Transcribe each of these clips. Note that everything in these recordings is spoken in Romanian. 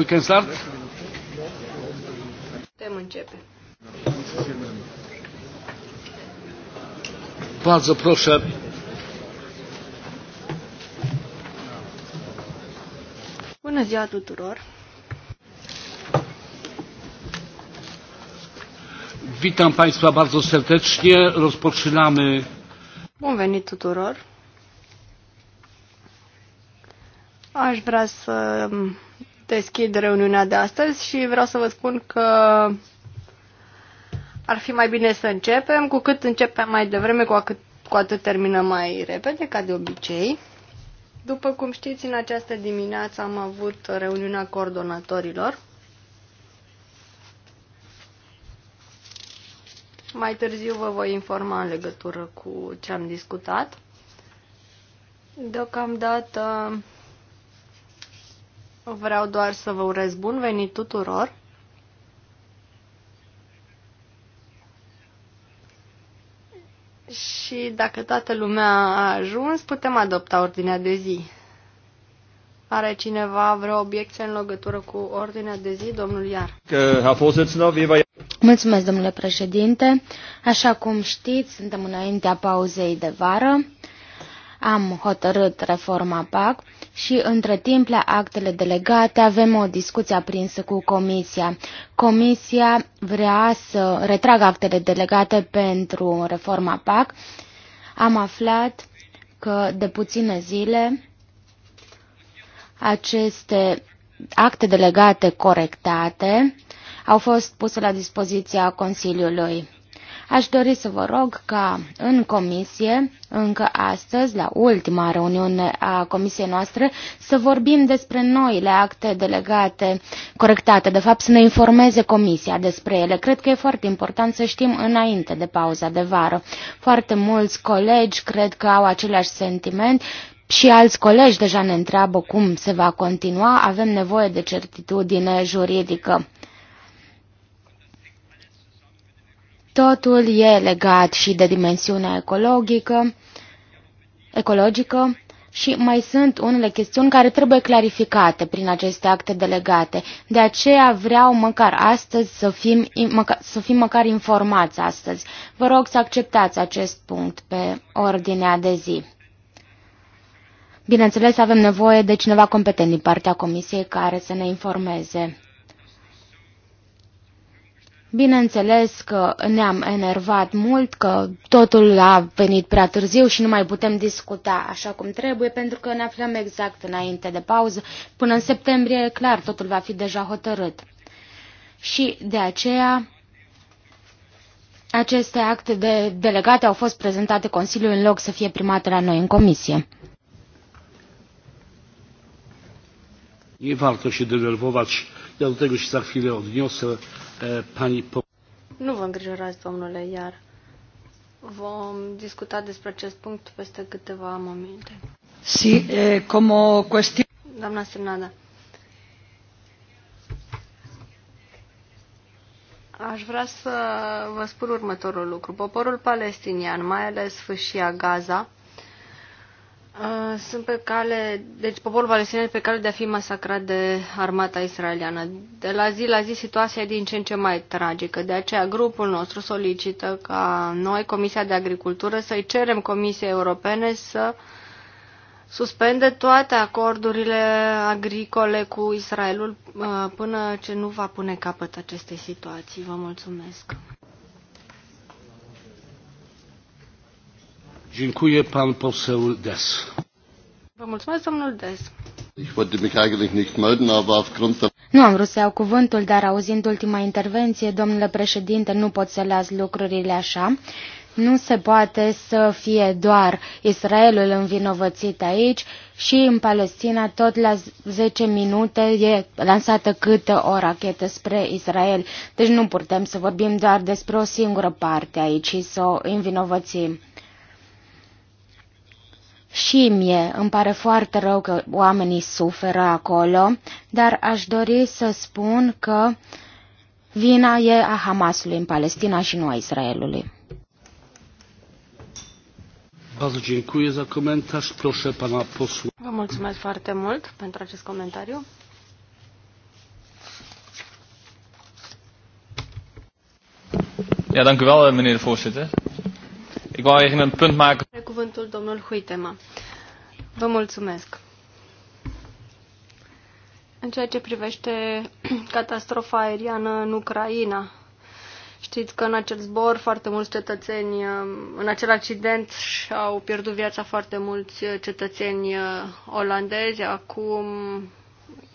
We can start? Putem începe. Bardzo proszę. Bună ziua tuturor! Witam Państwa bardzo serdecznie. Rozpoczynamy. Bun venit tuturor! Aș vrea să deschid reuniunea de astăzi și vreau să vă spun că ar fi mai bine să începem. Cu cât începem mai devreme, cu atât, cu atât terminăm mai repede, ca de obicei. După cum știți, în această dimineață am avut reuniunea coordonatorilor. Mai târziu vă voi informa în legătură cu ce am discutat. Deocamdată Vreau doar să vă urez bun venit tuturor. Și dacă toată lumea a ajuns, putem adopta ordinea de zi. Are cineva vreo obiecție în legătură cu ordinea de zi, domnul Iar? Mulțumesc, domnule președinte. Așa cum știți, suntem înaintea pauzei de vară. Am hotărât reforma PAC și între timp, la actele delegate, avem o discuție aprinsă cu Comisia. Comisia vrea să retragă actele delegate pentru reforma PAC. Am aflat că de puține zile aceste acte delegate corectate au fost puse la dispoziția Consiliului. Aș dori să vă rog ca în comisie, încă astăzi, la ultima reuniune a comisiei noastre, să vorbim despre noile acte delegate corectate, de fapt să ne informeze comisia despre ele. Cred că e foarte important să știm înainte de pauza de vară. Foarte mulți colegi cred că au același sentiment și alți colegi deja ne întreabă cum se va continua, avem nevoie de certitudine juridică. Totul e legat și de dimensiunea ecologică, ecologică și mai sunt unele chestiuni care trebuie clarificate prin aceste acte delegate. De aceea vreau măcar astăzi să fim, măca, să fim măcar informați astăzi. Vă rog să acceptați acest punct pe ordinea de zi. Bineînțeles, avem nevoie de cineva competent din partea Comisiei care să ne informeze. Bineînțeles că ne-am enervat mult, că totul a venit prea târziu și nu mai putem discuta așa cum trebuie, pentru că ne aflăm exact înainte de pauză. Până în septembrie, clar, totul va fi deja hotărât. Și de aceea aceste acte de delegate au fost prezentate Consiliului în loc să fie primate la noi în comisie. Nie warto się denerwować. Ja do tego się za chwilę odniosę. Eh, pani... Nu vă îngrijorați, domnule, iar vom discuta despre acest punct peste câteva momente. Si, eh, como cuestión... Doamna Semnada. Aș vrea să vă spun următorul lucru. Poporul palestinian, mai ales fâșia Gaza, Uh, sunt pe cale, deci poporul palestinian pe cale de a fi masacrat de armata israeliană. De la zi la zi situația e din ce în ce mai tragică, de aceea grupul nostru solicită ca noi, Comisia de Agricultură, să-i cerem Comisiei Europene să suspende toate acordurile agricole cu Israelul uh, până ce nu va pune capăt acestei situații. Vă mulțumesc! Vă mulțumesc, domnul Des. nu am vrut să iau cuvântul, dar auzind ultima intervenție, domnule președinte, nu pot să las lucrurile așa. Nu se poate să fie doar Israelul învinovățit aici și în Palestina tot la 10 minute e lansată câte o rachetă spre Israel. Deci nu putem să vorbim doar despre o singură parte aici și să o învinovățim. Și mie îmi pare foarte rău că oamenii suferă acolo, dar aș dori să spun că vina e a Hamasului în Palestina și nu a Israelului. Vă mulțumesc foarte mult pentru acest comentariu. Ja, dank u wel, meneer de voorzitter. Cuvântul domnul Huitema. Vă mulțumesc. În ceea ce privește catastrofa aeriană în Ucraina, știți că în acel zbor foarte mulți cetățeni, um, în acel accident au pierdut viața foarte mulți cetățeni uh, olandezi. Acum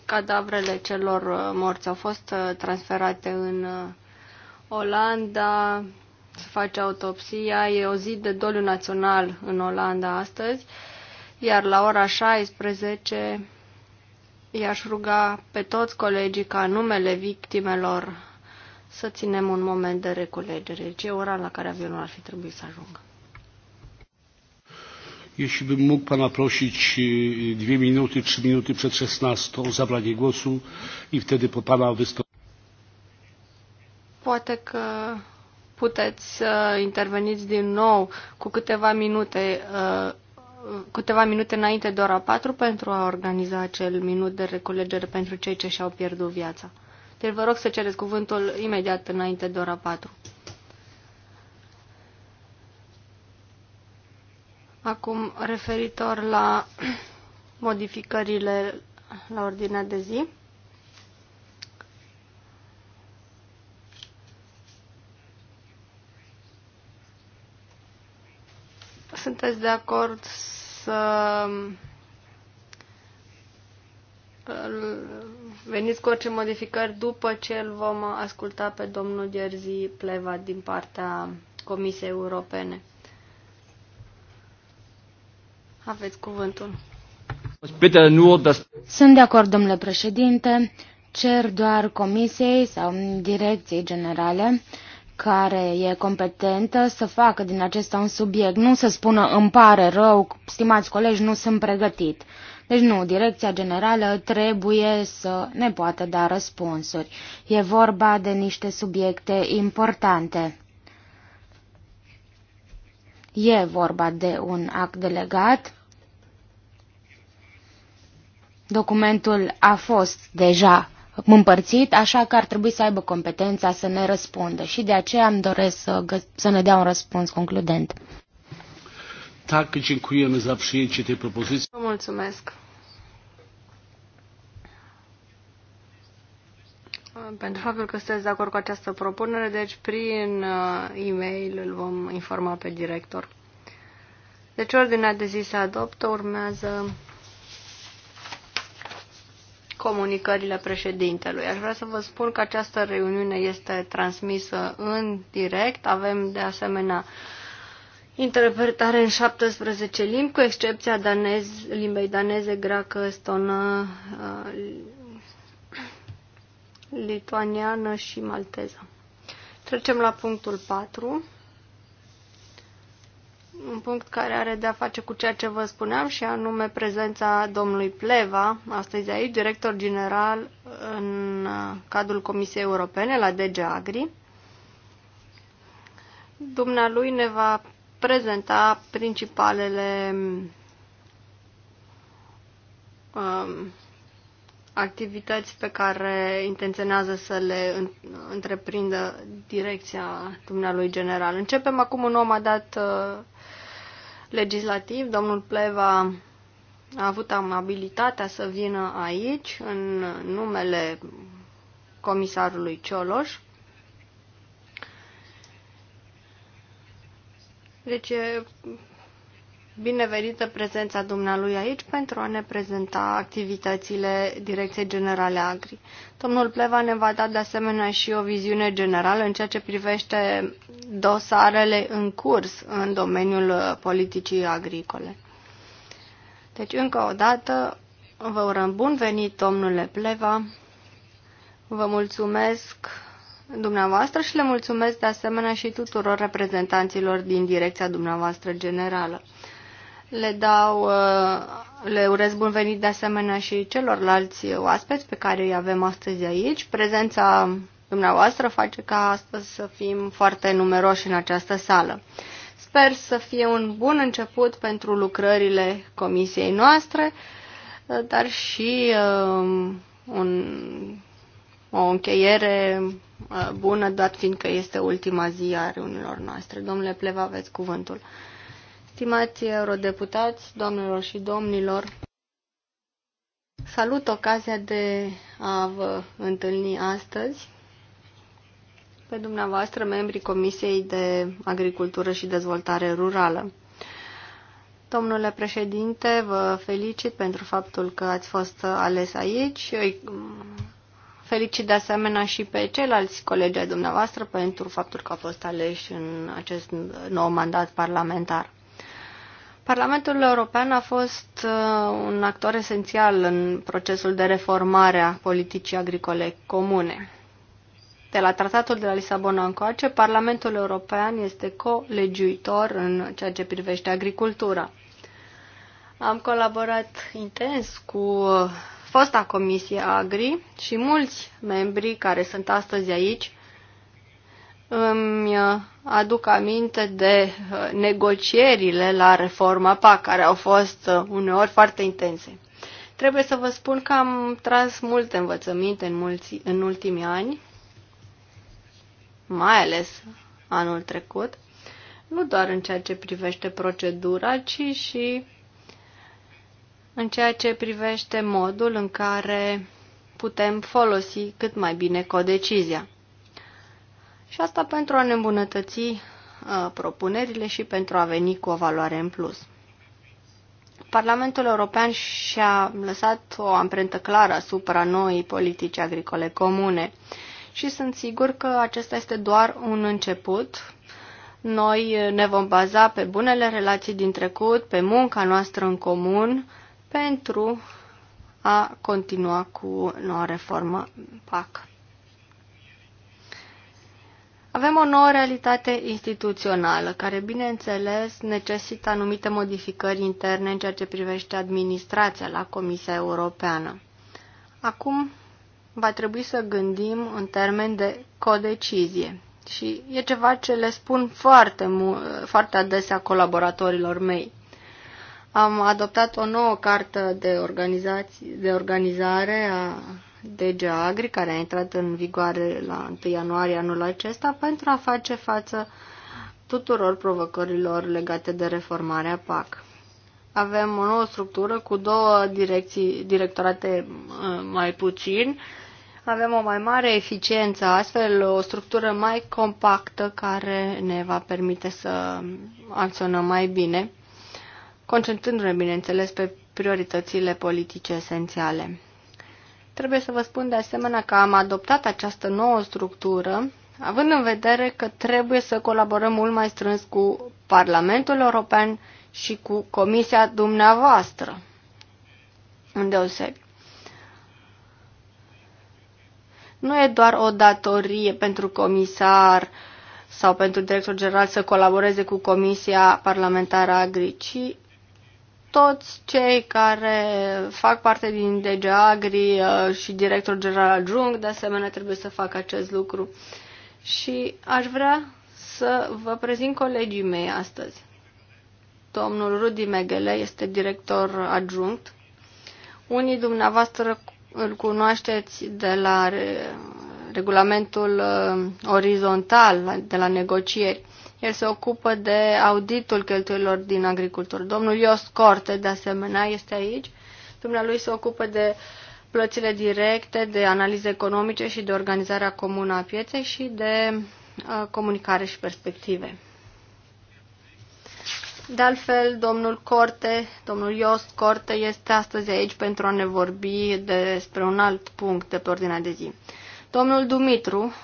cadavrele celor uh, morți au fost uh, transferate în Olanda, se face autopsia. E o zi de doliu național în Olanda astăzi, iar la ora 16 i-aș ruga pe toți colegii ca numele victimelor să ținem un moment de reculegere. Ce ora la care avionul ar fi trebuit să ajungă. Jeśli bym mógł Pana prosić dwie minuty, trzy minuty przed 16 o zabranie głosu i wtedy po Pana wystąpienie. Poate că puteți să uh, interveniți din nou cu câteva minute, uh, câteva minute înainte de ora 4 pentru a organiza acel minut de reculegere pentru cei ce și-au pierdut viața. Deci vă rog să cereți cuvântul imediat înainte de ora 4. Acum, referitor la modificările la ordinea de zi, sunteți de acord să veniți cu orice modificări după ce îl vom asculta pe domnul Gerzi Pleva din partea Comisiei Europene. Aveți cuvântul. Sunt de acord, domnule președinte. Cer doar Comisiei sau Direcției Generale care e competentă să facă din acesta un subiect, nu să spună îmi pare rău, stimați colegi, nu sunt pregătit. Deci nu, direcția generală trebuie să ne poată da răspunsuri. E vorba de niște subiecte importante. E vorba de un act delegat. Documentul a fost deja împărțit, așa că ar trebui să aibă competența să ne răspundă și de aceea îmi doresc să, să ne dea un răspuns concludent. Tak, dziękujemy za przyjęcie tej propozycji. Mulțumesc. pentru faptul că sunteți de acord cu această propunere, deci prin uh, e-mail îl vom informa pe director. Deci ordinea de zi se adoptă, urmează comunicările președintelui. Aș vrea să vă spun că această reuniune este transmisă în direct. Avem de asemenea interpretare în 17 limbi, cu excepția danez, limbei daneze, greacă, estonă, uh, lituaniană și malteză. Trecem la punctul 4 un punct care are de-a face cu ceea ce vă spuneam și anume prezența domnului Pleva, astăzi aici, director general în cadrul Comisiei Europene la DG Agri. Dumnealui ne va prezenta principalele um, activități pe care intenționează să le întreprindă direcția dumnealui general. Începem acum un om a dat uh, legislativ. Domnul Pleva a avut amabilitatea să vină aici în numele comisarului Cioloș. Deci binevenită prezența dumnealui aici pentru a ne prezenta activitățile Direcției Generale Agri. Domnul Pleva ne va da de asemenea și o viziune generală în ceea ce privește dosarele în curs în domeniul politicii agricole. Deci, încă o dată, vă urăm bun venit, domnule Pleva. Vă mulțumesc dumneavoastră și le mulțumesc de asemenea și tuturor reprezentanților din direcția dumneavoastră generală. Le dau, uh, le urez bun venit de asemenea și celorlalți oaspeți pe care îi avem astăzi aici. Prezența dumneavoastră face ca astăzi să fim foarte numeroși în această sală. Sper să fie un bun început pentru lucrările comisiei noastre, uh, dar și uh, un, o încheiere bună, dat fiindcă este ultima zi a reunilor noastre. Domnule Pleva, aveți cuvântul. Stimați eurodeputați, doamnelor și domnilor, salut ocazia de a vă întâlni astăzi pe dumneavoastră, membrii Comisiei de Agricultură și Dezvoltare Rurală. Domnule președinte, vă felicit pentru faptul că ați fost ales aici. Îi felicit de asemenea și pe ceilalți colegi ai dumneavoastră pentru faptul că au fost aleși în acest nou mandat parlamentar. Parlamentul European a fost uh, un actor esențial în procesul de reformare a politicii agricole comune. De la Tratatul de la Lisabona încoace, Parlamentul European este colegiuitor în ceea ce privește agricultura. Am colaborat intens cu uh, fosta Comisie Agri și mulți membri care sunt astăzi aici îmi uh, aduc aminte de uh, negocierile la reforma PAC, care au fost uh, uneori foarte intense. Trebuie să vă spun că am tras multe învățăminte în, mulți, în ultimii ani, mai ales anul trecut, nu doar în ceea ce privește procedura, ci și în ceea ce privește modul în care putem folosi cât mai bine codecizia. Și asta pentru a ne îmbunătăți uh, propunerile și pentru a veni cu o valoare în plus. Parlamentul European și-a lăsat o amprentă clară asupra noii politici agricole comune și sunt sigur că acesta este doar un început. Noi ne vom baza pe bunele relații din trecut, pe munca noastră în comun, pentru a continua cu noua reformă PAC. Avem o nouă realitate instituțională, care, bineînțeles, necesită anumite modificări interne în ceea ce privește administrația la Comisia Europeană. Acum va trebui să gândim în termen de codecizie. Și e ceva ce le spun foarte, foarte adesea colaboratorilor mei. Am adoptat o nouă cartă de, de organizare a DG Agri, care a intrat în vigoare la 1 ianuarie anul acesta, pentru a face față tuturor provocărilor legate de reformarea PAC. Avem o nouă structură cu două direcții, directorate uh, mai puțin, avem o mai mare eficiență, astfel o structură mai compactă care ne va permite să acționăm mai bine, concentrându-ne, bineînțeles, pe prioritățile politice esențiale. Trebuie să vă spun de asemenea că am adoptat această nouă structură, având în vedere că trebuie să colaborăm mult mai strâns cu Parlamentul European și cu Comisia dumneavoastră, deosebi. Nu e doar o datorie pentru comisar sau pentru director general să colaboreze cu Comisia Parlamentară Agri, ci toți cei care fac parte din DG Agri uh, și director general Jung, de asemenea, trebuie să facă acest lucru. Și aș vrea să vă prezint colegii mei astăzi. Domnul Rudi Meghele este director adjunct. Unii dumneavoastră îl cunoașteți de la regulamentul uh, orizontal, de la negocieri. El se ocupă de auditul cheltuielor din agricultură. Domnul Ios Corte, de asemenea, este aici. Dumnealui se ocupă de plățile directe, de analize economice și de organizarea comună a pieței și de uh, comunicare și perspective. De altfel, domnul Corte, domnul Ios Corte este astăzi aici pentru a ne vorbi despre un alt punct de pe ordinea de zi. Domnul Dumitru,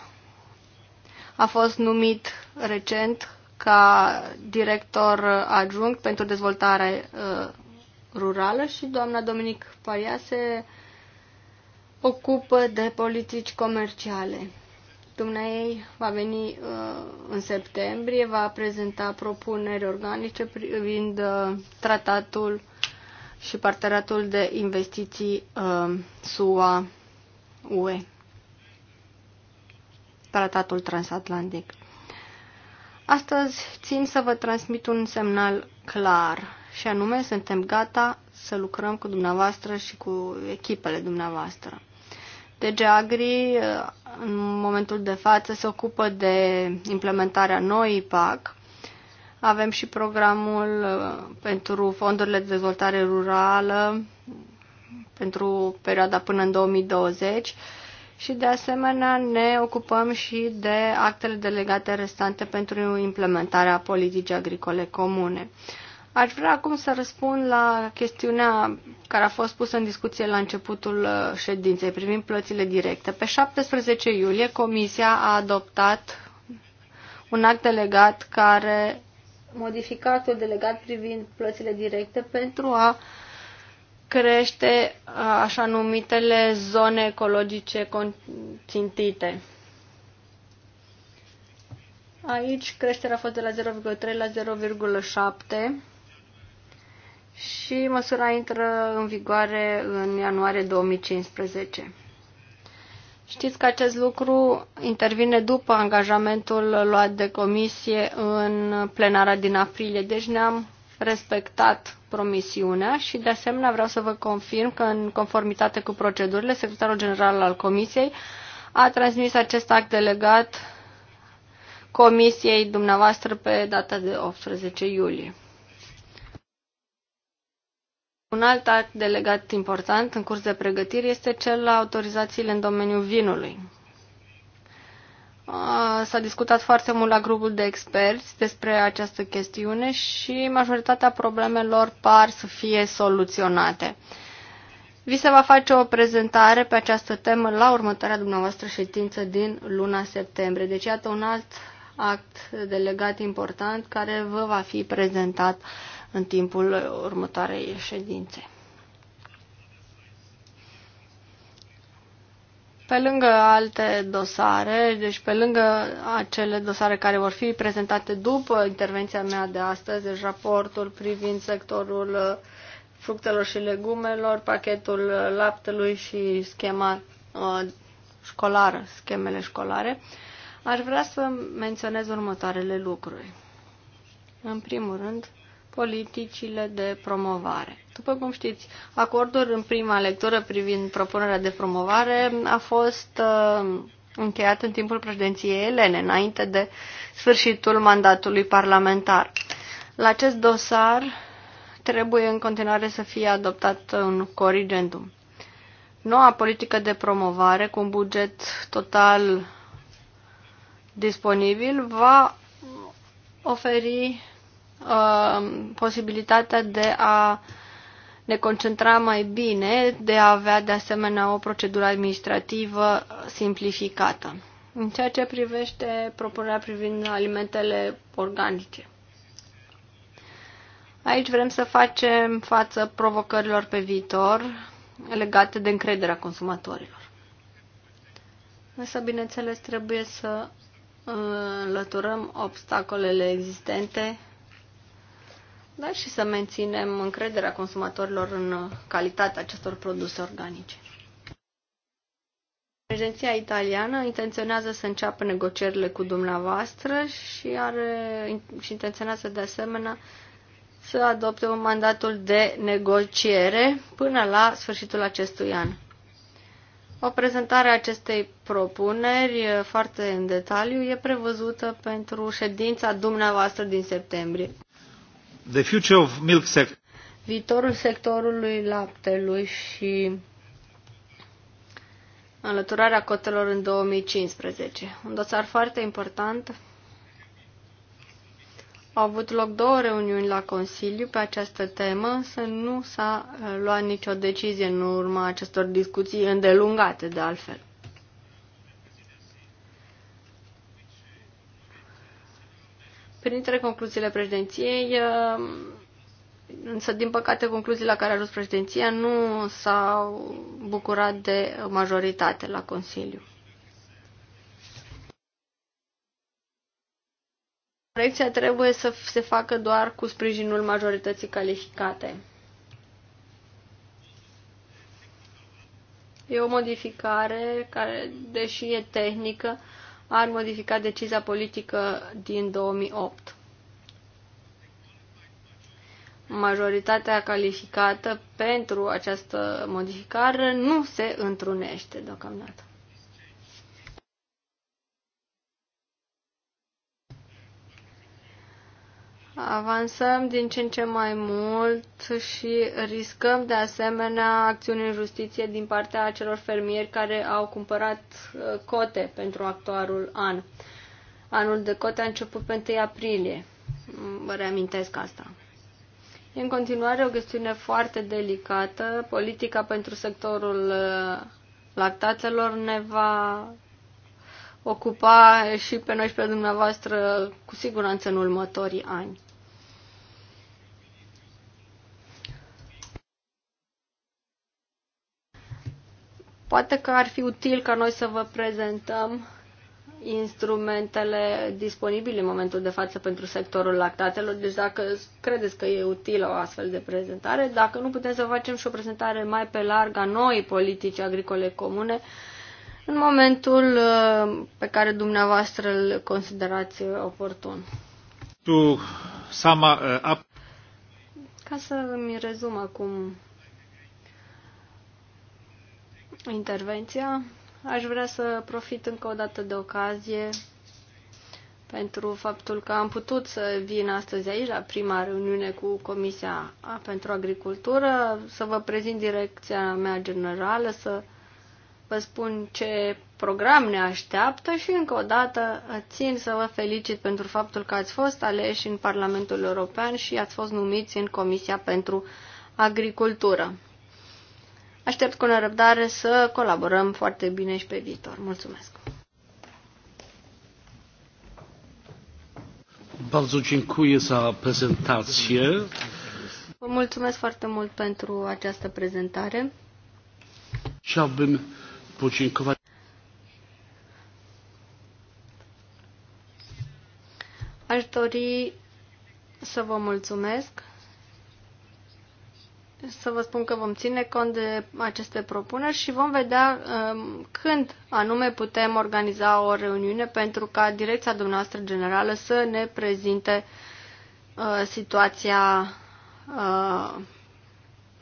a fost numit recent ca director adjunct pentru dezvoltare uh, rurală și doamna Dominic Paria se ocupă de politici comerciale. Dumnezeu va veni uh, în septembrie, va prezenta propuneri organice privind uh, tratatul și parteratul de investiții SUA-UE tratatul transatlantic. Astăzi țin să vă transmit un semnal clar și anume suntem gata să lucrăm cu dumneavoastră și cu echipele dumneavoastră. DG Agri în momentul de față se ocupă de implementarea noii PAC. Avem și programul uh, pentru fondurile de dezvoltare rurală pentru perioada până în 2020 și de asemenea ne ocupăm și de actele delegate restante pentru implementarea politicii agricole comune. Aș vrea acum să răspund la chestiunea care a fost pusă în discuție la începutul uh, ședinței privind plățile directe. Pe 17 iulie, Comisia a adoptat un act delegat care modifică actul delegat privind plățile directe pentru a uh, crește așa numitele zone ecologice conțintite. Aici creșterea a fost de la 0,3 la 0,7 și măsura intră în vigoare în ianuarie 2015. Știți că acest lucru intervine după angajamentul luat de comisie în plenara din aprilie, deci ne-am respectat promisiunea și de asemenea vreau să vă confirm că în conformitate cu procedurile, secretarul general al Comisiei a transmis acest act delegat Comisiei dumneavoastră pe data de 18 iulie. Un alt act delegat important în curs de pregătire este cel la autorizațiile în domeniul vinului. S-a discutat foarte mult la grupul de experți despre această chestiune și majoritatea problemelor par să fie soluționate. Vi se va face o prezentare pe această temă la următoarea dumneavoastră ședință din luna septembrie. Deci iată un alt act delegat important care vă va fi prezentat în timpul următoarei ședințe. Pe lângă alte dosare, deci pe lângă acele dosare care vor fi prezentate după intervenția mea de astăzi, deci raportul privind sectorul uh, fructelor și legumelor, pachetul uh, laptelui și schema uh, școlară, schemele școlare, aș vrea să menționez următoarele lucruri. În primul rând, politicile de promovare. După cum știți, acordul în prima lectură privind propunerea de promovare a fost uh, încheiat în timpul președinției elene, înainte de sfârșitul mandatului parlamentar. La acest dosar trebuie în continuare să fie adoptat un corrigendum. Noua politică de promovare cu un buget total disponibil va oferi uh, posibilitatea de a uh, ne concentra mai bine de a avea de asemenea o procedură administrativă simplificată. În ceea ce privește propunerea privind alimentele organice. Aici vrem să facem față provocărilor pe viitor legate de încrederea consumatorilor. Însă, bineînțeles, trebuie să înlăturăm obstacolele existente da, și să menținem încrederea consumatorilor în calitatea acestor produse organice. Președinția italiană intenționează să înceapă negocierile cu dumneavoastră și, are, și intenționează de asemenea să adopte un mandatul de negociere până la sfârșitul acestui an. O prezentare a acestei propuneri foarte în detaliu e prevăzută pentru ședința dumneavoastră din septembrie. The future of milk sector. Viitorul sectorului laptelui și înlăturarea cotelor în 2015. Un dosar foarte important. Au avut loc două reuniuni la Consiliu pe această temă, însă nu s-a uh, luat nicio decizie în urma acestor discuții îndelungate, de altfel. Printre concluziile președinției, uh, însă, din păcate, concluziile la care a ajuns președinția nu s-au bucurat de majoritate la Consiliu. Corecția trebuie să se facă doar cu sprijinul majorității calificate. E o modificare care, deși e tehnică, ar modifica decizia politică din 2008. Majoritatea calificată pentru această modificare nu se întrunește deocamdată. avansăm din ce în ce mai mult și riscăm de asemenea acțiuni în justiție din partea celor fermieri care au cumpărat uh, cote pentru actuarul an. Anul de cote a început pe 1 aprilie. Mm, vă reamintesc asta. E în continuare o chestiune foarte delicată. Politica pentru sectorul uh, lactatelor ne va ocupa și pe noi și pe dumneavoastră cu siguranță în următorii ani. Poate că ar fi util ca noi să vă prezentăm instrumentele disponibile în momentul de față pentru sectorul lactatelor. Deci dacă credeți că e utilă o astfel de prezentare, dacă nu putem să facem și o prezentare mai pe larg a noi politici agricole comune, în momentul uh, pe care dumneavoastră îl considerați uh, oportun. Tu, sama, uh, ap- Ca să îmi rezum acum intervenția, aș vrea să profit încă o dată de ocazie pentru faptul că am putut să vin astăzi aici la prima reuniune cu Comisia pentru Agricultură, să vă prezint direcția mea generală, să vă spun ce program ne așteaptă și încă o dată țin să vă felicit pentru faptul că ați fost aleși în Parlamentul European și ați fost numiți în Comisia pentru Agricultură. Aștept cu nerăbdare să colaborăm foarte bine și pe viitor. Mulțumesc! Bardzo dziękuję za prezentację. Vă mulțumesc foarte mult pentru această prezentare. Chciałbym podziękować. Aș dori să vă mulțumesc, să vă spun că vom ține cont de aceste propuneri și vom vedea um, când anume putem organiza o reuniune pentru ca direcția dumneavoastră generală să ne prezinte uh, situația uh,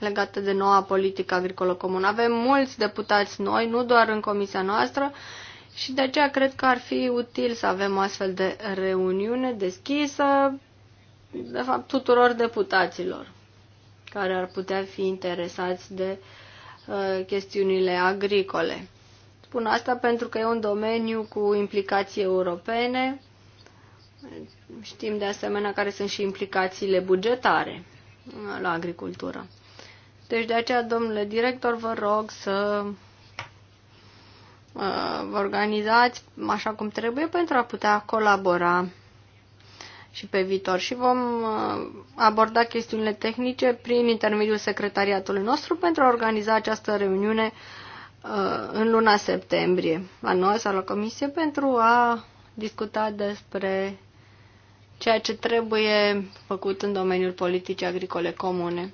legată de noua politică agricolă comună. Avem mulți deputați noi, nu doar în comisia noastră, și de aceea cred că ar fi util să avem astfel de reuniune deschisă, de fapt, tuturor deputaților care ar putea fi interesați de uh, chestiunile agricole. Spun asta pentru că e un domeniu cu implicații europene. Știm de asemenea care sunt și implicațiile bugetare la agricultură. Deci de aceea, domnule director, vă rog să uh, vă organizați așa cum trebuie pentru a putea colabora și pe viitor. Și vom uh, aborda chestiunile tehnice prin intermediul secretariatului nostru pentru a organiza această reuniune uh, în luna septembrie la noi sau la comisie pentru a discuta despre ceea ce trebuie făcut în domeniul politicii agricole comune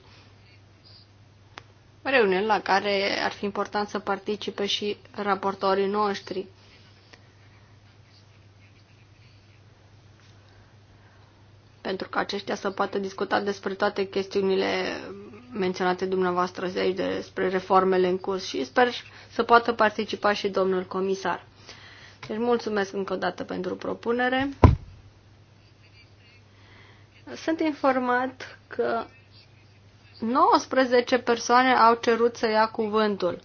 reuniuni la care ar fi important să participe și raportorii noștri. Pentru că aceștia să poată discuta despre toate chestiunile menționate dumneavoastră de aici, despre reformele în curs și sper să poată participa și domnul comisar. Deci mulțumesc încă o dată pentru propunere. Sunt informat că 19 persoane au cerut să ia cuvântul.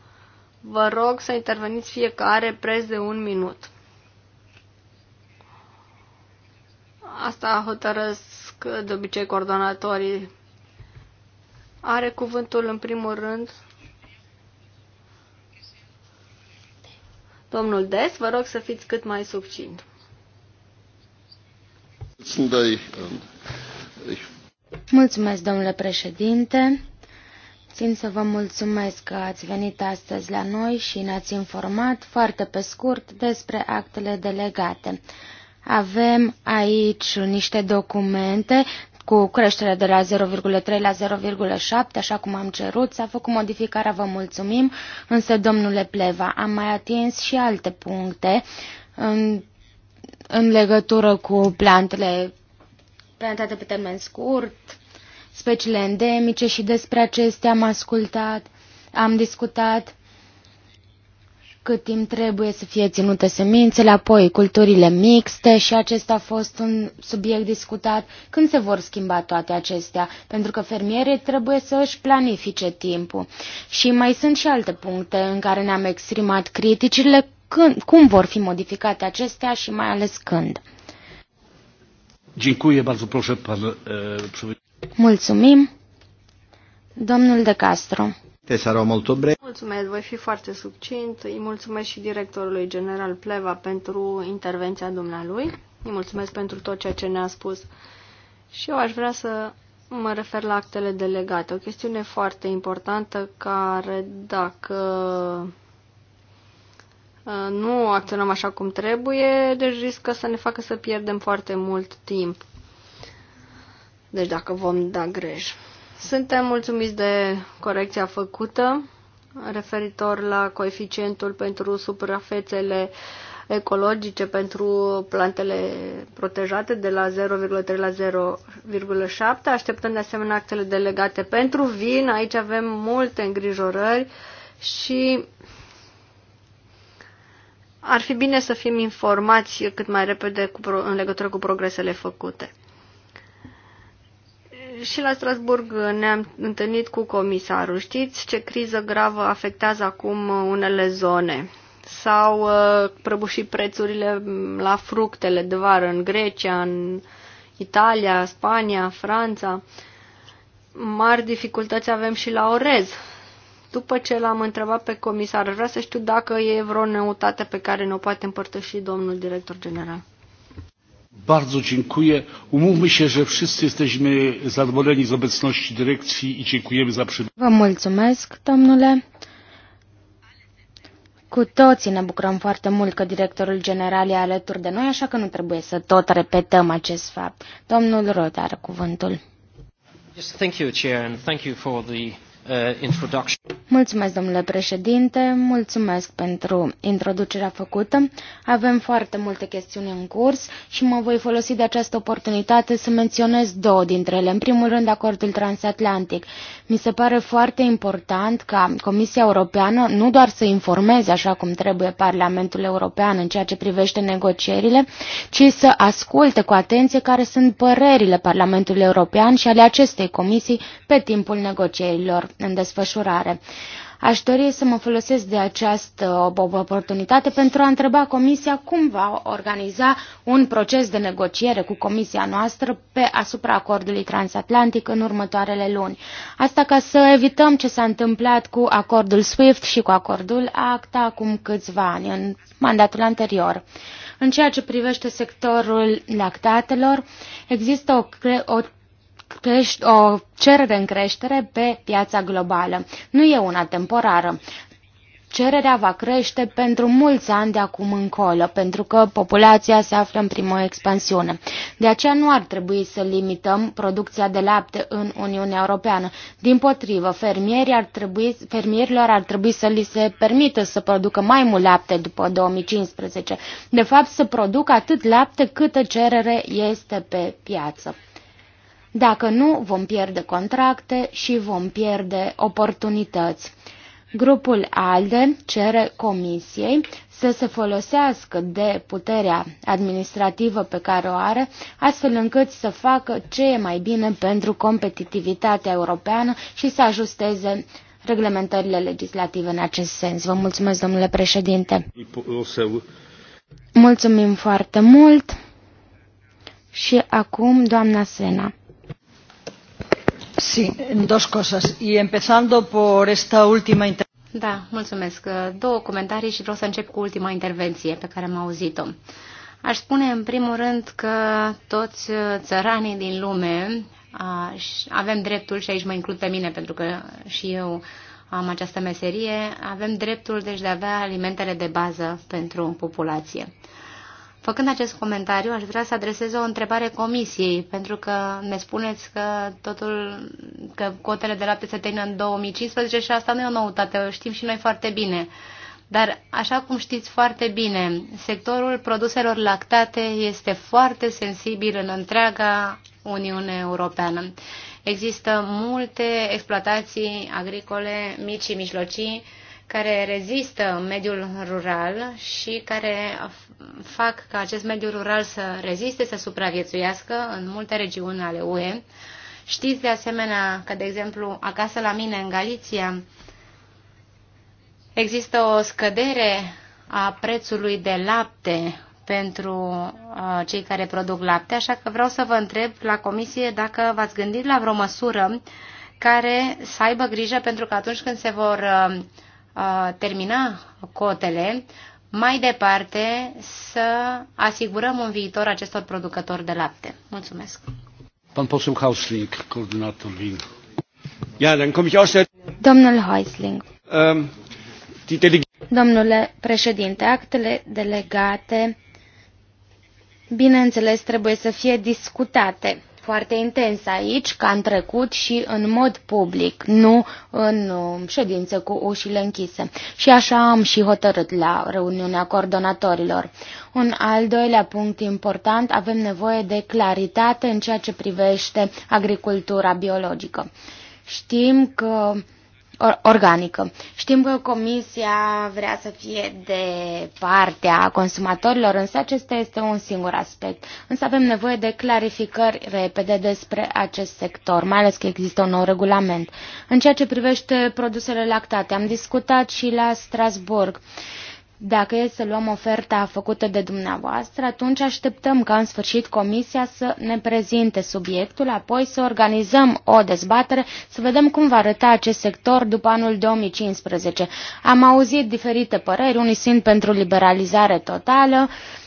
Vă rog să interveniți fiecare preț de un minut. Asta hotărăsc de obicei coordonatorii. Are cuvântul în primul rând Domnul Des, vă rog să fiți cât mai succint. Um, Mulțumesc, domnule președinte. Țin să vă mulțumesc că ați venit astăzi la noi și ne-ați informat foarte pe scurt despre actele delegate. Avem aici niște documente cu creșterea de la 0,3 la 0,7, așa cum am cerut. S-a făcut modificarea, vă mulțumim, însă, domnule Pleva, am mai atins și alte puncte în, în legătură cu plantele plantate pe termen scurt, speciile endemice și despre acestea am ascultat, am discutat cât timp trebuie să fie ținute semințele, apoi culturile mixte și acesta a fost un subiect discutat. Când se vor schimba toate acestea? Pentru că fermierii trebuie să își planifice timpul. Și mai sunt și alte puncte în care ne-am exprimat criticile, când, cum vor fi modificate acestea și mai ales când. Mulțumim. Domnul De Castro. Te Mulțumesc, voi fi foarte succint. Îi mulțumesc și directorului general Pleva pentru intervenția dumnealui. Îi mulțumesc pentru tot ceea ce ne-a spus. Și eu aș vrea să mă refer la actele delegate, o chestiune foarte importantă care, dacă Uh, nu acționăm așa cum trebuie, deci riscă să ne facă să pierdem foarte mult timp. Deci dacă vom da greș. Suntem mulțumiți de corecția făcută referitor la coeficientul pentru suprafețele ecologice pentru plantele protejate de la 0,3 la 0,7. Așteptăm de asemenea actele delegate pentru vin. Aici avem multe îngrijorări și ar fi bine să fim informați cât mai repede cu pro- în legătură cu progresele făcute. Și la Strasburg ne-am întâlnit cu comisarul. Știți ce criză gravă afectează acum unele zone? S-au uh, prăbușit prețurile la fructele de vară în Grecia, în Italia, Spania, Franța. Mari dificultăți avem și la orez după ce l-am întrebat pe comisar, vreau să știu dacă e vreo neutate pe care ne-o poate împărtăși domnul director general. Bardzo dziękuję. Umówmy się, że wszyscy jesteśmy zadowoleni z obecności dyrekcji i dziękujemy za przybycie. Vă mulțumesc, domnule. Cu toții ne bucurăm foarte mult că directorul general e alături de noi, așa că nu trebuie să tot repetăm acest fapt. Domnul Rod are cuvântul. Yes, thank you, Chair, and thank you for the Uh, mulțumesc, domnule președinte, mulțumesc pentru introducerea făcută. Avem foarte multe chestiuni în curs și mă voi folosi de această oportunitate să menționez două dintre ele. În primul rând, acordul transatlantic. Mi se pare foarte important ca Comisia Europeană nu doar să informeze așa cum trebuie Parlamentul European în ceea ce privește negocierile, ci să asculte cu atenție care sunt părerile Parlamentului European și ale acestei comisii pe timpul negocierilor în desfășurare. Aș dori să mă folosesc de această oportunitate pentru a întreba Comisia cum va organiza un proces de negociere cu Comisia noastră pe asupra acordului transatlantic în următoarele luni. Asta ca să evităm ce s-a întâmplat cu acordul SWIFT și cu acordul ACTA acum câțiva ani, în mandatul anterior. În ceea ce privește sectorul lactatelor, există o, o o cerere în creștere pe piața globală. Nu e una temporară. Cererea va crește pentru mulți ani de acum încolo, pentru că populația se află în primă expansiune. De aceea nu ar trebui să limităm producția de lapte în Uniunea Europeană. Din potrivă, fermierii ar trebui, fermierilor ar trebui să li se permită să producă mai mult lapte după 2015. De fapt, să producă atât lapte câtă cerere este pe piață. Dacă nu, vom pierde contracte și vom pierde oportunități. Grupul ALDE cere Comisiei să se folosească de puterea administrativă pe care o are, astfel încât să facă ce e mai bine pentru competitivitatea europeană și să ajusteze reglementările legislative în acest sens. Vă mulțumesc, domnule președinte. Mulțumim foarte mult. Și acum, doamna Sena. Da, mulțumesc. Două comentarii și vreau să încep cu ultima intervenție pe care am auzit-o. Aș spune în primul rând că toți țăranii din lume avem dreptul, și aici mă includ pe mine pentru că și eu am această meserie, avem dreptul deci de a avea alimentele de bază pentru populație. Făcând acest comentariu, aș vrea să adresez o întrebare comisiei, pentru că ne spuneți că totul, că cotele de lapte se termină în 2015 și asta nu e o noutate, o știm și noi foarte bine. Dar, așa cum știți foarte bine, sectorul produselor lactate este foarte sensibil în întreaga Uniune Europeană. Există multe exploatații agricole mici și mijlocii care rezistă în mediul rural și care fac ca acest mediu rural să reziste, să supraviețuiască în multe regiuni ale UE. Știți de asemenea că, de exemplu, acasă la mine, în Galiția, există o scădere a prețului de lapte pentru cei care produc lapte, așa că vreau să vă întreb la comisie dacă v-ați gândit la vreo măsură care să aibă grijă pentru că atunci când se vor uh, termina cotele, mai departe să asigurăm un viitor acestor producători de lapte. Mulțumesc. Pan Hausling, coordonator Wien. Ja, dann komme ich aus der... Domnul Hausling. Um, Domnule președinte, actele delegate, bineînțeles, trebuie să fie discutate foarte intens aici, ca în trecut și în mod public, nu în um, ședință cu ușile închise. Și așa am și hotărât la reuniunea coordonatorilor. Un al doilea punct important, avem nevoie de claritate în ceea ce privește agricultura biologică. Știm că uh, organică. Știm că Comisia vrea să fie de partea consumatorilor, însă acesta este un singur aspect. Însă avem nevoie de clarificări repede despre acest sector, mai ales că există un nou regulament. În ceea ce privește produsele lactate, am discutat și la Strasburg. Uh, dacă e să luăm oferta făcută de dumneavoastră, atunci așteptăm ca în sfârșit comisia să ne prezinte subiectul, apoi să organizăm o dezbatere, să vedem cum va arăta acest sector după anul 2015. Am auzit diferite păreri, unii sunt pentru liberalizare totală, uh,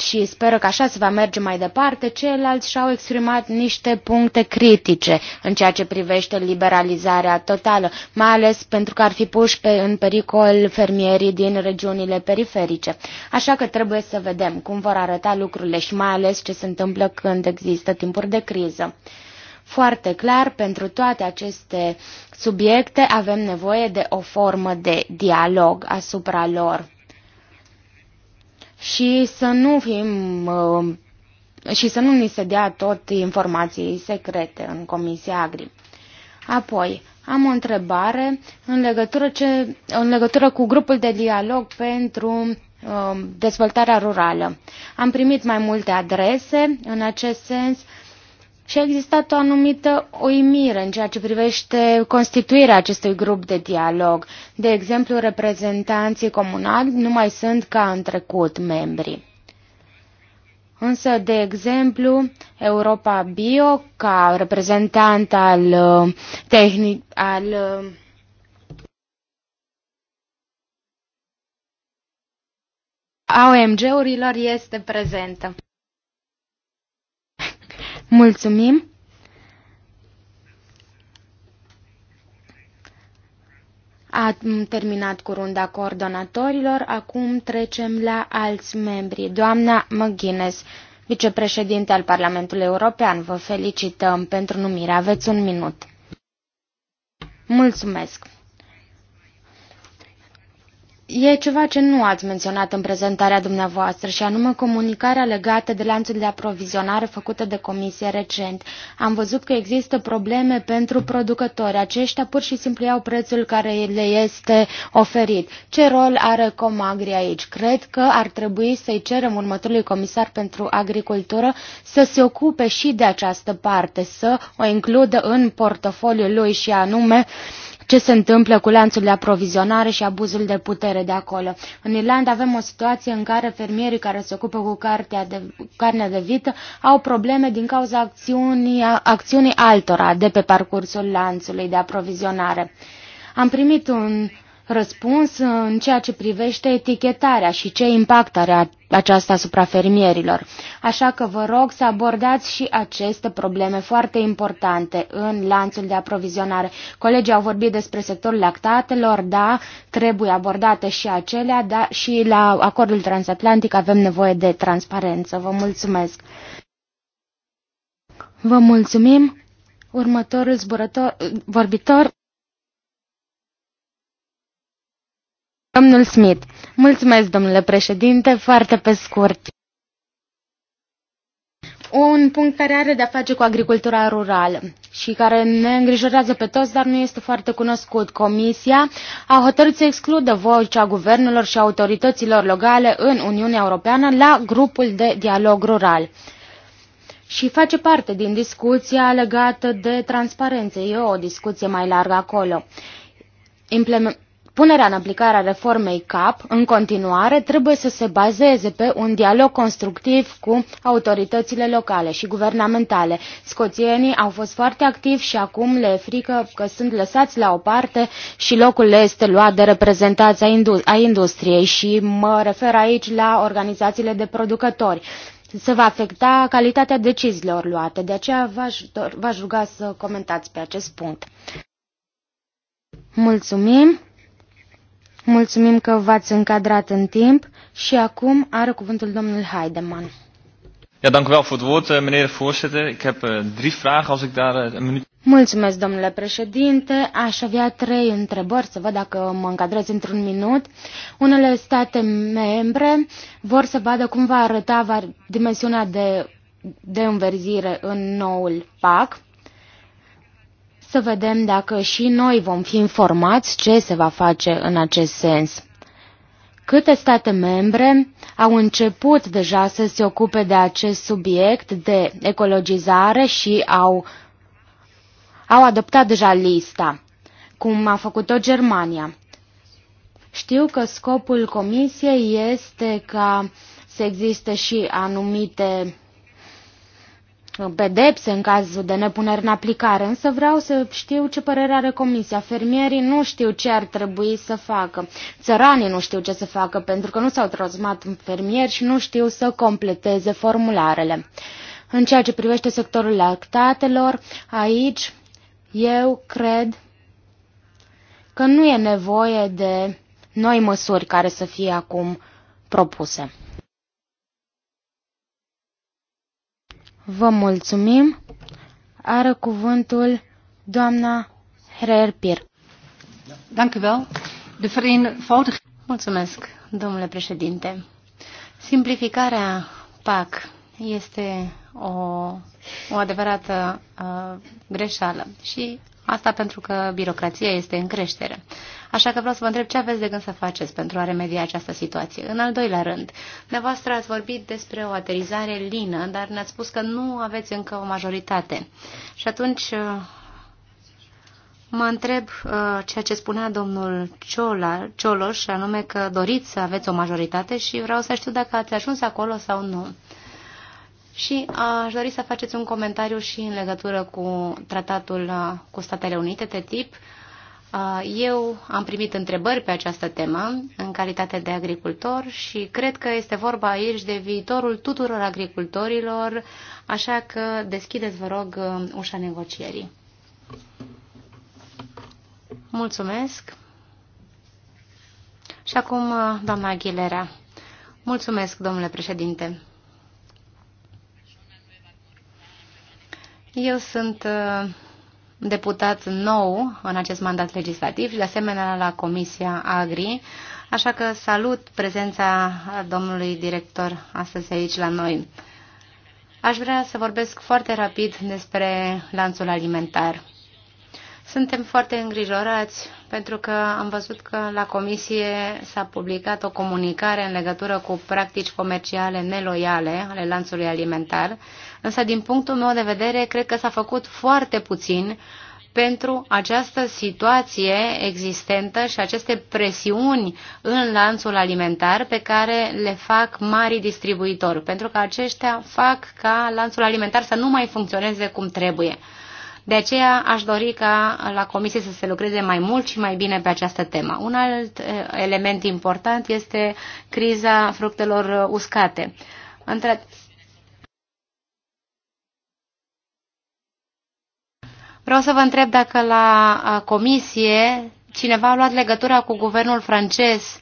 și speră că așa se va merge mai departe, ceilalți și-au exprimat niște puncte critice în ceea ce privește liberalizarea totală, mai ales pentru că ar fi puși pe, în pericol fermierii din regiunile periferice. Așa că trebuie să vedem cum vor arăta lucrurile și mai ales ce se întâmplă când există timpuri de criză foarte clar, pentru toate aceste subiecte avem nevoie de o formă de dialog asupra lor și să nu fim uh, și să nu ni se dea tot informații secrete în Comisia Agri. Apoi, am o întrebare în legătură, ce, în legătură cu grupul de dialog pentru uh, dezvoltarea rurală. Am primit mai multe adrese în acest sens și a existat o anumită uimire în ceea ce privește constituirea acestui grup de dialog. De exemplu, reprezentanții comunali nu mai sunt ca în trecut membri. Însă, de exemplu, Europa Bio, ca reprezentant al, uh, tehnic, al uh, AOMG-urilor, este prezentă. Mulțumim! Am terminat cu runda coordonatorilor, acum trecem la alți membri. Doamna McGuinness, vicepreședinte al Parlamentului European, vă felicităm pentru numire. Aveți un minut. Mulțumesc! E ceva ce nu ați menționat în prezentarea dumneavoastră și anume comunicarea legată de lanțul de aprovizionare făcută de comisie recent. Am văzut că există probleme pentru producători. Aceștia pur și simplu iau prețul care le este oferit. Ce rol are Comagri aici? Cred că ar trebui să-i cerem următorului comisar pentru agricultură să se ocupe și de această parte, să o includă în portofoliul lui și anume ce se întâmplă cu lanțul de aprovizionare și abuzul de putere de acolo. În Irlanda avem o situație în care fermierii care se ocupă cu cartea de, carnea de vită au probleme din cauza acțiunii, acțiunii altora de pe parcursul lanțului de aprovizionare. Am primit un răspuns în ceea ce privește etichetarea și ce impact are aceasta asupra fermierilor. Așa că vă rog să abordați și aceste probleme foarte importante în lanțul de aprovizionare. Colegii au vorbit despre sectorul lactatelor, da, trebuie abordate și acelea, da, și la acordul transatlantic avem nevoie de transparență. Vă mulțumesc! Vă mulțumim! Următorul zburător, vorbitor Domnul Smith, mulțumesc, domnule președinte, foarte pe scurt. Un punct care are de-a face cu agricultura rurală și care ne îngrijorează pe toți, dar nu este foarte cunoscut. Comisia a hotărât să excludă vocea guvernelor și autorităților locale în Uniunea Europeană la grupul de dialog rural și face parte din discuția legată de transparență. E o discuție mai largă acolo. Implement Punerea în aplicare a reformei CAP, în continuare, trebuie să se bazeze pe un dialog constructiv cu autoritățile locale și guvernamentale. Scoțienii au fost foarte activi și acum le e frică că sunt lăsați la o parte și locul le este luat de reprezentanți a industriei și mă refer aici la organizațiile de producători se va afecta calitatea deciziilor luate. De aceea v-aș ruga să comentați pe acest punct. Mulțumim! Mulțumim că v-ați încadrat în timp și acum are cuvântul domnul Heidemann. Ja, dank u wel voor het woord, eh, meneer de voorzitter. Ik heb eh, drie vragen, als ik daar eh, een minuut... Mulțumesc, domnule președinte. Aș avea trei întrebări, să văd dacă mă încadrez într-un minut. Unele state membre vor să vadă cum va arăta dimensiunea de, de înverzire în noul PAC să vedem dacă și noi vom fi informați ce se va face în acest sens. Câte state membre au început deja să se ocupe de acest subiect de ecologizare și au, au adoptat deja lista, cum a făcut-o Germania. Știu că scopul comisiei este ca să existe și anumite pedepse în cazul de nepunere în aplicare, însă vreau să știu ce părere are Comisia. Fermierii nu știu ce ar trebui să facă. Țăranii nu știu ce să facă pentru că nu s-au transmat în fermieri și nu știu să completeze formularele. În ceea ce privește sectorul lactatelor, aici eu cred că nu e nevoie de noi măsuri care să fie acum propuse. Vă mulțumim. Are cuvântul doamna Herpir. Mulțumesc, domnule președinte. Simplificarea PAC este o, o adevărată uh, greșeală și Asta pentru că birocrația este în creștere. Așa că vreau să vă întreb ce aveți de gând să faceți pentru a remedia această situație. În al doilea rând, dumneavoastră ați vorbit despre o aterizare lină, dar ne-ați spus că nu aveți încă o majoritate. Și atunci mă întreb uh, ceea ce spunea domnul Ciola, Cioloș, anume că doriți să aveți o majoritate și vreau să știu dacă ați ajuns acolo sau nu. Și aș dori să faceți un comentariu și în legătură cu tratatul uh, cu Statele Unite, TTIP. Uh, eu am primit întrebări pe această temă în calitate de agricultor și cred că este vorba aici de viitorul tuturor agricultorilor, așa că deschideți, vă rog, uh, ușa negocierii. Mulțumesc. Și acum, doamna Aguilera. Mulțumesc, domnule președinte. Eu sunt uh, deputat nou în acest mandat legislativ și de asemenea la Comisia Agri, așa că salut prezența domnului director astăzi aici la noi. Aș vrea să vorbesc foarte rapid despre lanțul alimentar. Suntem foarte îngrijorați pentru că am văzut că la comisie s-a publicat o comunicare în legătură cu practici comerciale neloiale ale lanțului alimentar, însă din punctul meu de vedere cred că s-a făcut foarte puțin pentru această situație existentă și aceste presiuni în lanțul alimentar pe care le fac mari distribuitori, pentru că aceștia fac ca lanțul alimentar să nu mai funcționeze cum trebuie. De aceea aș dori ca la comisie să se lucreze mai mult și mai bine pe această temă. Un alt eh, element important este criza fructelor eh, uscate. Între Vreau să vă întreb dacă la eh, comisie cineva a luat legătura cu guvernul francez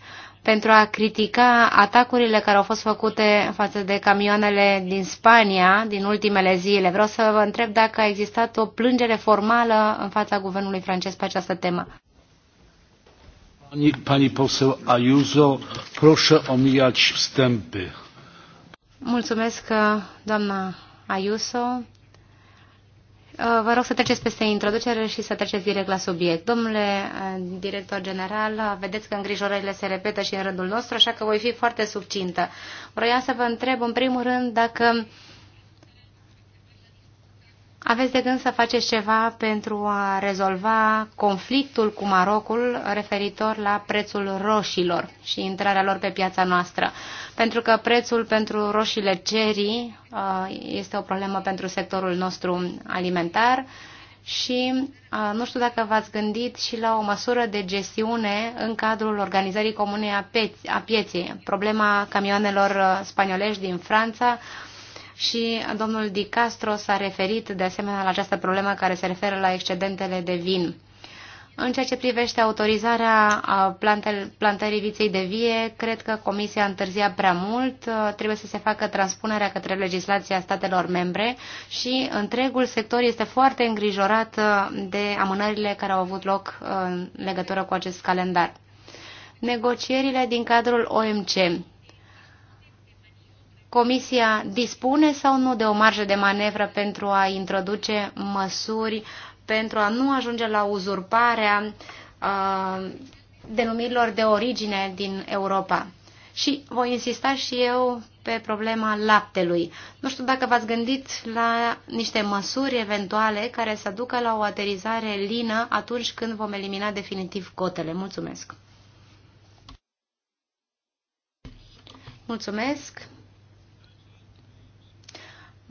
pentru a critica atacurile care au fost făcute față de camioanele din Spania din ultimele zile. Vreau să vă întreb dacă a existat o plângere formală în fața guvernului francez pe această temă. Pani, pani poseł Ayuso, proszę omiaci stempe. Mulțumesc, doamna Ayuso. Uh, vă rog să treceți peste introducere și să treceți direct la subiect. Domnule uh, director general, uh, vedeți că îngrijorările se repetă și în rândul nostru, așa că voi fi foarte subcintă. Vreau să vă întreb, în primul rând, dacă aveți de gând să faceți ceva pentru a rezolva conflictul cu Marocul referitor la prețul roșilor și intrarea lor pe piața noastră. Pentru că prețul pentru roșile cerii uh, este o problemă pentru sectorul nostru alimentar și uh, nu știu dacă v-ați gândit și la o măsură de gestiune în cadrul organizării comune a pieței. Problema camioanelor uh, spaniolești din Franța și domnul Di Castro s-a referit de asemenea la această problemă care se referă la excedentele de vin. În ceea ce privește autorizarea plantării viței de vie, cred că Comisia a întârziat prea mult, trebuie să se facă transpunerea către legislația statelor membre și întregul sector este foarte îngrijorat de amânările care au avut loc în legătură cu acest calendar. Negocierile din cadrul OMC Comisia dispune sau nu de o marjă de manevră pentru a introduce măsuri pentru a nu ajunge la uzurparea uh, denumirilor de origine din Europa. Și voi insista și eu pe problema laptelui. Nu știu dacă v-ați gândit la niște măsuri eventuale care să ducă la o aterizare lină atunci când vom elimina definitiv cotele. Mulțumesc! Mulțumesc!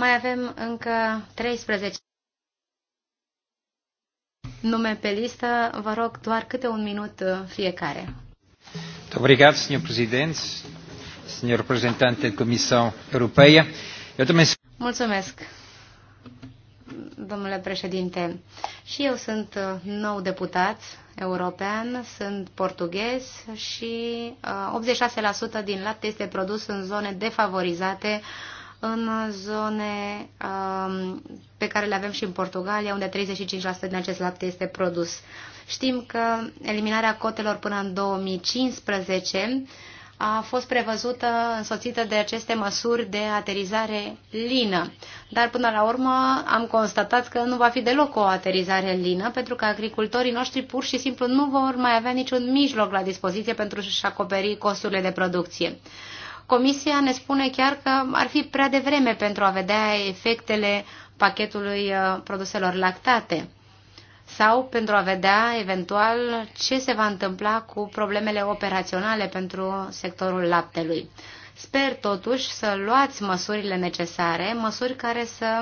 Mai avem încă 13 nume pe listă. Vă rog doar câte un minut uh, fiecare. Obrigado, Sr. Presidente, Sr. Representante da Comissão Europeia. Eu também... Mulțumesc, domnule președinte. Și eu sunt uh, nou deputat european, sunt portughez și 86% uh, din lapte este produs în zone defavorizate uh, în zone um, pe care le avem și în Portugalia, unde 35% din acest lapte este produs. Știm că eliminarea cotelor până în 2015 a fost prevăzută însoțită de aceste măsuri de aterizare lină. Dar până la urmă am constatat că nu va fi deloc o aterizare lină, pentru că agricultorii noștri pur și simplu nu vor mai avea niciun mijloc la dispoziție pentru a-și acoperi costurile de producție. Comisia ne spune chiar că ar fi prea devreme pentru a vedea efectele pachetului uh, produselor lactate sau pentru a vedea eventual ce se va întâmpla cu problemele operaționale pentru sectorul laptelui. Sper totuși să luați măsurile necesare, măsuri care să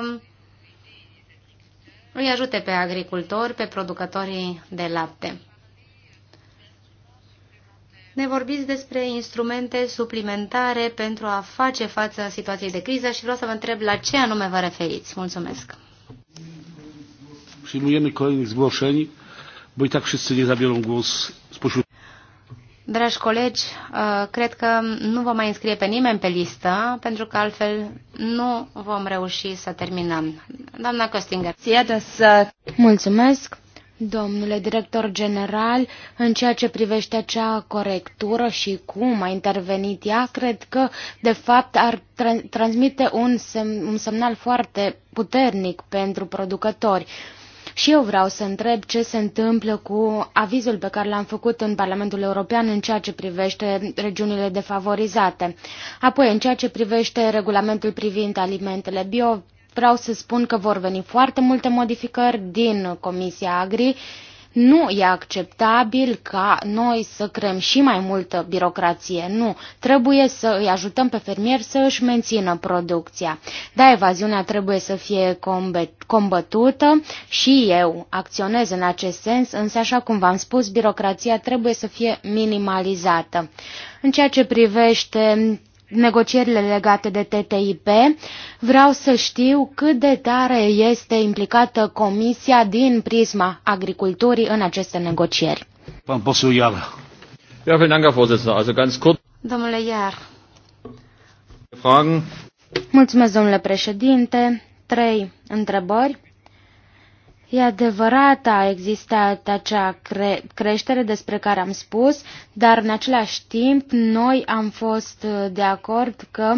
îi ajute pe agricultori, pe producătorii de lapte ne vorbiți despre instrumente suplimentare pentru a face față situației de criză și vreau să vă întreb la ce anume vă referiți. Mulțumesc. Przyjmujemy kolejnych zgłoszeń, bo i tak wszyscy nie zabiorą głos spośród... Dragi colegi, uh, cred că nu vom mai înscrie pe nimeni pe listă, pentru că altfel nu vom reuși să terminăm. Doamna Costinger. Mulțumesc. Domnule director general, în ceea ce privește acea corectură și cum a intervenit ea, cred că, de fapt, ar tra- transmite un, sem- un semnal foarte puternic pentru producători. Și eu vreau să întreb ce se întâmplă cu avizul pe care l-am făcut în Parlamentul European în ceea ce privește regiunile defavorizate. Apoi, în ceea ce privește regulamentul privind alimentele bio, vreau să spun că vor veni foarte multe modificări din Comisia Agri. Nu e acceptabil ca noi să creăm și mai multă birocrație. Nu. Trebuie să îi ajutăm pe fermieri să își mențină producția. Da, evaziunea trebuie să fie combătută și eu acționez în acest sens, însă, așa cum v-am spus, birocrația trebuie să fie minimalizată. În ceea ce privește negocierile legate de TTIP. Vreau să știu cât de tare este implicată Comisia din prisma agriculturii în aceste negocieri. Domnule Iar. Mulțumesc, domnule președinte. Trei întrebări. E adevărat, a existat acea cre- creștere despre care am spus, dar în același timp noi am fost de acord că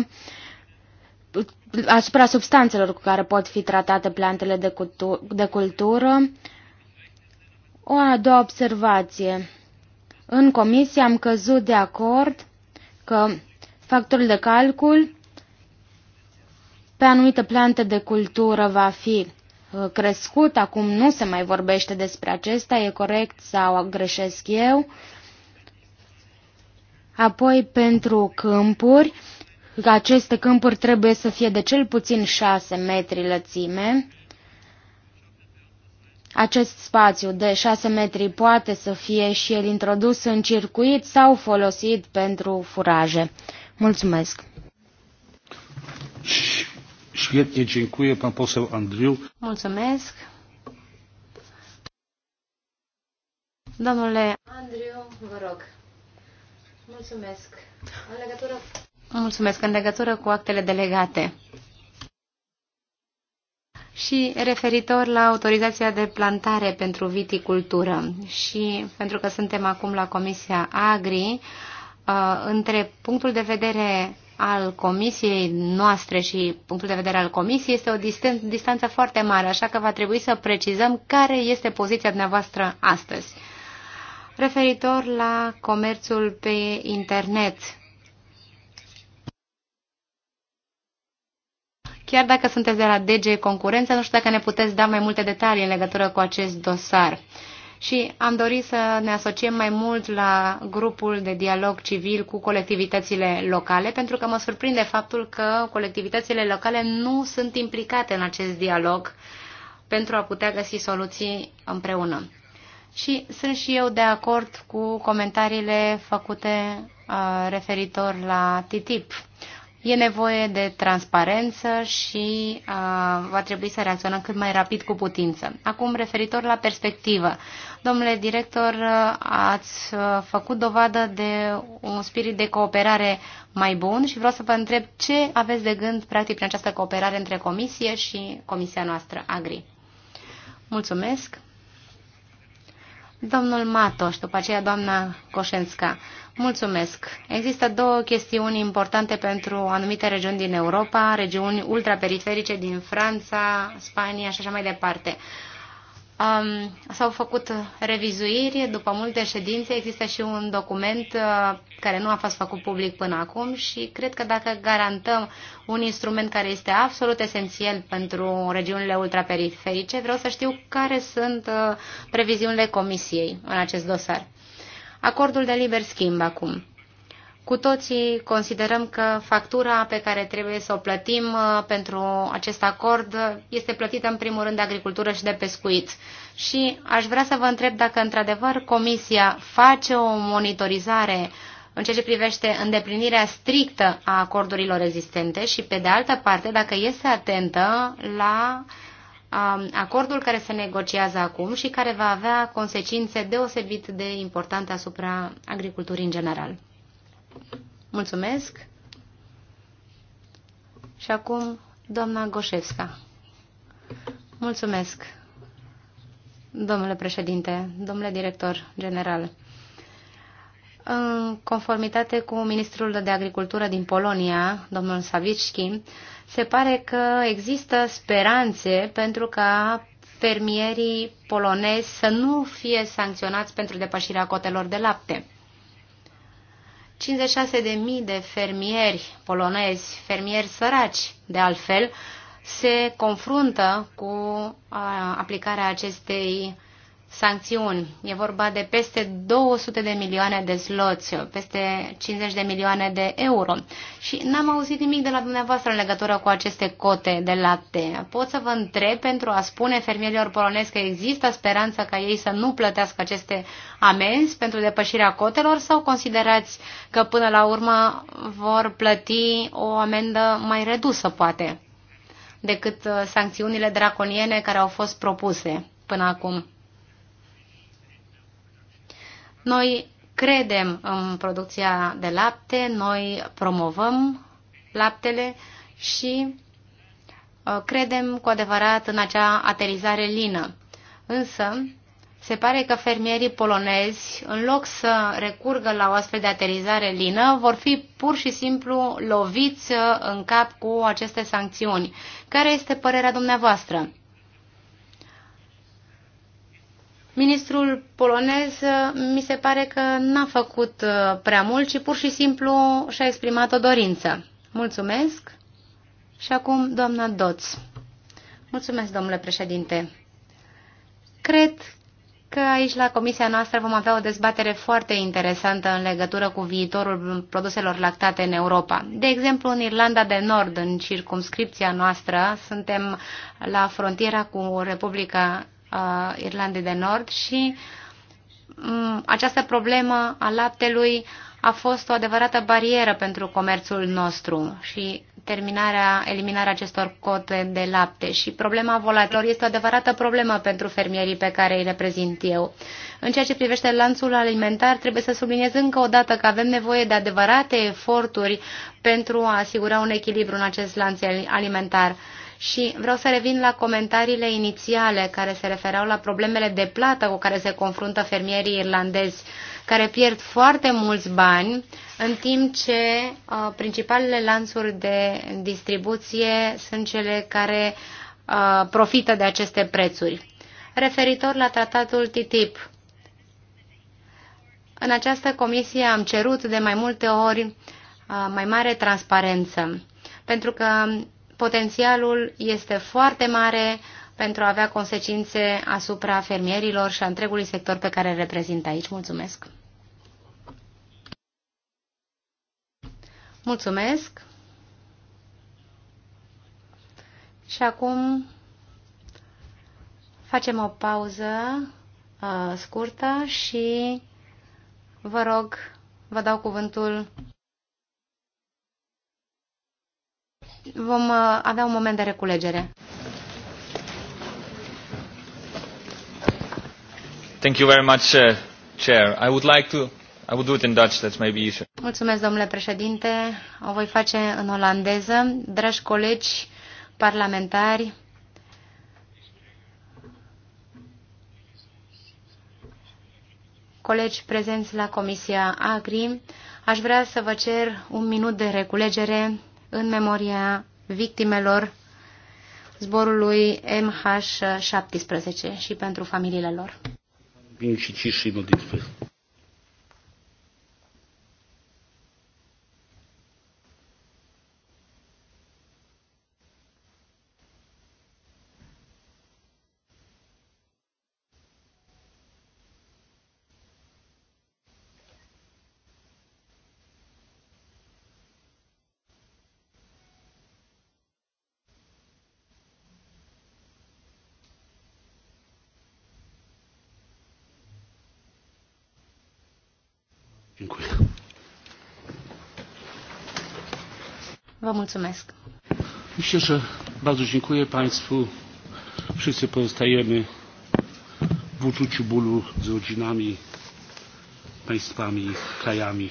asupra substanțelor cu care pot fi tratate plantele de, cultu- de cultură, o a doua observație. În comisie am căzut de acord că factorul de calcul pe anumite plante de cultură va fi Uh, crescut, acum nu se mai vorbește despre acesta, e corect sau greșesc eu. Apoi pentru câmpuri, aceste câmpuri trebuie să fie de cel puțin 6 metri lățime. Acest spațiu de 6 metri poate să fie și el introdus în circuit sau folosit pentru furaje. Mulțumesc! Mulțumesc. Domnule Andriu, vă rog. Mulțumesc. În legătură... Mulțumesc. În legătură cu actele delegate și referitor la autorizația de plantare pentru viticultură. Și pentru că suntem acum la Comisia Agri, uh, între punctul de vedere al comisiei noastre și punctul de vedere al comisiei este o distanță foarte mare, așa că va trebui să precizăm care este poziția dumneavoastră astăzi. Referitor la comerțul pe internet, Chiar dacă sunteți de la DG Concurență, nu știu dacă ne puteți da mai multe detalii în legătură cu acest dosar și am dorit să ne asociem mai mult la grupul de dialog civil cu colectivitățile locale, pentru că mă surprinde faptul că colectivitățile locale nu sunt implicate în acest dialog pentru a putea găsi soluții împreună. Și sunt și eu de acord cu comentariile făcute uh, referitor la TTIP. E nevoie de transparență și uh, va trebui să reacționăm cât mai rapid cu putință. Acum, referitor la perspectivă, Domnule director, ați uh, făcut dovadă de un spirit de cooperare mai bun și vreau să vă întreb ce aveți de gând, practic, prin această cooperare între Comisie și Comisia noastră, AGRI. Mulțumesc. Domnul Matoș, după aceea doamna Coșenska. Mulțumesc. Există două chestiuni importante pentru anumite regiuni din Europa, regiuni ultraperiferice din Franța, Spania și așa mai departe. Um, S-au făcut revizuiri după multe ședințe, există și un document uh, care nu a fost făcut public până acum și cred că dacă garantăm un instrument care este absolut esențial pentru regiunile ultraperiferice, vreau să știu care sunt uh, previziunile Comisiei în acest dosar. Acordul de liber schimb acum. Cu toții considerăm că factura pe care trebuie să o plătim uh, pentru acest acord este plătită în primul rând de agricultură și de pescuit. Și aș vrea să vă întreb dacă într-adevăr Comisia face o monitorizare în ceea ce privește îndeplinirea strictă a acordurilor existente și, pe de altă parte, dacă este atentă la um, acordul care se negociază acum și care va avea consecințe deosebit de importante asupra agriculturii în general. Mulțumesc. Și acum, doamna Goșevska. Mulțumesc, domnule președinte, domnule director general. În conformitate cu ministrul de agricultură din Polonia, domnul Savicki, se pare că există speranțe pentru ca fermierii polonezi să nu fie sancționați pentru depășirea cotelor de lapte. 56.000 de fermieri polonezi, fermieri săraci, de altfel, se confruntă cu aplicarea acestei sancțiuni. E vorba de peste 200 de milioane de zloți, peste 50 de milioane de euro. Și n-am auzit nimic de la dumneavoastră în legătură cu aceste cote de lapte. Pot să vă întreb pentru a spune fermierilor polonezi că există speranța ca ei să nu plătească aceste amenzi pentru depășirea cotelor sau considerați că până la urmă vor plăti o amendă mai redusă, poate, decât uh, sancțiunile draconiene care au fost propuse până acum? Noi credem în producția de lapte, noi promovăm laptele și uh, credem cu adevărat în acea aterizare lină. Însă, se pare că fermierii polonezi, în loc să recurgă la o astfel de aterizare lină, vor fi pur și simplu loviți uh, în cap cu aceste sancțiuni. Care este părerea dumneavoastră? Ministrul polonez uh, mi se pare că n-a făcut uh, prea mult, ci pur și simplu și-a exprimat o dorință. Mulțumesc. Și acum, doamna Doț. Mulțumesc, domnule președinte. Cred că aici la comisia noastră vom avea o dezbatere foarte interesantă în legătură cu viitorul produselor lactate în Europa. De exemplu, în Irlanda de Nord, în circumscripția noastră, suntem la frontiera cu Republica uh, Irlandei de Nord și um, această problemă a laptelui a fost o adevărată barieră pentru comerțul nostru și terminarea, eliminarea acestor cote de lapte și problema volatilor este o adevărată problemă pentru fermierii pe care îi reprezint eu. În ceea ce privește lanțul alimentar, trebuie să subliniez încă o dată că avem nevoie de adevărate eforturi pentru a asigura un echilibru în acest lanț alimentar. Și vreau să revin la comentariile inițiale care se referau la problemele de plată cu care se confruntă fermierii irlandezi, care pierd foarte mulți bani, în timp ce uh, principalele lanțuri de distribuție sunt cele care uh, profită de aceste prețuri. Referitor la tratatul TTIP, în această comisie am cerut de mai multe ori uh, mai mare transparență, pentru că potențialul este foarte mare pentru a avea consecințe asupra fermierilor și a întregului sector pe care îl reprezint aici. Mulțumesc! Mulțumesc! Și acum facem o pauză uh, scurtă și vă rog, vă dau cuvântul Vom uh, avea un moment de reculegere. Thank you very much, uh, Chair. I would like to I would do it in Dutch, that's maybe easier. Mulțumesc, domnule președinte. O voi face în olandeză. Dragi colegi parlamentari, colegi prezenți la Comisia Agri, aș vrea să vă cer un minut de reculegere în memoria victimelor zborului MH17 și pentru familiile lor. mulțumesc! Myślę, że bardzo dziękuję Państwu. Wszyscy pozostajemy w uczuciu bólu z rodzinami, państwami, krajami.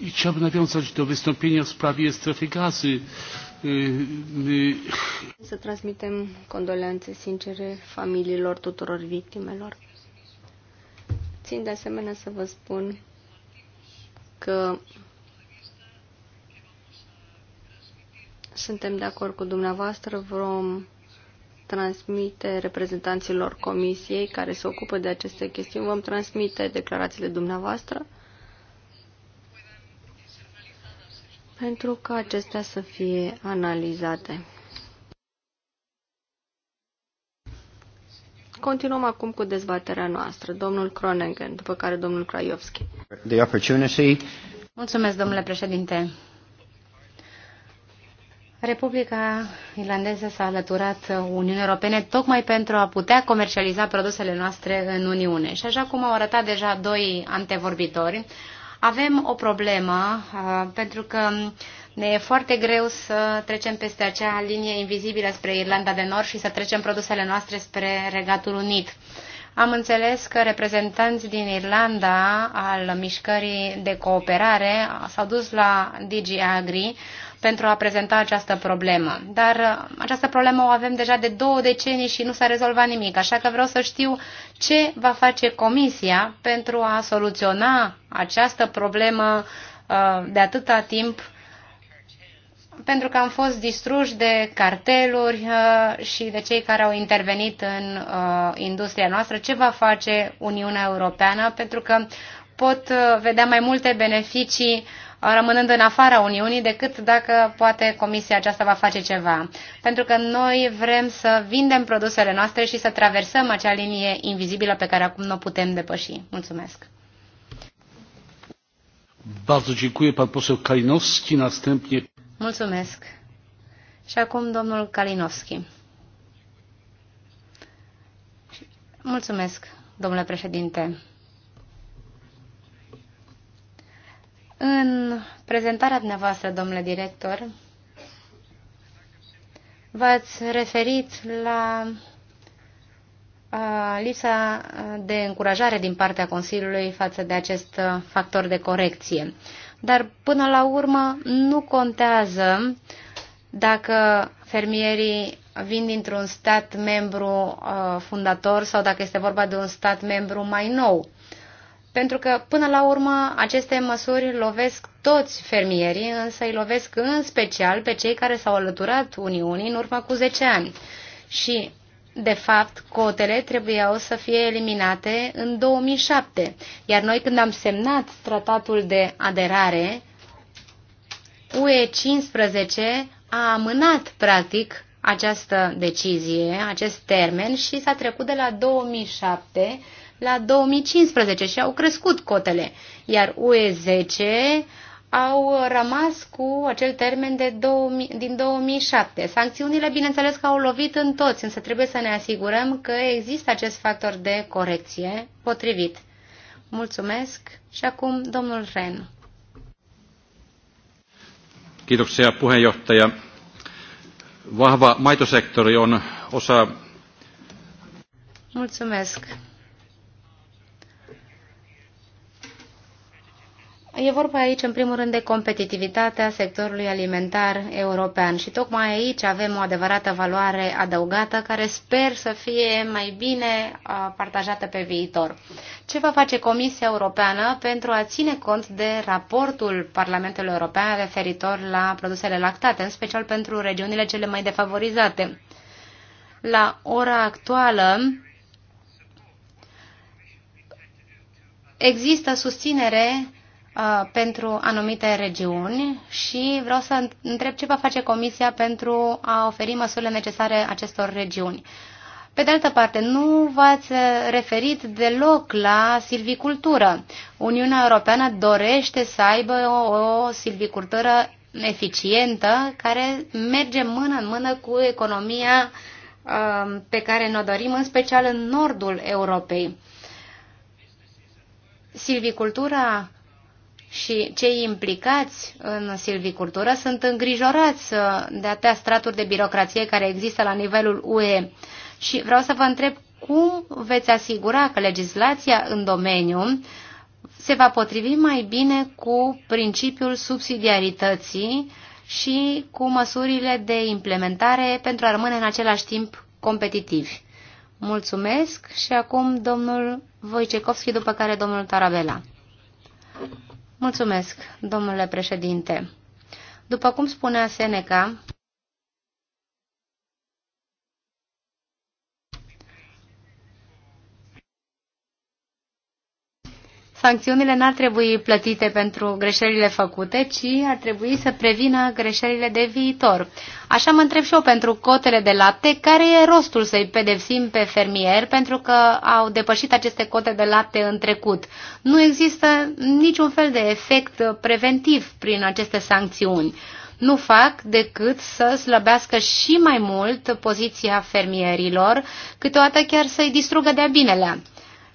I chciałbym nawiązać do wystąpienia w sprawie strefy gazy. Să transmitem condolențe sincere familiilor tuturor victimelor. Țin de asemenea să vă spun că Suntem de acord cu dumneavoastră, vom transmite reprezentanților comisiei care se ocupă de aceste chestiuni, vom transmite declarațiile dumneavoastră pentru ca acestea să fie analizate. Continuăm acum cu dezbaterea noastră. Domnul Kronengen, după care domnul Kraiovski. Mulțumesc, domnule președinte. Republica Irlandeză s-a alăturat Uniunii Europene tocmai pentru a putea comercializa produsele noastre în Uniune. Și așa cum au arătat deja doi antevorbitori, avem o problemă uh, pentru că ne e foarte greu să trecem peste acea linie invizibilă spre Irlanda de Nord și să trecem produsele noastre spre Regatul Unit. Am înțeles că reprezentanți din Irlanda al mișcării de cooperare s-au dus la DG Agri pentru a prezenta această problemă. Dar uh, această problemă o avem deja de două decenii și nu s-a rezolvat nimic, așa că vreau să știu ce va face Comisia pentru a soluționa această problemă uh, de atâta timp pentru că am fost distruși de carteluri uh, și de cei care au intervenit în industria noastră. Ce va face Uniunea Europeană? Pentru că pot vedea mai multe beneficii rămânând în afara Uniunii, decât dacă poate Comisia aceasta va face ceva. Pentru că noi vrem să vindem produsele noastre și să traversăm acea linie invizibilă pe care acum nu o putem depăși. Mulțumesc! Mulțumesc. Și acum domnul Kalinowski. Mulțumesc, domnule președinte. În prezentarea dumneavoastră, domnule director, v-ați referit la uh, lipsa de încurajare din partea Consiliului față de acest uh, factor de corecție. Dar până la urmă nu contează dacă fermierii vin dintr-un stat membru uh, fundator sau dacă este vorba de un stat membru mai nou pentru că, până la urmă, aceste măsuri lovesc toți fermierii, însă îi lovesc în special pe cei care s-au alăturat Uniunii în urmă cu 10 ani. Și, de fapt, cotele trebuiau să fie eliminate în 2007, iar noi când am semnat tratatul de aderare, UE 15 a amânat, practic, această decizie, acest termen și s-a trecut de la 2007 la 2015 și au crescut cotele, iar UE10 au rămas cu acel termen de 2000, din 2007. Sancțiunile, bineînțeles că au lovit în toți, însă trebuie să ne asigurăm că există acest factor de corecție potrivit. Mulțumesc și acum domnul Ren. Kiitoksia puheenjohtaja. Vahva maitosektori on osa... Mulțumesc, E vorba aici, în primul rând, de competitivitatea sectorului alimentar european și tocmai aici avem o adevărată valoare adăugată care sper să fie mai bine partajată pe viitor. Ce va face Comisia Europeană pentru a ține cont de raportul Parlamentului European referitor la produsele lactate, în special pentru regiunile cele mai defavorizate? La ora actuală, există susținere Uh, pentru anumite regiuni și vreau să întreb ce va face Comisia pentru a oferi măsurile necesare acestor regiuni. Pe de altă parte, nu v-ați referit deloc la silvicultură. Uniunea Europeană dorește să aibă o, o silvicultură eficientă care merge mână în mână cu economia uh, pe care ne-o dorim, în special în nordul Europei. Silvicultura și cei implicați în silvicultură sunt îngrijorați uh, de atâtea straturi de birocrație care există la nivelul UE. Și vreau să vă întreb cum veți asigura că legislația în domeniu se va potrivi mai bine cu principiul subsidiarității și cu măsurile de implementare pentru a rămâne în același timp competitivi. Mulțumesc și acum domnul Voicecovski, după care domnul Tarabela. Mulțumesc, domnule președinte. După cum spunea Seneca, sancțiunile n-ar trebui plătite pentru greșelile făcute, ci ar trebui să prevină greșelile de viitor. Așa mă întreb și eu pentru cotele de lapte, care e rostul să-i pedepsim pe fermieri pentru că au depășit aceste cote de lapte în trecut. Nu există niciun fel de efect preventiv prin aceste sancțiuni nu fac decât să slăbească și mai mult poziția fermierilor, câteodată chiar să-i distrugă de-a binelea.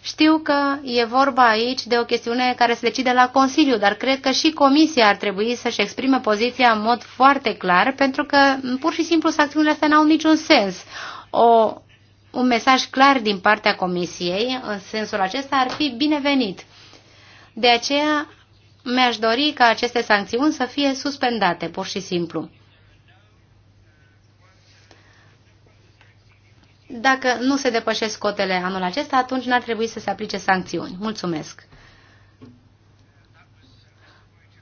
Știu că e vorba aici de o chestiune care se decide la Consiliu, dar cred că și Comisia ar trebui să-și exprime poziția în mod foarte clar, pentru că pur și simplu sancțiunile astea n-au niciun sens. O, un mesaj clar din partea Comisiei în sensul acesta ar fi binevenit. De aceea mi-aș dori ca aceste sancțiuni să fie suspendate, pur și simplu. Dacă nu se depășesc cotele anul acesta, atunci n-ar trebui să se aplice sancțiuni. Mulțumesc!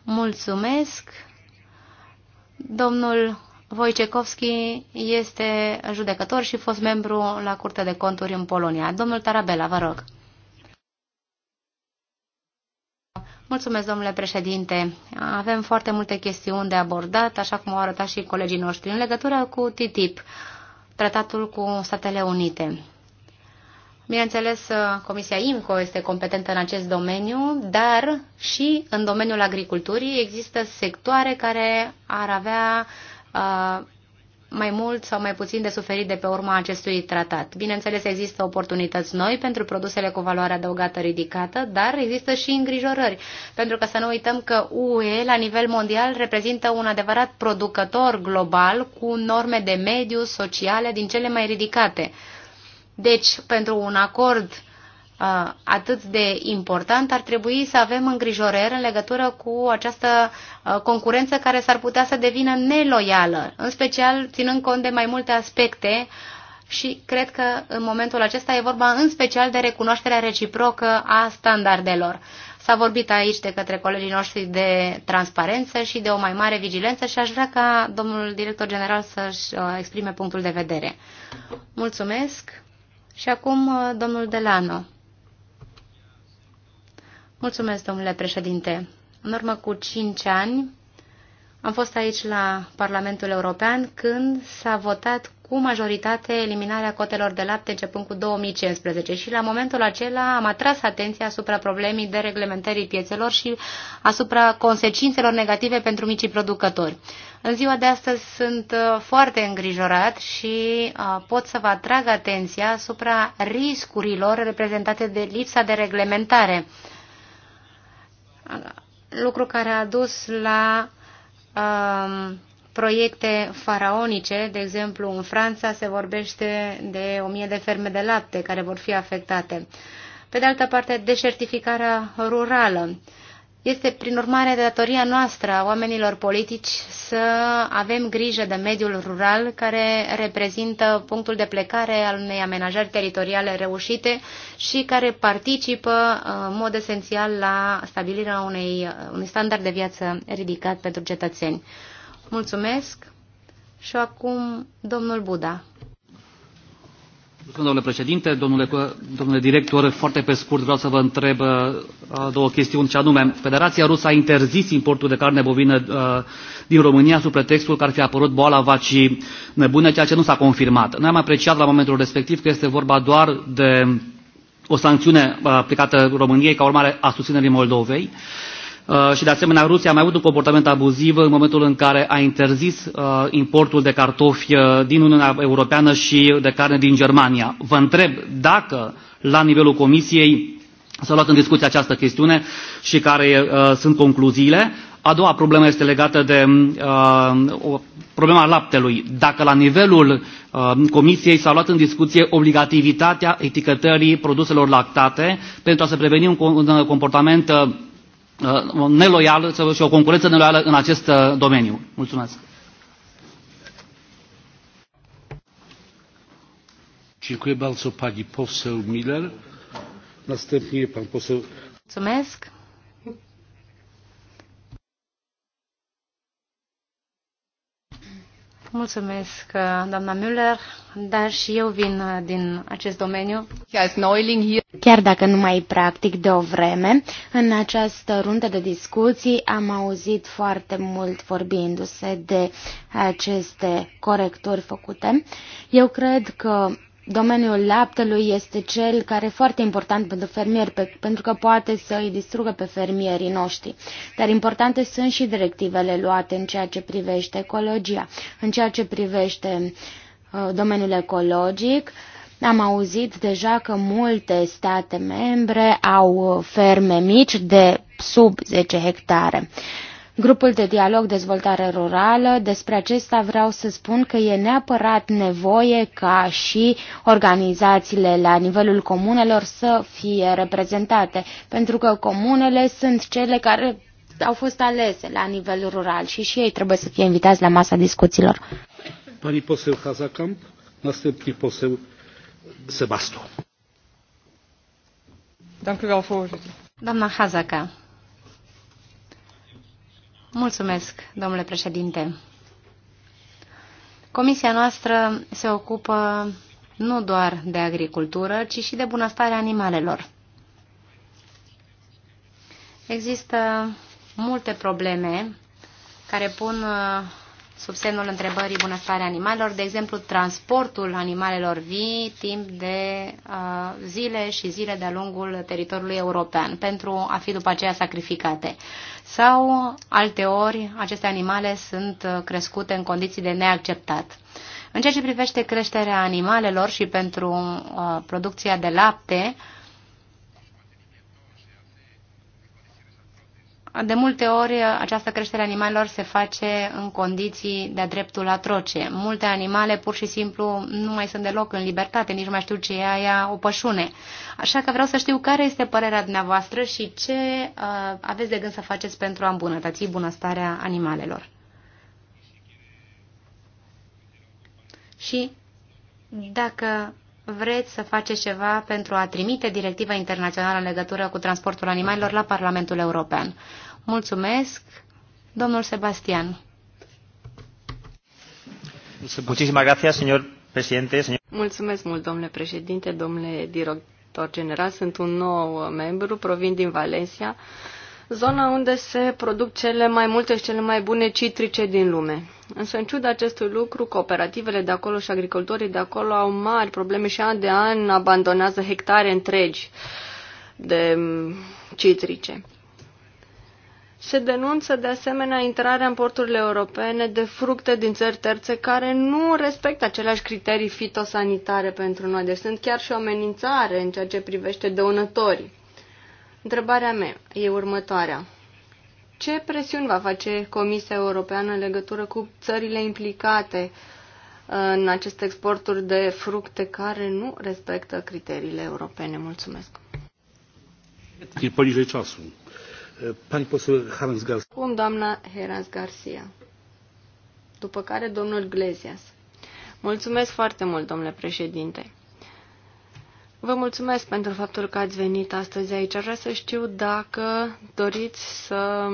Mulțumesc! Domnul Wojciechowski este judecător și fost membru la Curtea de Conturi în Polonia. Domnul Tarabela, vă rog. Mulțumesc, domnule președinte. Avem foarte multe chestiuni de abordat, așa cum au arătat și colegii noștri, în legătură cu TTIP tratatul cu Statele Unite. Bineînțeles, Comisia IMCO este competentă în acest domeniu, dar și în domeniul agriculturii există sectoare care ar avea uh, mai mult sau mai puțin de suferit de pe urma acestui tratat. Bineînțeles, există oportunități noi pentru produsele cu valoare adăugată ridicată, dar există și îngrijorări, pentru că să nu uităm că UE, la nivel mondial, reprezintă un adevărat producător global cu norme de mediu, sociale, din cele mai ridicate. Deci, pentru un acord Uh, atât de important, ar trebui să avem îngrijorări în legătură cu această uh, concurență care s-ar putea să devină neloială, în special ținând cont de mai multe aspecte și cred că în momentul acesta e vorba în special de recunoașterea reciprocă a standardelor. S-a vorbit aici de către colegii noștri de transparență și de o mai mare vigilență și aș vrea ca domnul director general să-și uh, exprime punctul de vedere. Mulțumesc și acum domnul Delano. Mulțumesc, domnule președinte. În urmă cu cinci ani am fost aici la Parlamentul European când s-a votat cu majoritate eliminarea cotelor de lapte începând cu 2015 și la momentul acela am atras atenția asupra problemei de reglementării piețelor și asupra consecințelor negative pentru micii producători. În ziua de astăzi sunt uh, foarte îngrijorat și uh, pot să vă atrag atenția asupra riscurilor reprezentate de lipsa de reglementare lucru care a dus la um, proiecte faraonice, de exemplu în Franța se vorbește de o mie de ferme de lapte care vor fi afectate. Pe de altă parte, deșertificarea rurală. Uh, este, prin urmare, de datoria noastră a oamenilor politici să avem grijă de mediul rural, care reprezintă punctul de plecare al unei amenajări teritoriale reușite și care participă uh, în mod esențial la stabilirea unei, uh, unui standard de viață ridicat pentru cetățeni. Mulțumesc și acum domnul Buda. Domnule președinte, domnule, domnule director, foarte pe scurt vreau să vă întreb uh, două chestiuni, ce anume. Federația Rusă a interzis importul de carne bovină uh, din România sub pretextul că ar fi apărut boala vacii nebune, ceea ce nu s-a confirmat. Noi am apreciat la momentul respectiv că este vorba doar de o sancțiune uh, aplicată României ca urmare a susținerii Moldovei. Uh, Uh, și de asemenea Rusia a mai avut un comportament abuziv în momentul în care a interzis uh, importul de cartofi uh, din Uniunea Europeană și de carne din Germania. Vă întreb dacă la nivelul Comisiei s-a luat în discuție această chestiune și care uh, sunt concluziile. A doua problemă este legată de uh, problema laptelui. Dacă la nivelul uh, Comisiei s-a luat în discuție obligativitatea etichetării produselor lactate pentru a se preveni un, un comportament uh, Uh, neloială și o concurență neloială în acest uh, domeniu. Mulțumesc. Miller. pan Mulțumesc. Mulțumesc, uh, doamna Müller, dar și eu vin uh, din acest domeniu. Chiar dacă nu mai practic de o vreme, în această rundă de discuții am auzit foarte mult vorbindu-se de aceste corecturi făcute. Eu cred că domeniul laptelui este cel care e foarte important pentru fermieri, pe, pentru că poate să îi distrugă pe fermierii noștri. Dar importante sunt și directivele luate în ceea ce privește ecologia, în ceea ce privește uh, domeniul ecologic. Am auzit deja că multe state membre au uh, ferme mici de sub 10 hectare. Uh, Grupul de dialog dezvoltare rurală, despre acesta vreau să spun că e neapărat nevoie ca și organizațiile la nivelul comunelor să fie reprezentate, pentru că comunele sunt cele care au fost alese la nivel rural și și ei trebuie să fie invitați la masa discuțiilor. Pani poseł Hazakamp, następnie poseł Sebastu. Doamna Hazaka. Mulțumesc, domnule președinte. Comisia noastră se ocupă nu doar de agricultură, ci și de bunăstarea animalelor. Există multe probleme care pun uh, sub semnul întrebării bunăstarea animalelor, de exemplu transportul animalelor vii timp de uh, zile și zile de-a lungul teritoriului european pentru a fi după aceea sacrificate. Sau alte ori aceste animale sunt uh, crescute în condiții de neacceptat. În ceea ce privește creșterea animalelor și pentru uh, producția de lapte, uh, De multe ori, această creștere a animalelor se face în condiții de-a dreptul atroce. Multe animale pur și simplu nu mai sunt deloc în libertate, nici nu mai știu ce e aia o pășune. Așa că vreau să știu care este părerea dumneavoastră și ce uh, aveți de gând să faceți pentru a îmbunătăți bunăstarea animalelor. Și dacă vreți să faceți ceva pentru a trimite directiva internațională în legătură cu transportul animalelor la Parlamentul European. Mulțumesc, domnul Sebastian. Mulțumesc mult, domnule președinte, domnule director general. Sunt un nou membru, provin din Valencia, zona unde se produc cele mai multe și cele mai bune citrice din lume. Însă, în ciuda acestui lucru, cooperativele de acolo și agricultorii de acolo au mari probleme și an de an abandonează hectare întregi de citrice. Se denunță de asemenea intrarea în porturile europene de fructe din țări terțe care nu respectă aceleași criterii fitosanitare pentru noi, deci sunt chiar și o amenințare în ceea ce privește dăunătorii. Întrebarea mea e următoarea. Ce presiuni va face Comisia Europeană în legătură cu țările implicate uh, în aceste exporturi de fructe care nu respectă criteriile europene? Mulțumesc. E poniżej Pani poseł Herans Garcia. Cum doamna Herans Garcia. După care domnul Glezias. Mulțumesc foarte mult, domnule președinte. Vă mulțumesc pentru faptul că ați venit astăzi aici. Aș vrea să știu dacă doriți să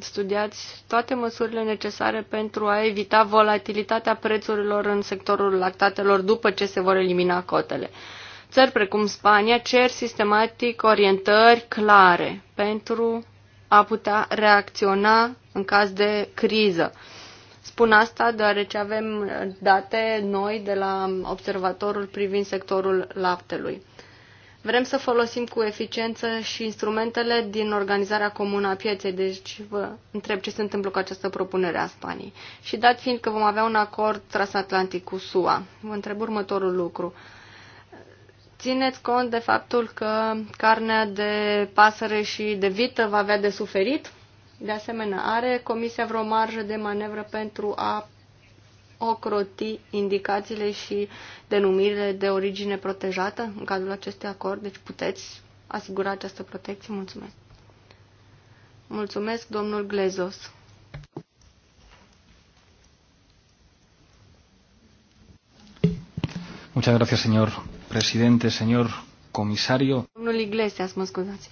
studiați toate măsurile necesare pentru a evita volatilitatea prețurilor în sectorul lactatelor după ce se vor elimina cotele. Țări precum Spania cer sistematic orientări clare pentru a putea reacționa în caz de criză. Spun asta deoarece avem date noi de la observatorul privind sectorul laptelui. Vrem să folosim cu eficiență și instrumentele din organizarea comună a pieței, deci vă întreb ce se întâmplă cu această propunere a Spaniei. Și dat fiind că vom avea un acord transatlantic cu SUA, vă întreb următorul lucru. Uh, țineți cont de faptul că carnea de pasăre și de vită va avea de suferit? De asemenea, are Comisia vreo marjă de manevră pentru a ocroti indicațiile și denumirile de origine protejată în cadrul acestui acord? Deci puteți asigura această protecție? Mulțumesc. Mulțumesc, domnul Glezos. Muchas gracias, señor președinte, señor comisario. Domnul Iglesias, mă scuzați.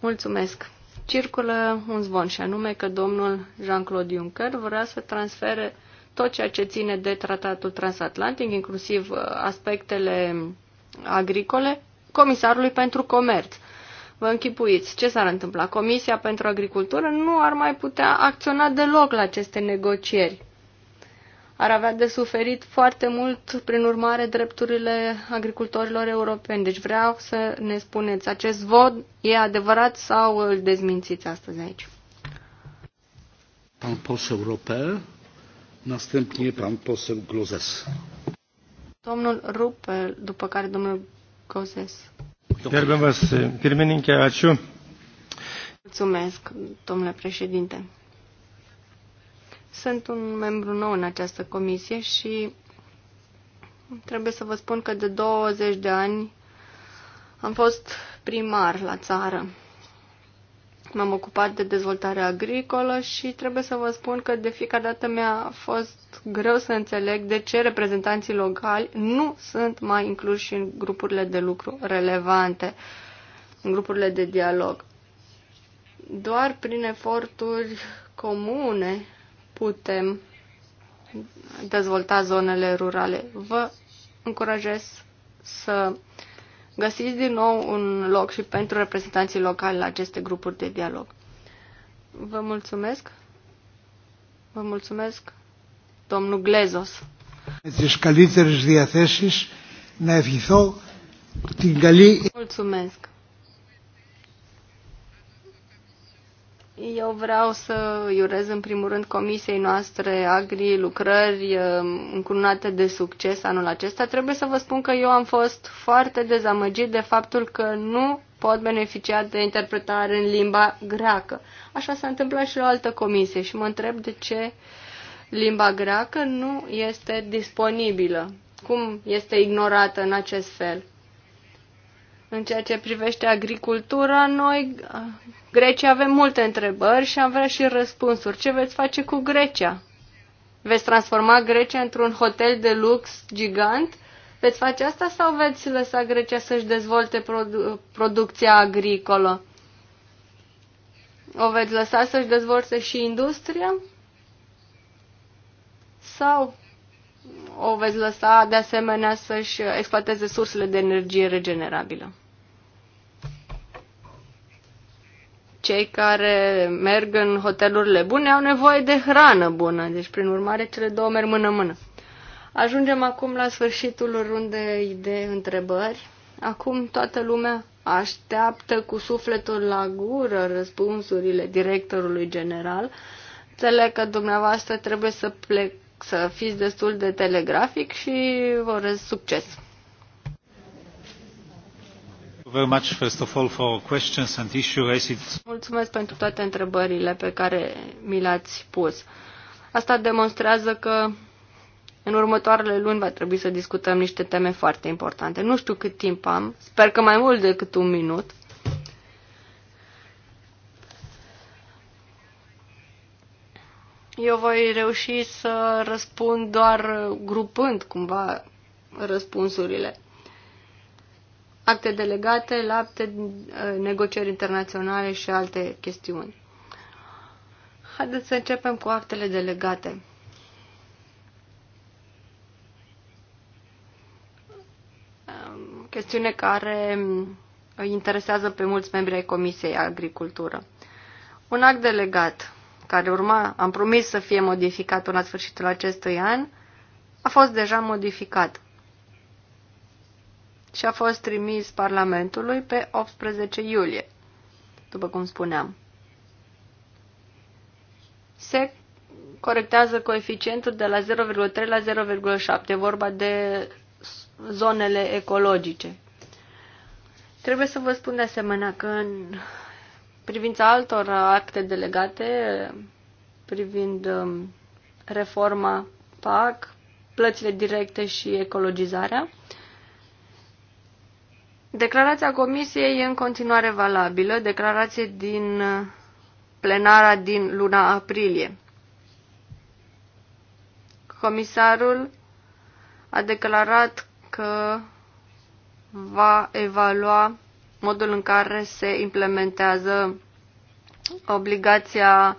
Mulțumesc. Circulă un zvon și anume că domnul Jean-Claude Juncker vrea să transfere tot ceea ce ține de tratatul transatlantic, inclusiv uh, aspectele agricole, comisarului pentru comerț. Vă închipuiți ce s-ar întâmpla. Comisia pentru Agricultură nu ar mai putea acționa deloc la aceste negocieri ar avea de suferit foarte mult, prin urmare, drepturile agricultorilor europeni. Deci vreau să ne spuneți, acest vot e adevărat sau îl dezmințiți astăzi aici? Pan poseł Rupel, następnie pan poseł Glozes. Domnul Rupel, după care domnul Glozes. Gerbiamas Pirmininke, ačiū. Mulțumesc, domnule președinte. Sunt un membru nou în această comisie și trebuie să vă spun că de 20 de ani am fost primar la țară. M-am ocupat de dezvoltare agricolă și trebuie să vă spun că de fiecare dată mi-a fost greu să înțeleg de ce reprezentanții locali nu sunt mai incluși în grupurile de lucru relevante, în grupurile de dialog. Doar prin eforturi comune putem dezvolta zonele rurale. Vă încurajez să găsiți din nou un loc și pentru reprezentanții locali la aceste grupuri de dialog. Vă mulțumesc. Vă mulțumesc, domnul Glezos. Mulțumesc. Eu vreau să iurez în primul rând comisiei noastre agri lucrări uh, încununate de succes anul acesta. Trebuie să vă spun că eu am fost foarte dezamăgit de faptul că nu pot beneficia de interpretare în limba greacă. Așa s-a întâmplat și la o altă comisie și mă întreb de ce limba greacă nu este disponibilă. Cum este ignorată în acest fel? În ceea ce privește agricultura, noi Grecia avem multe întrebări și am vrea și răspunsuri. Ce veți face cu Grecia? Veți transforma Grecia într-un hotel de lux gigant? Veți face asta sau veți lăsa Grecia să-și dezvolte produ- producția agricolă? O veți lăsa să-și dezvolte și industria? Sau o veți lăsa de asemenea să-și exploateze sursele de energie regenerabilă? cei care merg în hotelurile bune au nevoie de hrană bună, deci prin urmare cele două merg mână-mână. Ajungem acum la sfârșitul rundei de întrebări. Acum toată lumea așteaptă cu sufletul la gură răspunsurile directorului general. Înțeleg că dumneavoastră trebuie să plec, să fiți destul de telegrafic și vă urez succes! Mulțumesc pentru toate întrebările pe care mi le-ați pus. Asta demonstrează că în următoarele luni va trebui să discutăm niște teme foarte importante. Nu știu cât timp am, sper că mai mult decât un minut. Eu voi reuși să răspund doar grupând cumva răspunsurile acte delegate, la acte uh, negocieri internaționale și alte chestiuni. Haideți să începem cu actele delegate. Um, chestiune care um, interesează pe mulți membri ai Comisiei Agricultură. Un act delegat care urma, am promis să fie modificat până la sfârșitul acestui an, a fost deja modificat și a fost trimis Parlamentului pe 18 iulie, după cum spuneam. Se corectează coeficientul de la 0,3 la 0,7, vorba de zonele ecologice. Trebuie să vă spun de asemenea că în privința altor acte delegate, privind um, reforma PAC, plățile directe și ecologizarea, Declarația Comisiei e în continuare valabilă, declarație din uh, plenara din luna aprilie. Comisarul a declarat că va evalua modul în care se implementează obligația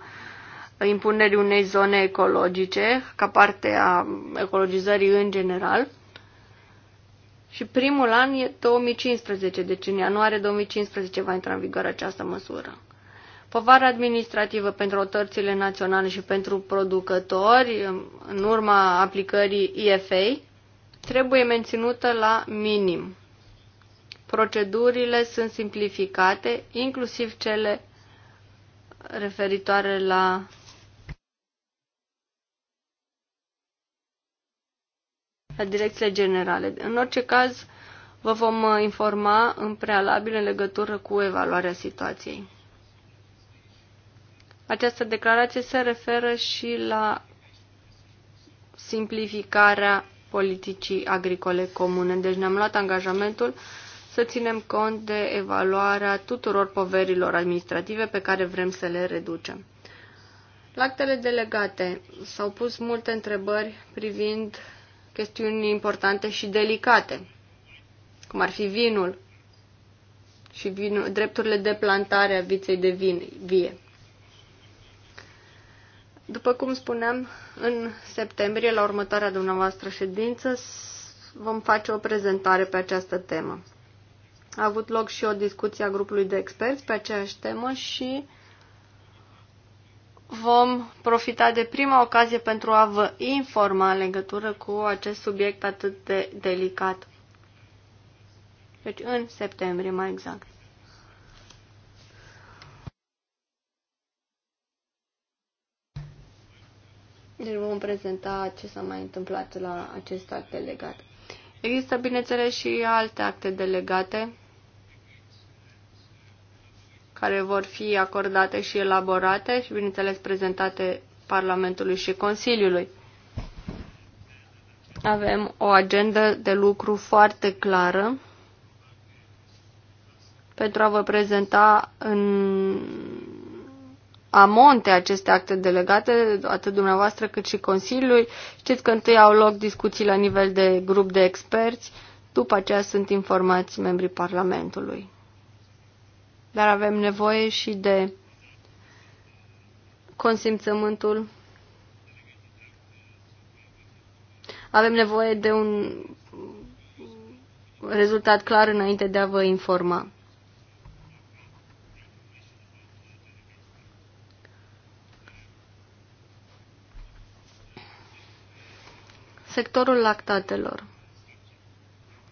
impunerii unei zone ecologice ca parte a ecologizării în general și primul an e 2015, deci în ianuarie 2015 va intra în vigoare această măsură. Povara administrativă pentru autorțile naționale și pentru producători, în urma aplicării IFA, trebuie menținută la minim. Procedurile sunt simplificate, inclusiv cele referitoare la la direcțiile generale. În orice caz, vă vom uh, informa în prealabil în legătură cu evaluarea situației. Această declarație se referă și la simplificarea politicii agricole comune. Deci ne-am luat angajamentul să ținem cont de evaluarea tuturor poverilor administrative pe care vrem să le reducem. La actele delegate s-au pus multe întrebări privind chestiuni importante și delicate, cum ar fi vinul și vinul, drepturile de plantare a viței de vin, vie. După cum spuneam, în septembrie, la următoarea dumneavoastră ședință, vom face o prezentare pe această temă. A avut loc și o discuție a grupului de experți pe aceeași temă și vom profita de prima ocazie pentru a vă informa în legătură cu acest subiect atât de delicat. Deci în septembrie, mai exact. Deci vom prezenta ce s-a mai întâmplat la acest act delegat. Există, bineînțeles, și alte acte delegate care vor fi acordate și elaborate și, bineînțeles, prezentate Parlamentului și Consiliului. Avem o agendă de lucru foarte clară pentru a vă prezenta în amonte aceste acte delegate, atât dumneavoastră cât și Consiliului. Știți că întâi au loc discuții la nivel de grup de experți, după aceea sunt informați membrii Parlamentului dar avem nevoie și de consimțământul. Avem nevoie de un rezultat clar înainte de a vă informa. Sectorul lactatelor.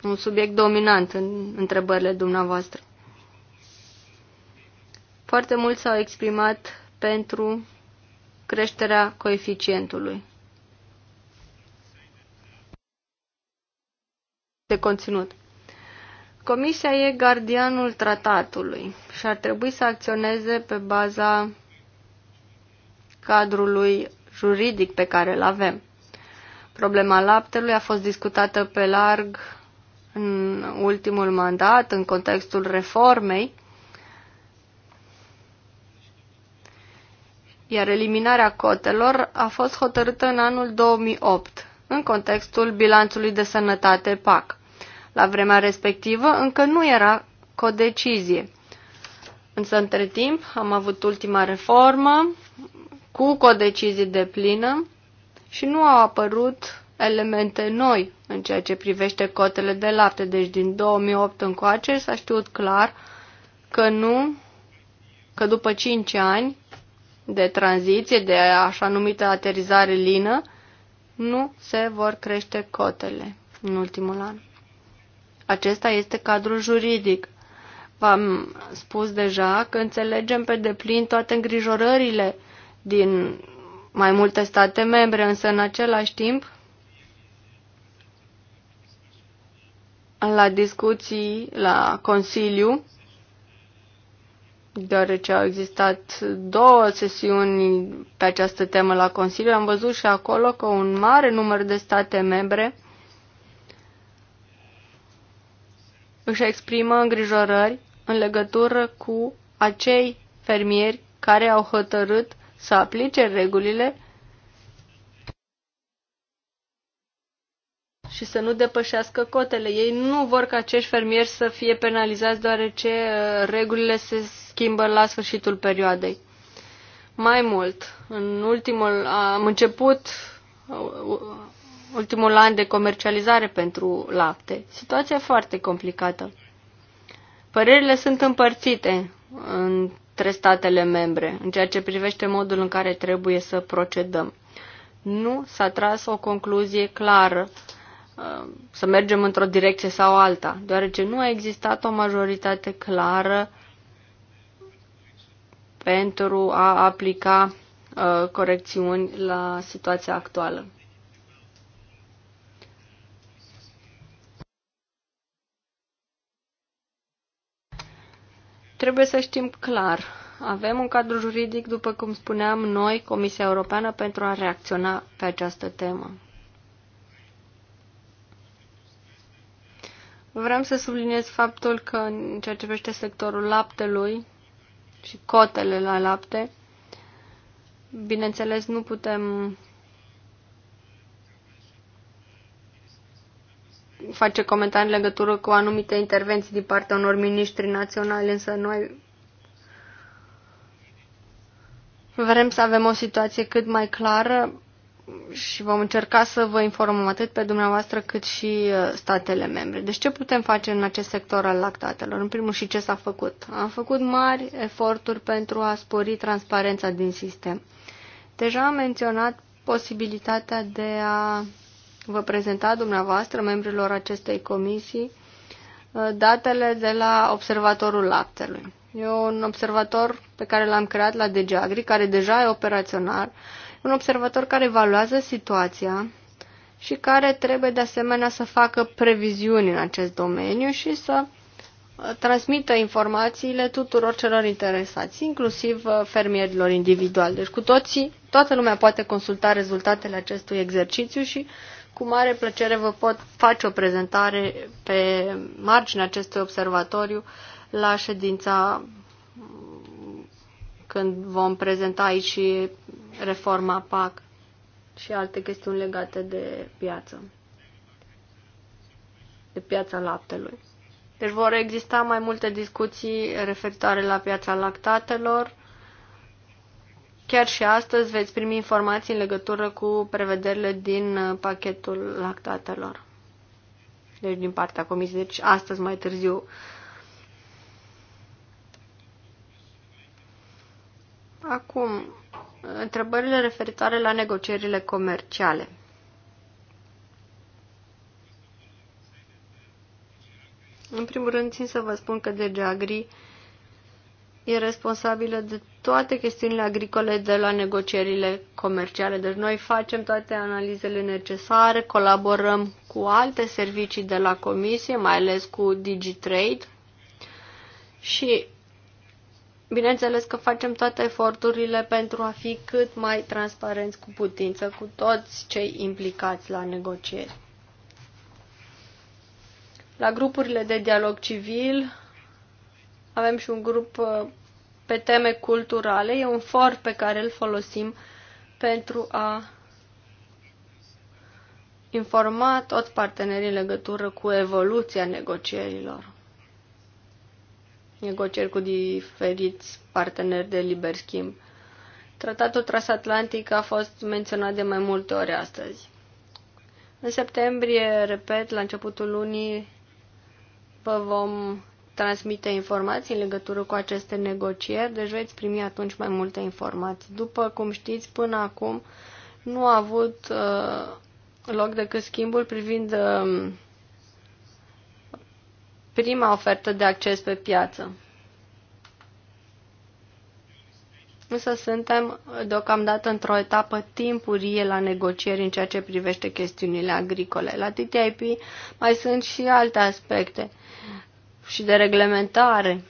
Un subiect dominant în întrebările dumneavoastră. Foarte mulți s-au exprimat pentru creșterea coeficientului de conținut. Comisia e gardianul tratatului și ar trebui să acționeze pe baza cadrului juridic pe care îl avem. Problema laptelui a fost discutată pe larg în ultimul mandat, în contextul reformei iar eliminarea cotelor a fost hotărâtă în anul 2008, în contextul bilanțului de sănătate PAC. La vremea respectivă încă nu era codecizie. Însă între timp am avut ultima reformă cu codecizie de plină și nu au apărut elemente noi în ceea ce privește cotele de lapte. Deci din 2008 încoace s-a știut clar că nu, că după 5 ani de tranziție, de așa numită aterizare lină, nu se vor crește cotele în ultimul an. Acesta este cadrul juridic. V-am spus deja că înțelegem pe deplin toate îngrijorările din mai multe state membre, însă în același timp, la discuții, la Consiliu, deoarece au existat două sesiuni pe această temă la Consiliu, am văzut și acolo că un mare număr de state membre își exprimă îngrijorări în legătură cu acei fermieri care au hotărât să aplice regulile și să nu depășească cotele. Ei nu vor ca acești fermieri să fie penalizați deoarece uh, regulile se schimbă la sfârșitul perioadei. Mai mult, în ultimul, am început uh, uh, ultimul an de comercializare pentru lapte. Situația e foarte complicată. Părerile sunt împărțite între statele membre în ceea ce privește modul în care trebuie să procedăm. Nu s-a tras o concluzie clară Uh, să mergem într-o direcție sau alta, deoarece nu a existat o majoritate clară pentru a aplica uh, corecțiuni la situația actuală. Trebuie să știm clar. Avem un cadru juridic, după cum spuneam noi, Comisia Europeană, pentru a reacționa pe această temă. Vreau să subliniez faptul că în ceea ce privește sectorul laptelui și cotele la lapte, bineînțeles nu putem face comentarii în legătură cu anumite intervenții din partea unor miniștri naționali, însă noi vrem să avem o situație cât mai clară și vom încerca să vă informăm atât pe dumneavoastră cât și uh, statele membre. Deci ce putem face în acest sector al lactatelor? În primul și ce s-a făcut? Am făcut mari eforturi pentru a spori transparența din sistem. Deja am menționat posibilitatea de a vă prezenta dumneavoastră, membrilor acestei comisii, uh, datele de la Observatorul Laptelui. E un observator pe care l-am creat la DGAGRI, care deja e operațional, un observator care evaluează situația și care trebuie de asemenea să facă previziuni în acest domeniu și să uh, transmită informațiile tuturor celor interesați, inclusiv uh, fermierilor individuali. Deci cu toții, toată lumea poate consulta rezultatele acestui exercițiu și cu mare plăcere vă pot face o prezentare pe marginea acestui observatoriu la ședința mm, când vom prezenta aici și reforma PAC și alte chestiuni legate de piață, de piața laptelui. Deci vor exista mai multe discuții referitoare la piața lactatelor. Chiar și astăzi veți primi informații în legătură cu prevederile din pachetul lactatelor. Deci din partea comisiei. Deci astăzi mai târziu. Acum, întrebările referitoare la negocierile comerciale. În primul rând, țin să vă spun că DG Agri e responsabilă de toate chestiunile agricole de la negocierile comerciale. Deci noi facem toate analizele necesare, colaborăm cu alte servicii de la comisie, mai ales cu DigiTrade și Bineînțeles că facem toate eforturile pentru a fi cât mai transparenți cu putință cu toți cei implicați la negocieri. La grupurile de dialog civil avem și un grup uh, pe teme culturale. E un for pe care îl folosim pentru a informa toți partenerii în legătură cu evoluția negocierilor negocieri cu diferiți parteneri de liber schimb. Tratatul transatlantic a fost menționat de mai multe ori astăzi. În septembrie, repet, la începutul lunii, vă vom transmite informații în legătură cu aceste negocieri, deci veți primi atunci mai multe informații. După cum știți, până acum nu a avut uh, loc decât schimbul privind uh, prima ofertă de acces pe piață. Însă suntem deocamdată într-o etapă timpurie la negocieri în ceea ce privește chestiunile agricole. La TTIP mai sunt și alte aspecte și de reglementare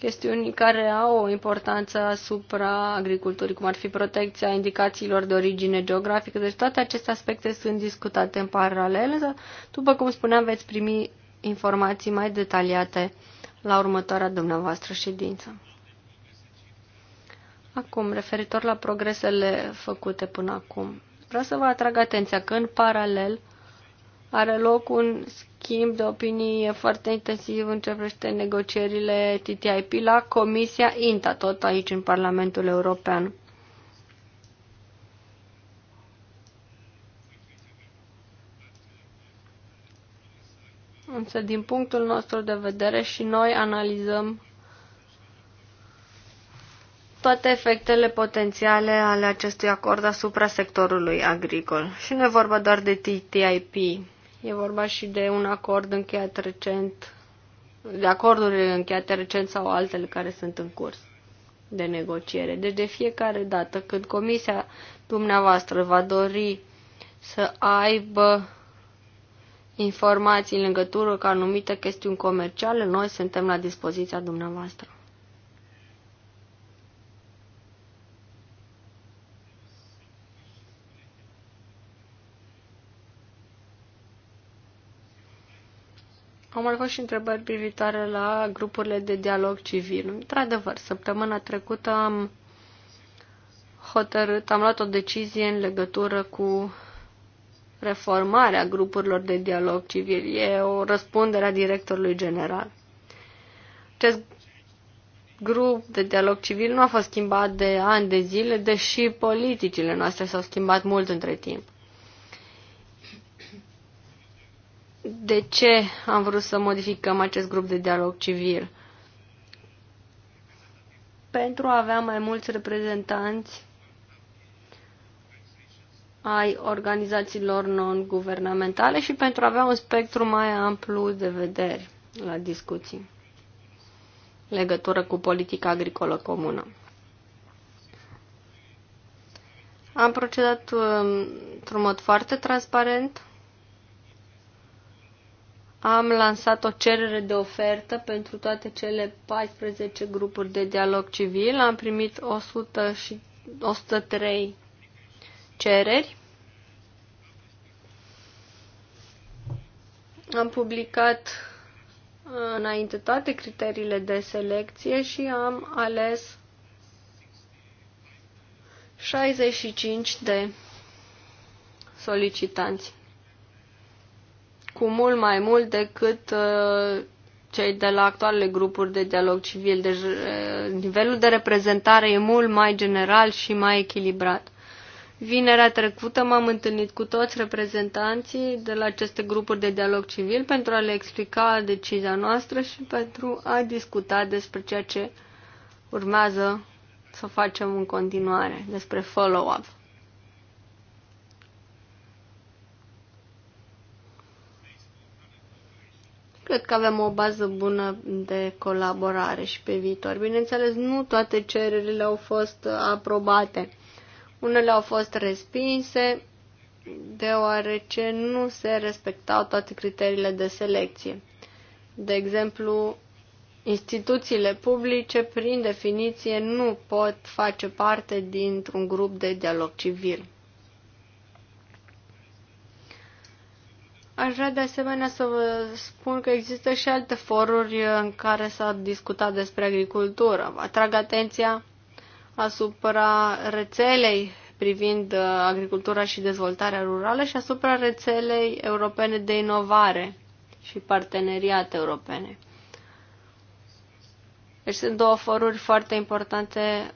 chestiuni care au o importanță asupra agriculturii, cum ar fi protecția indicațiilor de origine geografică. Deci toate aceste aspecte sunt discutate în paralel, după cum spuneam, veți primi informații mai detaliate la următoarea dumneavoastră ședință. Acum, referitor la progresele făcute până acum, vreau să vă atrag atenția că în paralel are loc un schimb de opinii foarte intensiv în ce privește negocierile TTIP la Comisia INTA, tot aici în Parlamentul European. Însă, din punctul nostru de vedere, și noi analizăm toate efectele potențiale ale acestui acord asupra sectorului agricol. Și nu e vorba doar de TTIP, E vorba și de un acord încheiat recent, de acorduri încheiate recent sau altele care sunt în curs de negociere. Deci de fiecare dată când comisia dumneavoastră va dori să aibă informații în legătură cu anumite chestiuni comerciale, noi suntem la dispoziția dumneavoastră. Au mai fost și întrebări privitoare la grupurile de dialog civil. Într-adevăr, săptămâna trecută am hotărât, am luat o decizie în legătură cu reformarea grupurilor de dialog civil. E o răspundere a directorului general. Acest grup de dialog civil nu a fost schimbat de ani de zile, deși politicile noastre s-au schimbat mult între timp. de ce am vrut să modificăm acest grup de dialog civil? Pentru a avea mai mulți reprezentanți ai organizațiilor non-guvernamentale și pentru a avea un spectru mai amplu de vederi la discuții legătură cu politica agricolă comună. Am procedat um, într-un mod foarte transparent am lansat o cerere de ofertă pentru toate cele 14 grupuri de dialog civil. Am primit 100 și 103 cereri. Am publicat uh, înainte toate criteriile de selecție și am ales 65 de solicitanți cu mult mai mult decât uh, cei de la actualele grupuri de dialog civil. Deci uh, nivelul de reprezentare e mult mai general și mai echilibrat. Vinerea trecută m-am întâlnit cu toți reprezentanții de la aceste grupuri de dialog civil pentru a le explica decizia noastră și pentru a discuta despre ceea ce urmează să facem în continuare, despre follow-up. cred că avem o bază bună de colaborare și pe viitor. Bineînțeles, nu toate cererile au fost aprobate. Unele au fost respinse, deoarece nu se respectau toate criteriile de selecție. De exemplu, instituțiile publice, prin definiție, nu pot face parte dintr-un grup de dialog civil. Aș vrea de asemenea să vă spun că există și alte foruri în care s-a discutat despre agricultură. atrag atenția asupra rețelei privind uh, agricultura și dezvoltarea rurală și asupra rețelei europene de inovare și parteneriate europene. Deci sunt două foruri foarte importante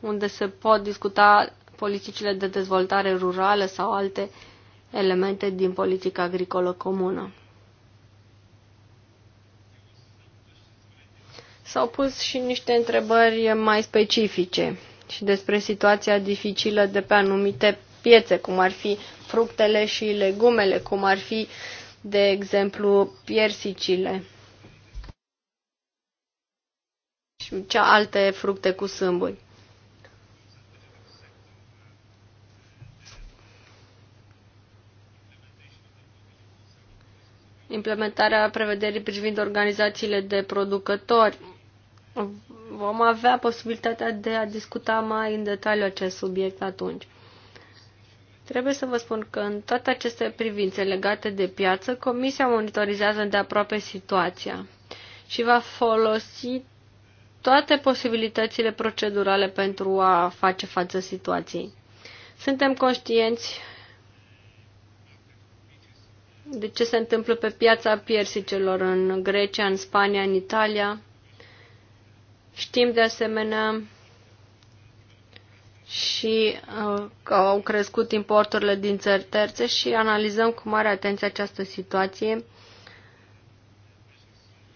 unde se pot discuta politicile de dezvoltare rurală sau alte uh, elemente din politica agricolă comună. S-au pus și niște întrebări mai specifice și despre situația dificilă de pe anumite piețe, cum ar fi fructele și legumele, cum ar fi, de exemplu, piersicile și alte fructe cu sâmburi. implementarea prevederii privind organizațiile de producători. Vom avea posibilitatea de a discuta mai în detaliu acest subiect atunci. Trebuie să vă spun că în toate aceste privințe legate de piață, Comisia monitorizează de aproape situația și va folosi toate posibilitățile procedurale pentru a face față situației. Suntem conștienți de ce se întâmplă pe piața piersicelor în Grecia, în Spania, în Italia. Știm de asemenea și uh, că au crescut importurile din țări terțe și analizăm cu mare atenție această situație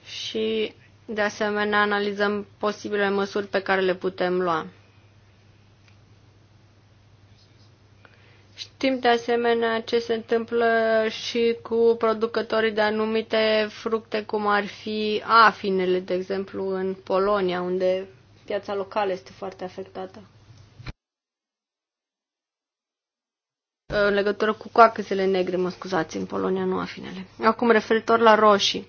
și de asemenea analizăm posibile măsuri pe care le putem lua. Știm de asemenea ce se întâmplă și cu producătorii de anumite fructe, cum ar fi afinele, de exemplu, în Polonia, unde piața locală este foarte afectată. În legătură cu coacăzele negre, mă scuzați, în Polonia, nu afinele. Acum, referitor la roșii.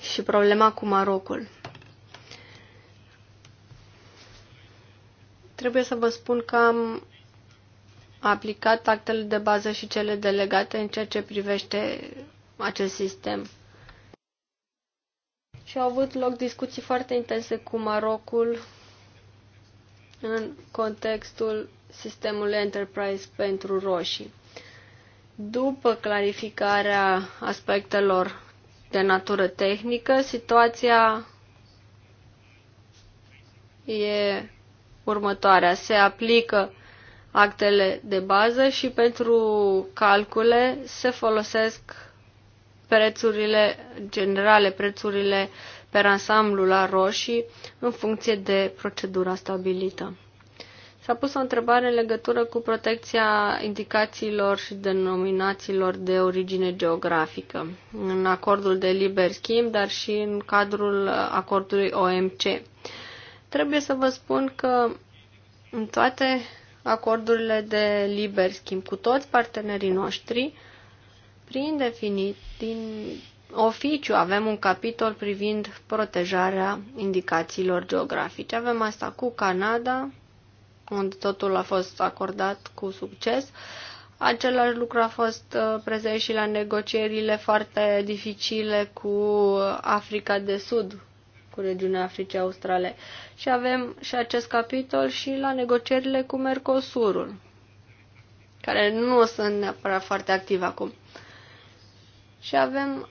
Și problema cu Marocul. Trebuie să vă spun că am aplicat actele de bază și cele delegate în ceea ce privește acest sistem. Și au avut loc discuții foarte intense cu Marocul în contextul sistemului Enterprise pentru roșii. După clarificarea aspectelor de natură tehnică, situația e următoarea. Se aplică actele de bază și pentru calcule se folosesc prețurile generale, prețurile per ansamblu la roșii, în funcție de procedura stabilită. S-a pus o întrebare în legătură cu protecția indicațiilor și denominațiilor de origine geografică în acordul de liber schimb, dar și în cadrul acordului OMC. Trebuie să vă spun că în toate acordurile de liber schimb cu toți partenerii noștri, prin definiție, din oficiu avem un capitol privind protejarea indicațiilor geografice. Avem asta cu Canada, unde totul a fost acordat cu succes. Același lucru a fost uh, prezent și la negocierile foarte dificile cu uh, Africa de Sud, cu regiunea Africii Australe. Și avem și acest capitol și la negocierile cu Mercosurul, care nu sunt neapărat foarte active acum. Și avem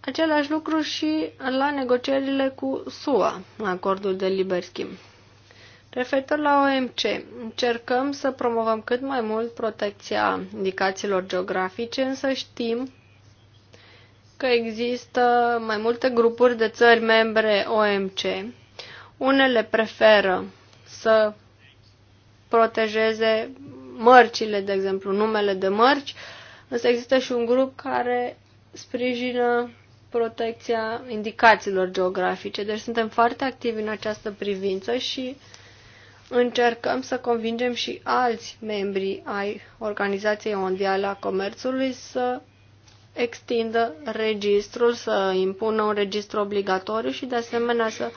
același lucru și la negocierile cu SUA, la acordul de liber schimb. Referitor la OMC, încercăm să promovăm cât mai mult protecția indicațiilor geografice, însă știm că există mai multe grupuri de țări membre OMC. Unele preferă să protejeze mărcile, de exemplu, numele de mărci, însă există și un grup care sprijină protecția indicațiilor geografice. Deci suntem foarte activi în această privință și încercăm să convingem și alți membri ai Organizației Mondiale a Comerțului să extindă registrul, să impună un registru obligatoriu și de asemenea să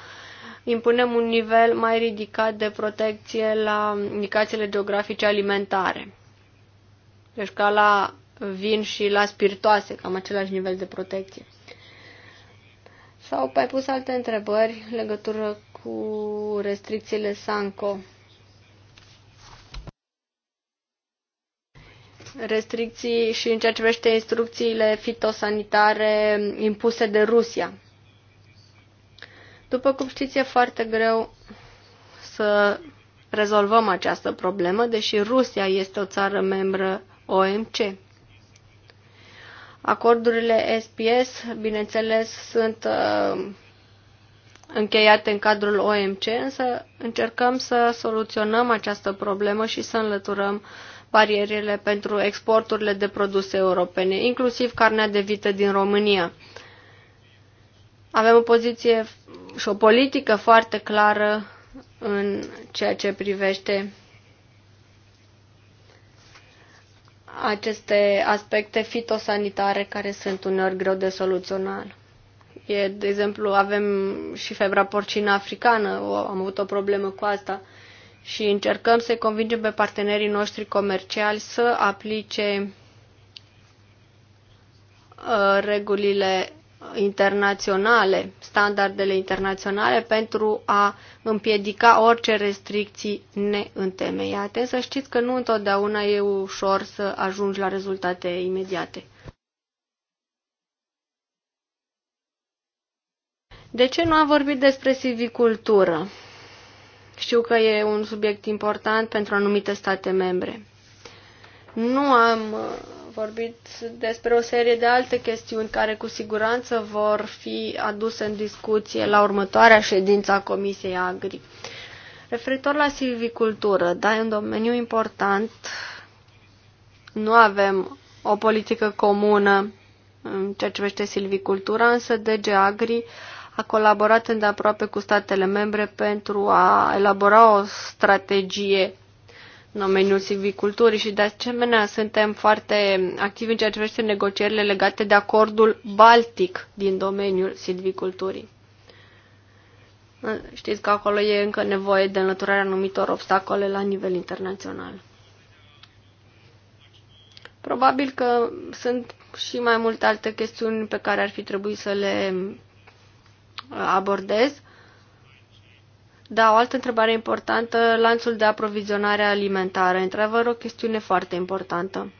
impunem un nivel mai ridicat de protecție la indicațiile geografice alimentare. Deci ca la vin și la spiritoase, cam același nivel de protecție. S-au mai pus alte întrebări legătură cu restricțiile Sanco. restricții și în ceea ce privește instrucțiile fitosanitare impuse de Rusia. După cum știți, e foarte greu să rezolvăm această problemă, deși Rusia este o țară membră OMC. Acordurile SPS, bineînțeles, sunt uh, încheiate în cadrul OMC, însă încercăm să soluționăm această problemă și să înlăturăm uh, barierele pentru exporturile de produse europene, inclusiv carnea de vită din România. Avem o poziție și o politică foarte clară în ceea ce privește aceste aspecte fitosanitare care sunt uneori greu de soluționat. E, de exemplu, avem și febra porcină africană, o, am avut o problemă cu asta și încercăm să-i convingem pe partenerii noștri comerciali să aplice uh, regulile internaționale, standardele internaționale pentru a împiedica orice restricții neîntemeiate. Să știți că nu întotdeauna e ușor să ajungi la rezultate imediate. De ce nu am vorbit despre silvicultură? Știu că e un subiect important pentru anumite state membre. Nu am uh, vorbit despre o serie de alte chestiuni care cu siguranță vor fi aduse în discuție la următoarea ședință a Comisiei Agri. Referitor la silvicultură, da, e un domeniu important. Nu avem o politică comună în ceea ce privește silvicultura, însă DG Agri a colaborat îndeaproape cu statele membre pentru a elabora o strategie în domeniul silviculturii și de asemenea suntem foarte activi în ceea ce privește negocierile legate de acordul baltic din domeniul silviculturii. Știți că acolo e încă nevoie de înlăturarea anumitor obstacole la nivel internațional. Probabil că sunt și mai multe alte chestiuni pe care ar fi trebuit să le abordez. Da, o altă întrebare importantă, lanțul de aprovizionare alimentară. Întreabă o chestiune foarte importantă.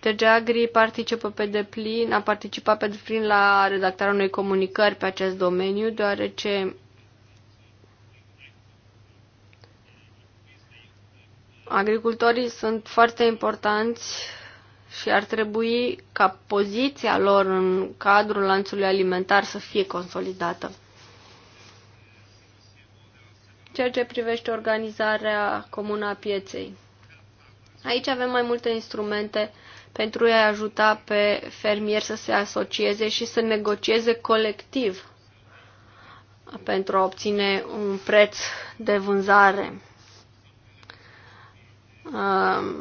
TG deci, Agri participă pe deplin, a participat pe deplin la redactarea unei comunicări pe acest domeniu, deoarece agricultorii sunt foarte importanți și ar trebui ca poziția lor în cadrul lanțului alimentar să fie consolidată. Ceea ce privește organizarea comună a pieței. Aici avem mai multe instrumente pentru a ajuta pe fermieri să se asocieze și să negocieze colectiv pentru a obține un preț de vânzare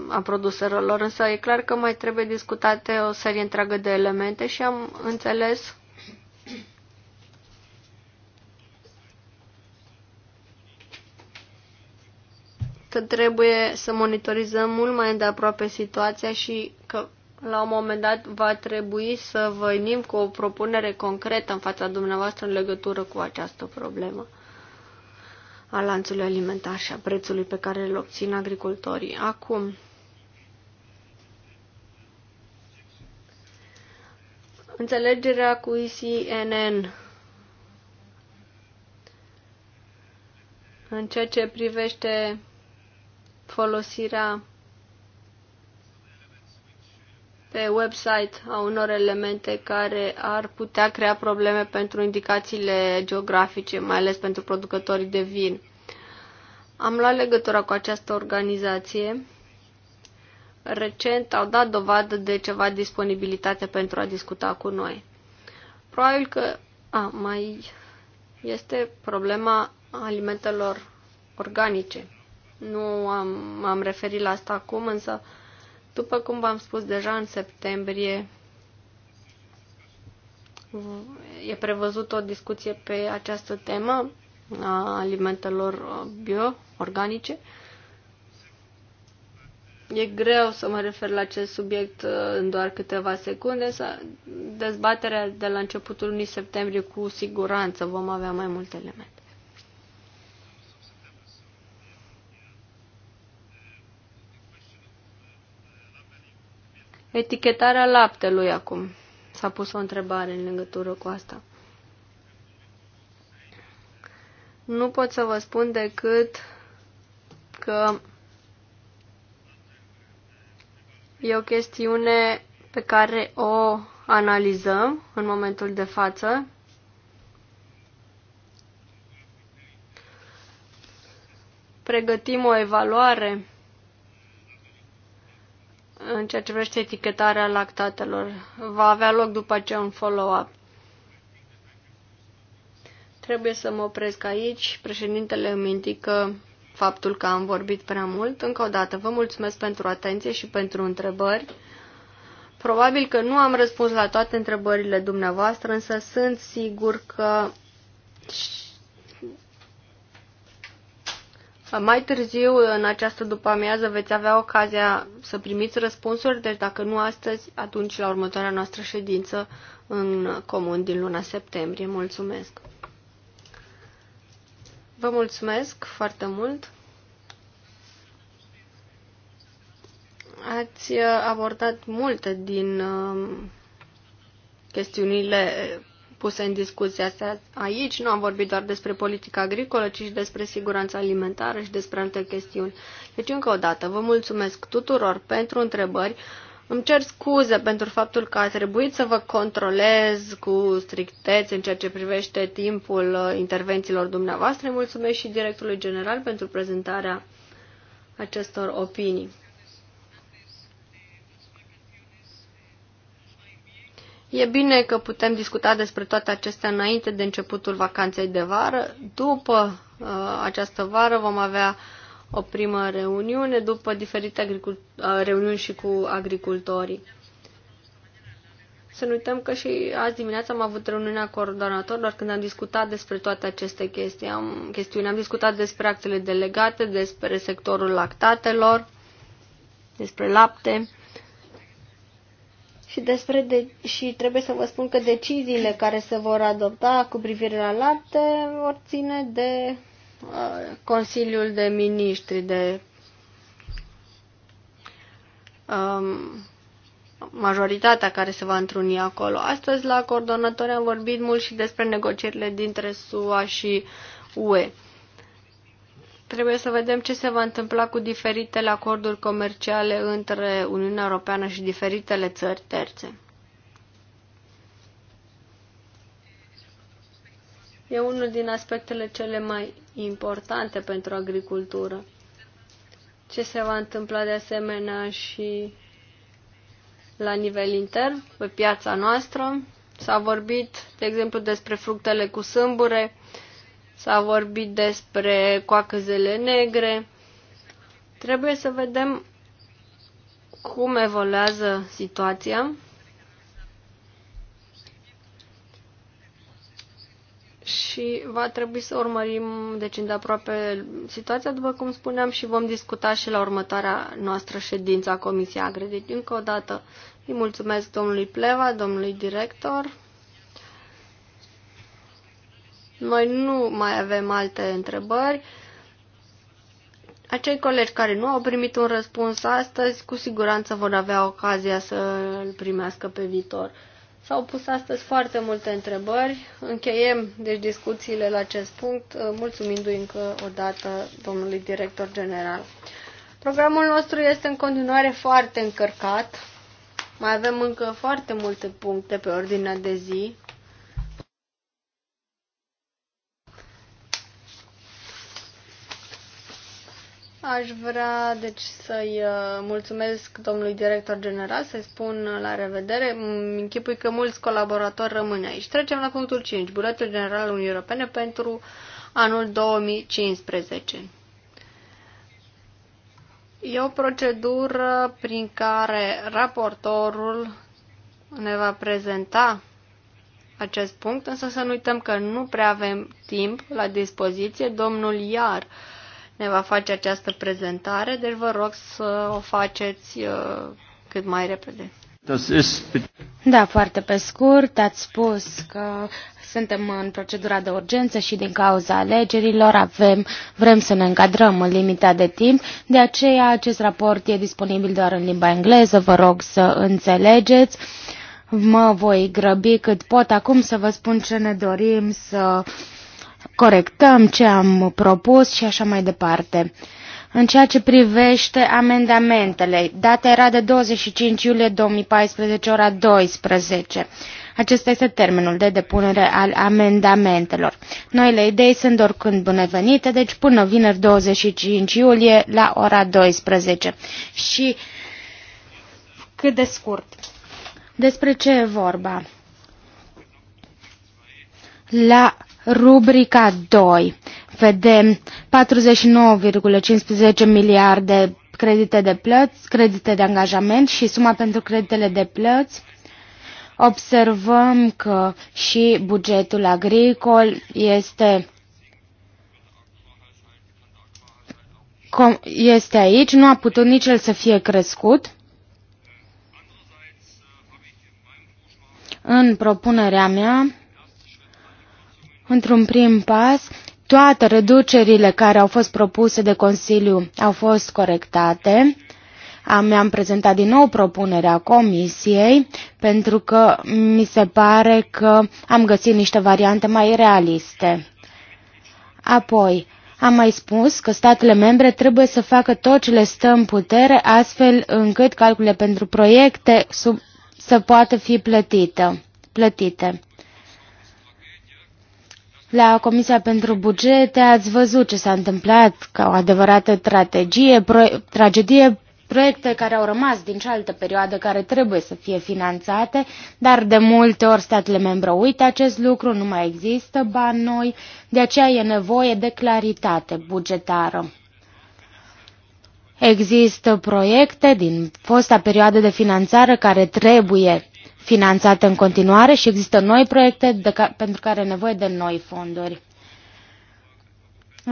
a produselor lor, însă e clar că mai trebuie discutate o serie întreagă de elemente și am înțeles că trebuie să monitorizăm mult mai îndeaproape situația și că la un moment dat va trebui să venim cu o propunere concretă în fața dumneavoastră în legătură cu această problemă al lanțului alimentar și a prețului pe care îl obțin agricultorii. Acum, înțelegerea cu ICNN în ceea ce privește folosirea pe website a unor elemente care ar putea crea probleme pentru indicațiile geografice, mai ales pentru producătorii de vin. Am luat legătura cu această organizație. Recent au dat dovadă de ceva disponibilitate pentru a discuta cu noi. Probabil că a, mai este problema alimentelor organice. Nu am, am referit la asta acum, însă după cum v-am spus deja, în septembrie e prevăzut o discuție pe această temă a alimentelor bio-organice. E greu să mă refer la acest subiect uh, în doar câteva secunde, să dezbaterea de la începutul lunii septembrie cu siguranță vom avea mai multe elemente. Etichetarea laptelui acum. S-a pus o întrebare în legătură cu asta. Nu pot să vă spun decât că e o chestiune pe care o analizăm în momentul de față. Pregătim o evaluare în ceea ce privește etichetarea lactatelor. Va avea loc după aceea un follow-up. Trebuie să mă opresc aici. Președintele îmi indică faptul că am vorbit prea mult. Încă o dată, vă mulțumesc pentru atenție și pentru întrebări. Probabil că nu am răspuns la toate întrebările dumneavoastră, însă sunt sigur că Mai târziu, în această după-amiază, veți avea ocazia să primiți răspunsuri, deci dacă nu astăzi, atunci la următoarea noastră ședință în comun din luna septembrie. Mulțumesc! Vă mulțumesc foarte mult! Ați uh, abordat multe din uh, chestiunile puse în discuție astea aici. Nu am vorbit doar despre politica agricolă, ci și despre siguranța alimentară și despre alte chestiuni. Deci, încă o dată, vă mulțumesc tuturor pentru întrebări. Îmi cer scuze pentru faptul că a trebuit să vă controlez cu strictețe în ceea ce privește timpul uh, intervențiilor dumneavoastră. Mulțumesc și directorului general pentru prezentarea acestor opinii. E bine că putem discuta despre toate acestea înainte de începutul vacanței de vară. După uh, această vară vom avea o primă reuniune, după diferite uh, reuniuni și cu agricultorii. Să nu uităm că și azi dimineața am avut reuniunea coordonatorilor când am discutat despre toate aceste chestii. Am, chestiuni. Am discutat despre actele delegate, despre sectorul lactatelor, despre lapte și, despre de- și trebuie să vă spun că deciziile care se vor adopta cu privire la lapte vor ține de uh, Consiliul de Ministri, de um, majoritatea care se va întruni acolo. Astăzi la coordonatori am vorbit mult și despre negocierile dintre SUA și UE. Trebuie să vedem ce se va întâmpla cu diferitele acorduri comerciale între Uniunea Europeană și diferitele țări terțe. E unul din aspectele cele mai importante pentru agricultură. Ce se va întâmpla de asemenea și la nivel intern, pe piața noastră. S-a vorbit, de exemplu, despre fructele cu sâmbure, uh, S-a vorbit despre coacăzele negre. Trebuie să vedem cum evoluează situația. și va trebui să urmărim deci îndeaproape situația, după cum spuneam, și vom discuta și la următoarea noastră ședință a Comisiei Agre. Deci, încă o dată, îi mulțumesc domnului Pleva, domnului director. Noi nu mai avem alte întrebări. Acei colegi care nu au primit un răspuns astăzi, cu siguranță vor avea ocazia să îl primească pe viitor. S-au pus astăzi foarte multe întrebări. Încheiem deci discuțiile la acest punct, mulțumindu-i încă o dată domnului director general. Programul nostru este în continuare foarte încărcat. Mai avem încă foarte multe puncte pe ordinea de zi. Aș vrea deci să-i uh, mulțumesc domnului director general, să-i spun la revedere. Îmi închipui că mulți colaboratori rămân aici. Trecem la punctul 5, buletul general al Uniunii Europene pentru anul 2015. E o procedură prin care raportorul ne va prezenta acest punct, însă să nu uităm că nu prea avem timp la dispoziție. Domnul Iar ne va face această prezentare, deci vă rog să o faceți uh, cât mai repede. Da, foarte pe scurt, ați spus că suntem în procedura de urgență și din cauza alegerilor avem, vrem să ne încadrăm în limita de timp, de aceea acest raport e disponibil doar în limba engleză, vă rog să înțelegeți. Mă voi grăbi cât pot acum să vă spun ce ne dorim să uh, corectăm ce am propus și așa mai departe. În ceea ce privește amendamentele, data era de 25 iulie 2014, ora 12. Acesta este termenul de depunere al amendamentelor. Noile idei sunt oricând bunevenite, deci până vineri 25 iulie la ora 12. Și cât de scurt. Despre ce e vorba? La Rubrica 2. Vedem 49,15 miliarde credite de plăți, credite de angajament și suma pentru creditele de plăți. Observăm că și bugetul agricol este este aici, nu a putut nici el să fie crescut. În propunerea mea, Într-un prim pas, toate reducerile care au fost propuse de Consiliu au fost corectate. Am, am prezentat din nou propunerea Comisiei pentru că mi se pare că am găsit niște variante mai realiste. Apoi, am mai spus că statele membre trebuie să facă tot ce le stă în putere astfel încât calculele pentru proiecte sub, să poată fi plătită, plătite. La Comisia pentru Bugete ați văzut ce s-a întâmplat ca o adevărată strategie, pro- tragedie, proiecte care au rămas din cealaltă perioadă care trebuie să fie finanțate, dar de multe ori statele membre uită acest lucru, nu mai există bani noi, de aceea e nevoie de claritate bugetară. Există proiecte din fosta perioadă de finanțare care trebuie finanțate în continuare și există noi proiecte de ca, pentru care are nevoie de noi fonduri.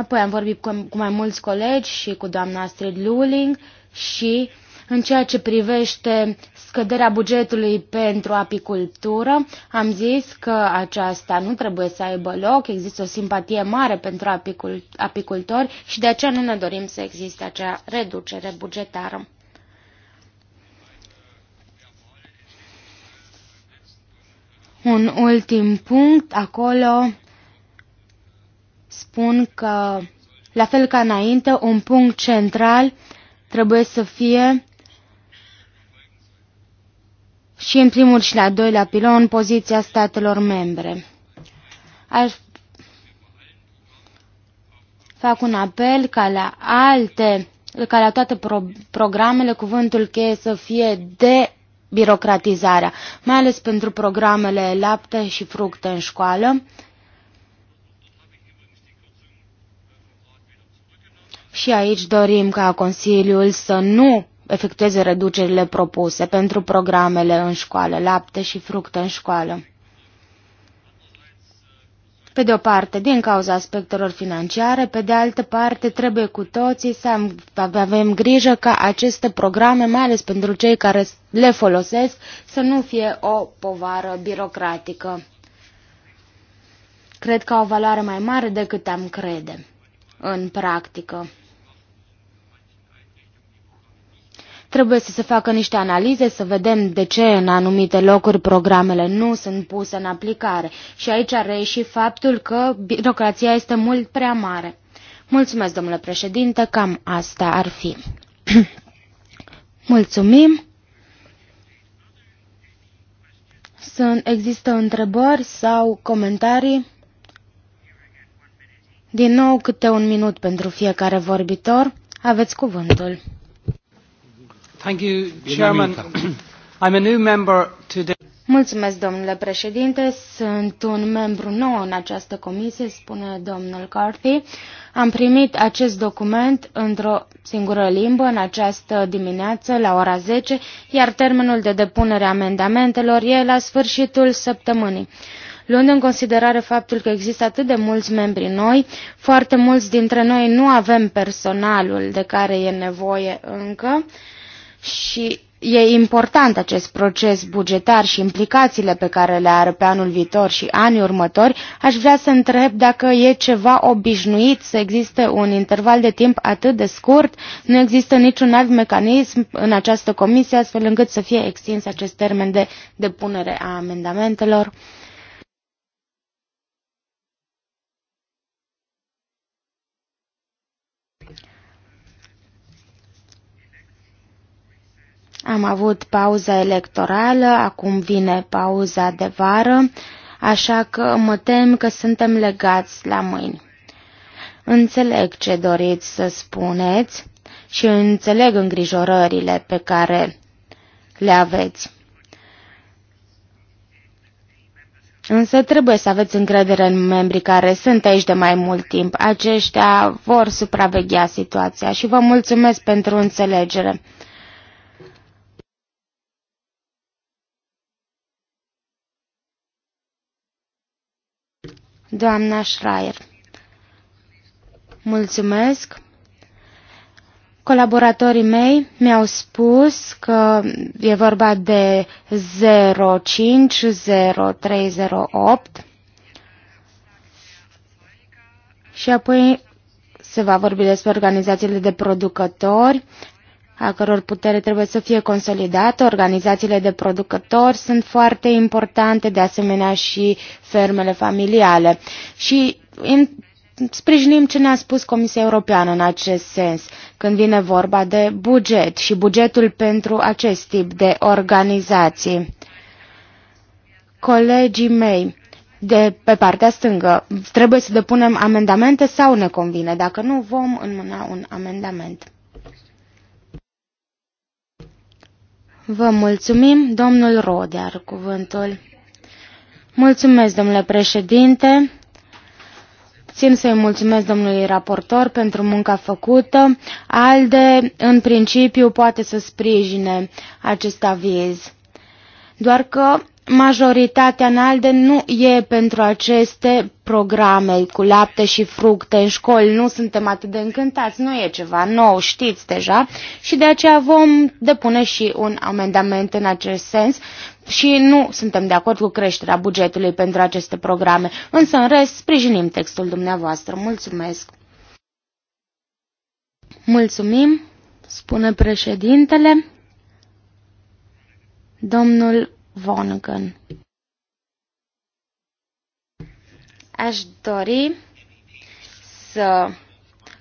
Apoi am vorbit cu, cu mai mulți colegi și cu doamna Astrid Luling și în ceea ce privește scăderea bugetului pentru apicultură, am zis că aceasta nu trebuie să aibă loc, există o simpatie mare pentru apicul, apicultori și de aceea nu ne dorim să existe acea reducere bugetară. Un ultim punct, acolo spun că, la fel ca înainte, un punct central trebuie să fie și în primul și la doilea pilon poziția statelor membre. Aș fac un apel ca la alte, ca la toate pro programele, cuvântul cheie să fie de birocratizarea, mai ales pentru programele lapte și fructe în școală. Și aici dorim ca Consiliul să nu efectueze reducerile propuse pentru programele în școală, lapte și fructe în școală. Pe de o parte, din cauza aspectelor financiare, pe de altă parte, trebuie cu toții să avem grijă ca aceste programe, mai ales pentru cei care le folosesc, să nu fie o povară birocratică. Cred că au o valoare mai mare decât am crede în practică. Trebuie să se facă niște analize, să vedem de ce în anumite locuri programele nu sunt puse în aplicare. Și aici are și faptul că birocrația este mult prea mare. Mulțumesc, domnule președinte, cam asta ar fi. Mulțumim. Sunt, există întrebări sau comentarii? Din nou câte un minut pentru fiecare vorbitor. Aveți cuvântul. Mulțumesc, domnule președinte. Sunt un membru nou în această comisie, spune domnul Carthy. Am primit acest document într-o singură limbă în această dimineață la ora 10, iar termenul de depunere a amendamentelor e la sfârșitul săptămânii. Luând în considerare faptul că există atât de mulți membri noi, foarte mulți dintre noi nu avem personalul de care e nevoie încă, și e important acest proces bugetar și implicațiile pe care le are pe anul viitor și anii următori, aș vrea să întreb dacă e ceva obișnuit să existe un interval de timp atât de scurt, nu există niciun alt mecanism în această comisie astfel încât să fie extins acest termen de depunere a amendamentelor. Am avut pauza electorală, acum vine pauza de vară, așa că mă tem că suntem legați la mâini. Înțeleg ce doriți să spuneți și înțeleg îngrijorările pe care le aveți. Însă trebuie să aveți încredere în membrii care sunt aici de mai mult timp. Aceștia vor supraveghea situația și vă mulțumesc pentru înțelegere. doamna Schreier. Mulțumesc! Colaboratorii mei mi-au spus că e vorba de 050308 și apoi se va vorbi despre organizațiile de producători, a căror putere trebuie să fie consolidată. Organizațiile de producători sunt foarte importante, de asemenea și fermele familiale. Și în sprijinim ce ne-a spus Comisia Europeană în acest sens, când vine vorba de buget și bugetul pentru acest tip de organizații. Colegii mei, de pe partea stângă, trebuie să depunem amendamente sau ne convine? Dacă nu, vom înmâna un amendament. Vă mulțumim, domnul Rode are cuvântul. Mulțumesc, domnule președinte. Țin să-i mulțumesc domnului raportor pentru munca făcută. ALDE, în principiu, poate să sprijine acest aviz. Doar că majoritatea în ALDE nu e pentru aceste programe cu lapte și fructe în școli. Nu suntem atât de încântați, nu e ceva nou, știți deja. Și de aceea vom depune și un amendament în acest sens și nu suntem de acord cu creșterea bugetului pentru aceste programe. Însă, în rest, sprijinim textul dumneavoastră. Mulțumesc! Mulțumim, spune președintele. Domnul Vongen. Aș dori să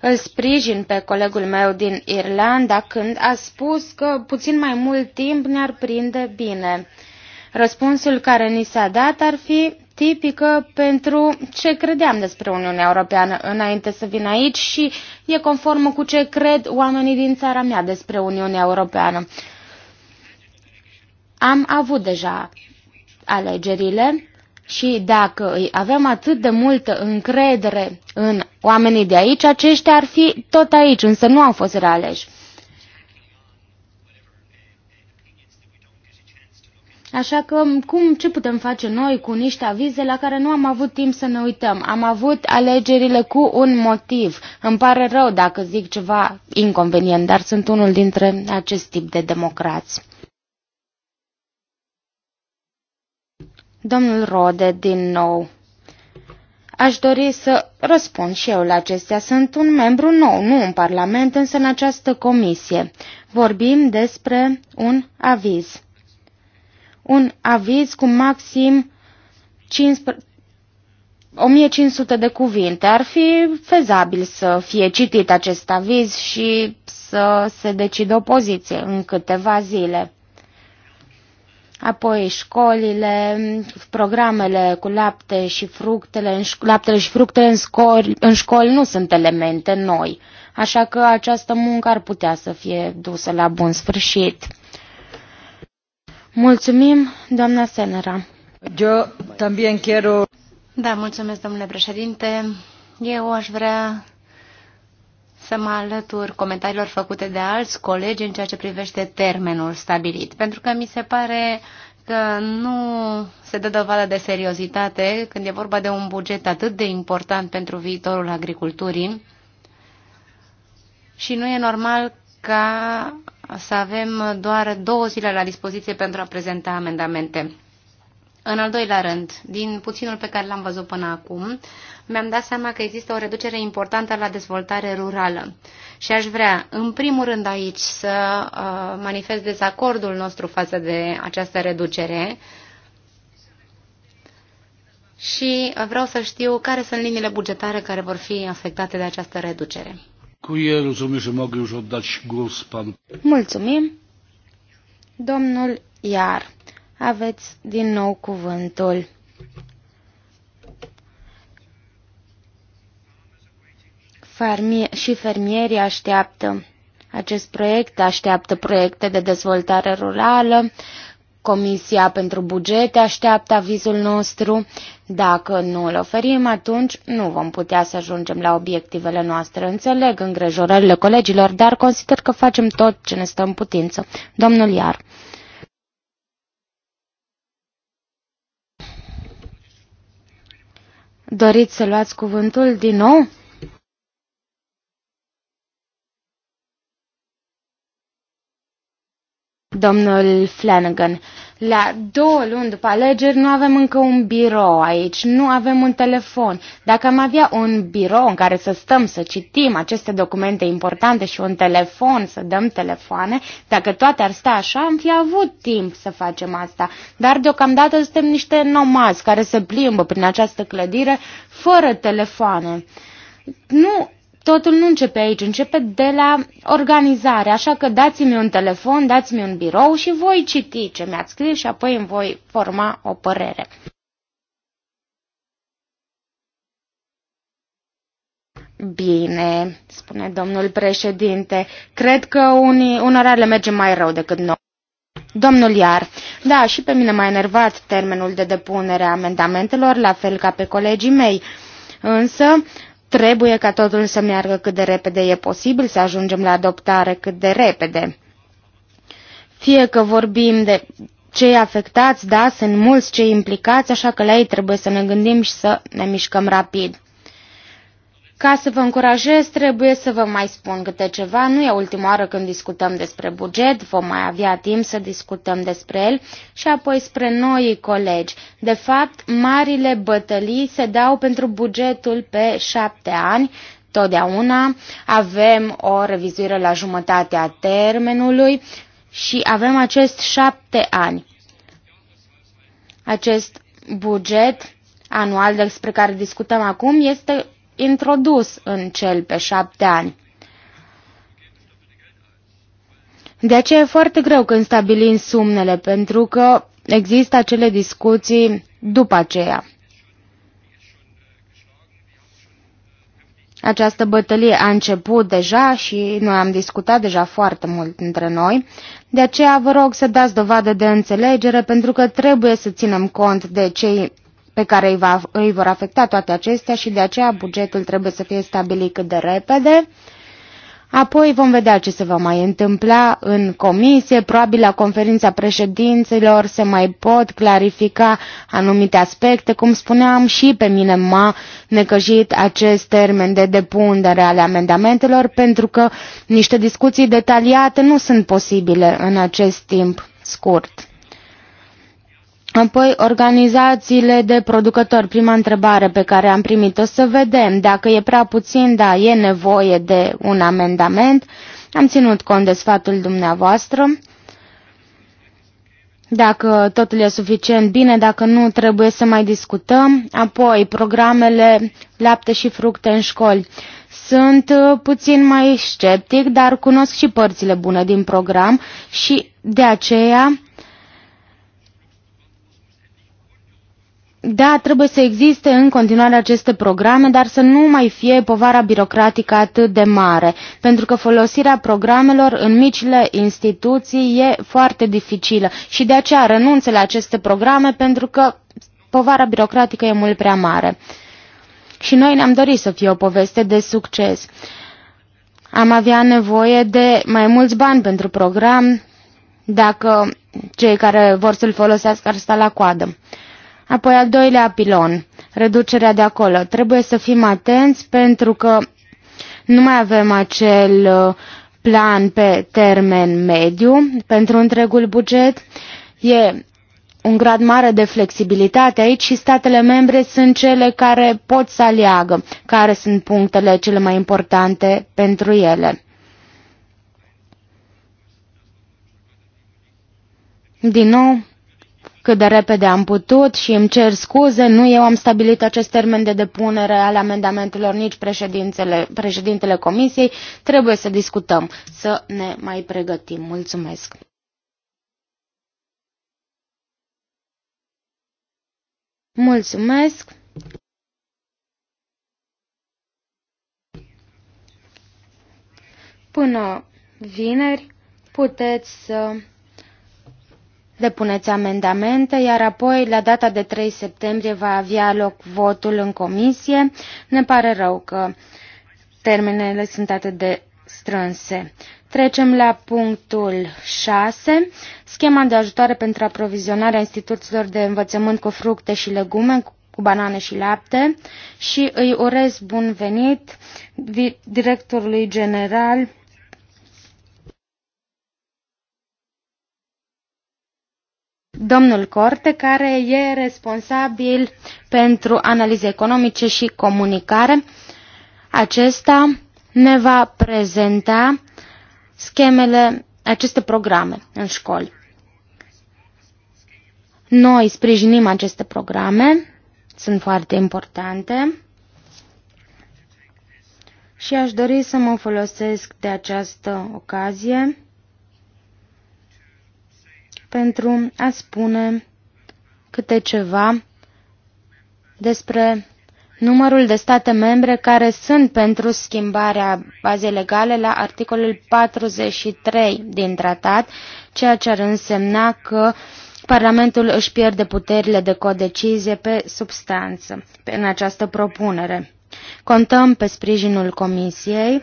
îl sprijin pe colegul meu din Irlanda când a spus că puțin mai mult timp ne-ar prinde bine. Răspunsul care ni s-a dat ar fi tipică pentru ce credeam despre Uniunea Europeană înainte să vin aici și e conformă cu ce cred oamenii din țara mea despre Uniunea Europeană. Am avut deja alegerile și dacă îi avem atât de multă încredere în oamenii de aici, aceștia ar fi tot aici, însă nu au fost realeși. Așa că cum, ce putem face noi cu niște avize la care nu am avut timp să ne uităm? Am avut alegerile cu un motiv. Îmi pare rău dacă zic ceva inconvenient, dar sunt unul dintre acest tip de democrați. Domnul Rode, din nou. Aș dori să răspund și eu la acestea. Sunt un membru nou, nu în Parlament, însă în această comisie. Vorbim despre un aviz. Un aviz cu maxim 15, 1500 de cuvinte. Ar fi fezabil să fie citit acest aviz și să se decidă o poziție în câteva zile apoi școlile, programele cu lapte și fructele, laptele și fructele în, școli, în școli nu sunt elemente noi, așa că această muncă ar putea să fie dusă la bun sfârșit. Mulțumim, doamna Senera. Eu también quiero... Da, mulțumesc, domnule președinte. Eu aș vrea să mă alătur comentariilor făcute de alți colegi în ceea ce privește termenul stabilit, pentru că mi se pare că nu se dă dovadă de seriozitate când e vorba de un buget atât de important pentru viitorul agriculturii și nu e normal ca să avem doar două zile la dispoziție pentru a prezenta amendamente. În al doilea rând, din puținul pe care l-am văzut până acum, mi-am dat seama că există o reducere importantă la dezvoltare rurală. Și aș vrea, în primul rând aici, să uh, manifest dezacordul nostru față de această reducere și vreau să știu care sunt liniile bugetare care vor fi afectate de această reducere. Mulțumim. Domnul Iar, aveți din nou cuvântul. și fermierii așteaptă acest proiect, așteaptă proiecte de dezvoltare rurală, Comisia pentru bugete așteaptă avizul nostru. Dacă nu îl oferim, atunci nu vom putea să ajungem la obiectivele noastre. Înțeleg îngrijorările colegilor, dar consider că facem tot ce ne stă în putință. Domnul Iar. Doriți să luați cuvântul din nou? domnul Flanagan. La două luni după alegeri nu avem încă un birou aici, nu avem un telefon. Dacă am avea un birou în care să stăm, să citim aceste documente importante și un telefon, să dăm telefoane, dacă toate ar sta așa, am fi avut timp să facem asta. Dar deocamdată suntem niște nomazi care se plimbă prin această clădire fără telefoane. Nu Totul nu începe aici, începe de la organizare, așa că dați-mi un telefon, dați-mi un birou și voi citi ce mi-ați scris și apoi îmi voi forma o părere. Bine, spune domnul președinte, cred că unii, unora le merge mai rău decât noi. Domnul Iar, da, și pe mine m-a enervat termenul de depunere a amendamentelor, la fel ca pe colegii mei. Însă, Trebuie ca totul să meargă cât de repede e posibil, să ajungem la adoptare cât de repede. Fie că vorbim de cei afectați, da, sunt mulți cei implicați, așa că la ei trebuie să ne gândim și să ne mișcăm rapid. Ca să vă încurajez, trebuie să vă mai spun câte ceva. Nu e ultima oară când discutăm despre buget, vom mai avea timp să discutăm despre el și apoi spre noi colegi. De fapt, marile bătălii se dau pentru bugetul pe șapte ani, totdeauna. Avem o revizuire la jumătatea termenului și avem acest șapte ani. Acest buget anual despre care discutăm acum este introdus în cel pe șapte ani. De aceea e foarte greu când stabilim sumnele, pentru că există acele discuții după aceea. Această bătălie a început deja și noi am discutat deja foarte mult între noi, de aceea vă rog să dați dovadă de înțelegere pentru că trebuie să ținem cont de cei pe care îi, va, îi vor afecta toate acestea și de aceea bugetul trebuie să fie stabilit cât de repede. Apoi vom vedea ce se va mai întâmpla în comisie, probabil la conferința președinților se mai pot clarifica anumite aspecte, cum spuneam și pe mine m-a necăjit acest termen de depunere ale amendamentelor, pentru că niște discuții detaliate nu sunt posibile în acest timp scurt. Apoi, organizațiile de producători, prima întrebare pe care am primit-o, să vedem dacă e prea puțin, da, e nevoie de un amendament. Am ținut cont de sfatul dumneavoastră. Dacă totul e suficient, bine, dacă nu, trebuie să mai discutăm. Apoi, programele lapte și fructe în școli. Sunt uh, puțin mai sceptic, dar cunosc și părțile bune din program și de aceea Da, trebuie să existe în continuare aceste programe, dar să nu mai fie povara birocratică atât de mare, pentru că folosirea programelor în micile instituții e foarte dificilă și de aceea renunță la aceste programe pentru că povara birocratică e mult prea mare. Și noi ne-am dorit să fie o poveste de succes. Am avea nevoie de mai mulți bani pentru program dacă cei care vor să-l folosească ar sta la coadă. Apoi al doilea pilon, reducerea de acolo. Trebuie să fim atenți pentru că nu mai avem acel uh, plan pe termen mediu pentru întregul buget. E un grad mare de flexibilitate aici și statele membre sunt cele care pot să aleagă care sunt punctele cele mai importante pentru ele. Din nou, cât de repede am putut și îmi cer scuze, nu eu am stabilit acest termen de depunere al amendamentelor, nici președintele, președintele comisiei. Trebuie să discutăm, să ne mai pregătim. Mulțumesc! Mulțumesc! Până vineri puteți să Depuneți amendamente, iar apoi, la data de 3 septembrie, va avea loc votul în comisie. Ne pare rău că termenele sunt atât de strânse. Trecem la punctul 6, schema de ajutoare pentru aprovizionarea instituțiilor de învățământ cu fructe și legume, cu banane și lapte și îi urez bun venit directorului general domnul Corte, care e responsabil pentru analize economice și comunicare. Acesta ne va prezenta schemele, aceste programe în școli. Noi sprijinim aceste programe, sunt foarte importante și aș dori să mă folosesc de această ocazie pentru a spune câte ceva despre numărul de state membre care sunt pentru schimbarea bazei legale la articolul 43 din tratat, ceea ce ar însemna că Parlamentul își pierde puterile de codecizie pe substanță în această propunere. Contăm pe sprijinul Comisiei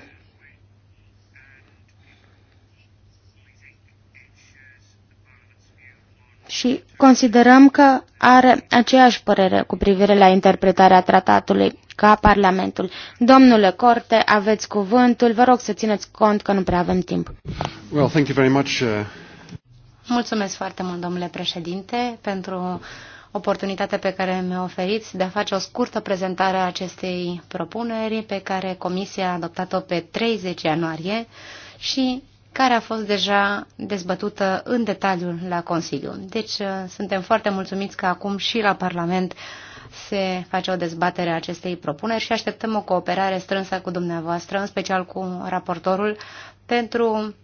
și considerăm că are aceeași părere cu privire la interpretarea tratatului ca Parlamentul. Domnule Corte, aveți cuvântul. Vă rog să țineți cont că nu prea avem timp. Well, thank you very much. Uh, Mulțumesc foarte mult, domnule președinte, pentru oportunitatea pe care mi o oferit de a face o scurtă prezentare a acestei propuneri pe care Comisia a adoptat-o pe 30 ianuarie și care a fost deja dezbătută în detaliu la Consiliu. Deci uh, suntem foarte mulțumiți că acum și la Parlament se face o dezbatere a acestei propuneri și așteptăm o cooperare strânsă cu dumneavoastră, în special cu raportorul, pentru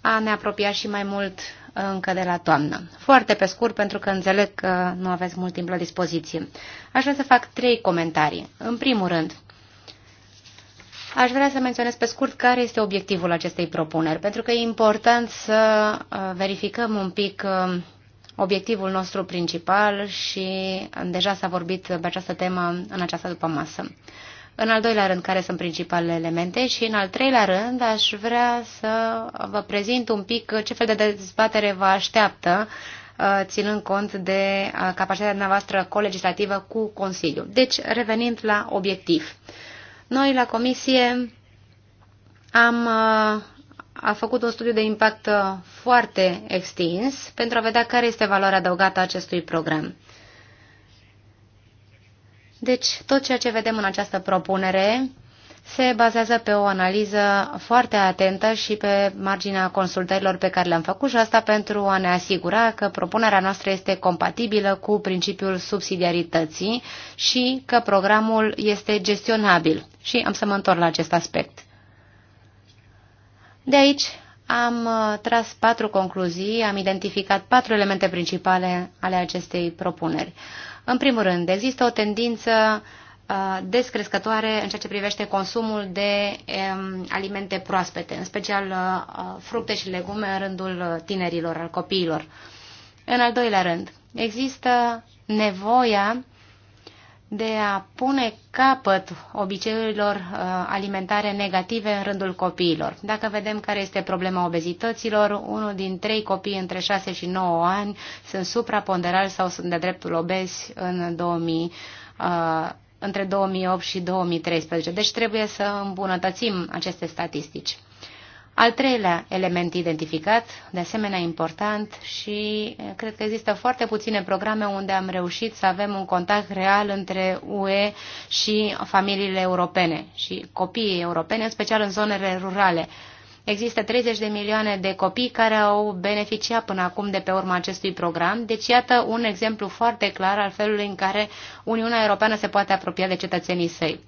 a ne apropia și mai mult uh, încă de la toamnă. Foarte pe scurt, pentru că înțeleg că nu aveți mult timp la dispoziție. Aș vrea să fac trei comentarii. În primul rând, Aș vrea să menționez pe scurt care este obiectivul acestei propuneri, pentru că e important să uh, verificăm un pic uh, obiectivul nostru principal și uh, deja s-a vorbit pe această temă în această după masă. În al doilea rând, care sunt principalele elemente și în al treilea rând, aș vrea să vă prezint un pic ce fel de dezbatere vă așteaptă ținând cont de capacitatea noastră colegislativă cu Consiliul. Deci, revenind la obiectiv. Noi la comisie am uh, a făcut un studiu de impact uh, foarte extins pentru a vedea care este valoarea adăugată a acestui program. Deci, tot ceea ce vedem în această propunere se bazează pe o analiză foarte atentă și pe marginea consultărilor pe care le-am făcut și asta pentru a ne asigura că propunerea noastră este compatibilă cu principiul subsidiarității și că programul este gestionabil. Și am să mă întorc la acest aspect. De aici am uh, tras patru concluzii, am identificat patru elemente principale ale acestei propuneri. În primul rând, există o tendință uh, descrescătoare în ceea ce privește consumul de um, alimente proaspete, în special uh, fructe și legume în rândul tinerilor, al copiilor. În al doilea rând, există nevoia de a pune capăt obiceiurilor uh, alimentare negative în rândul copiilor. Dacă vedem care este problema obezităților, unul din trei copii între 6 și 9 ani sunt supraponderali sau sunt de dreptul obezi în 2000, uh, între 2008 și 2013. Deci trebuie să îmbunătățim aceste statistici. Al treilea element identificat, de asemenea important și eh, cred că există foarte puține programe unde am reușit să avem un contact real între UE și familiile europene și copiii europene, în special în zonele rurale. Există 30 de milioane de copii care au beneficiat până acum de pe urma acestui program, deci iată un exemplu foarte clar al felului în care Uniunea Europeană se poate apropia de cetățenii săi.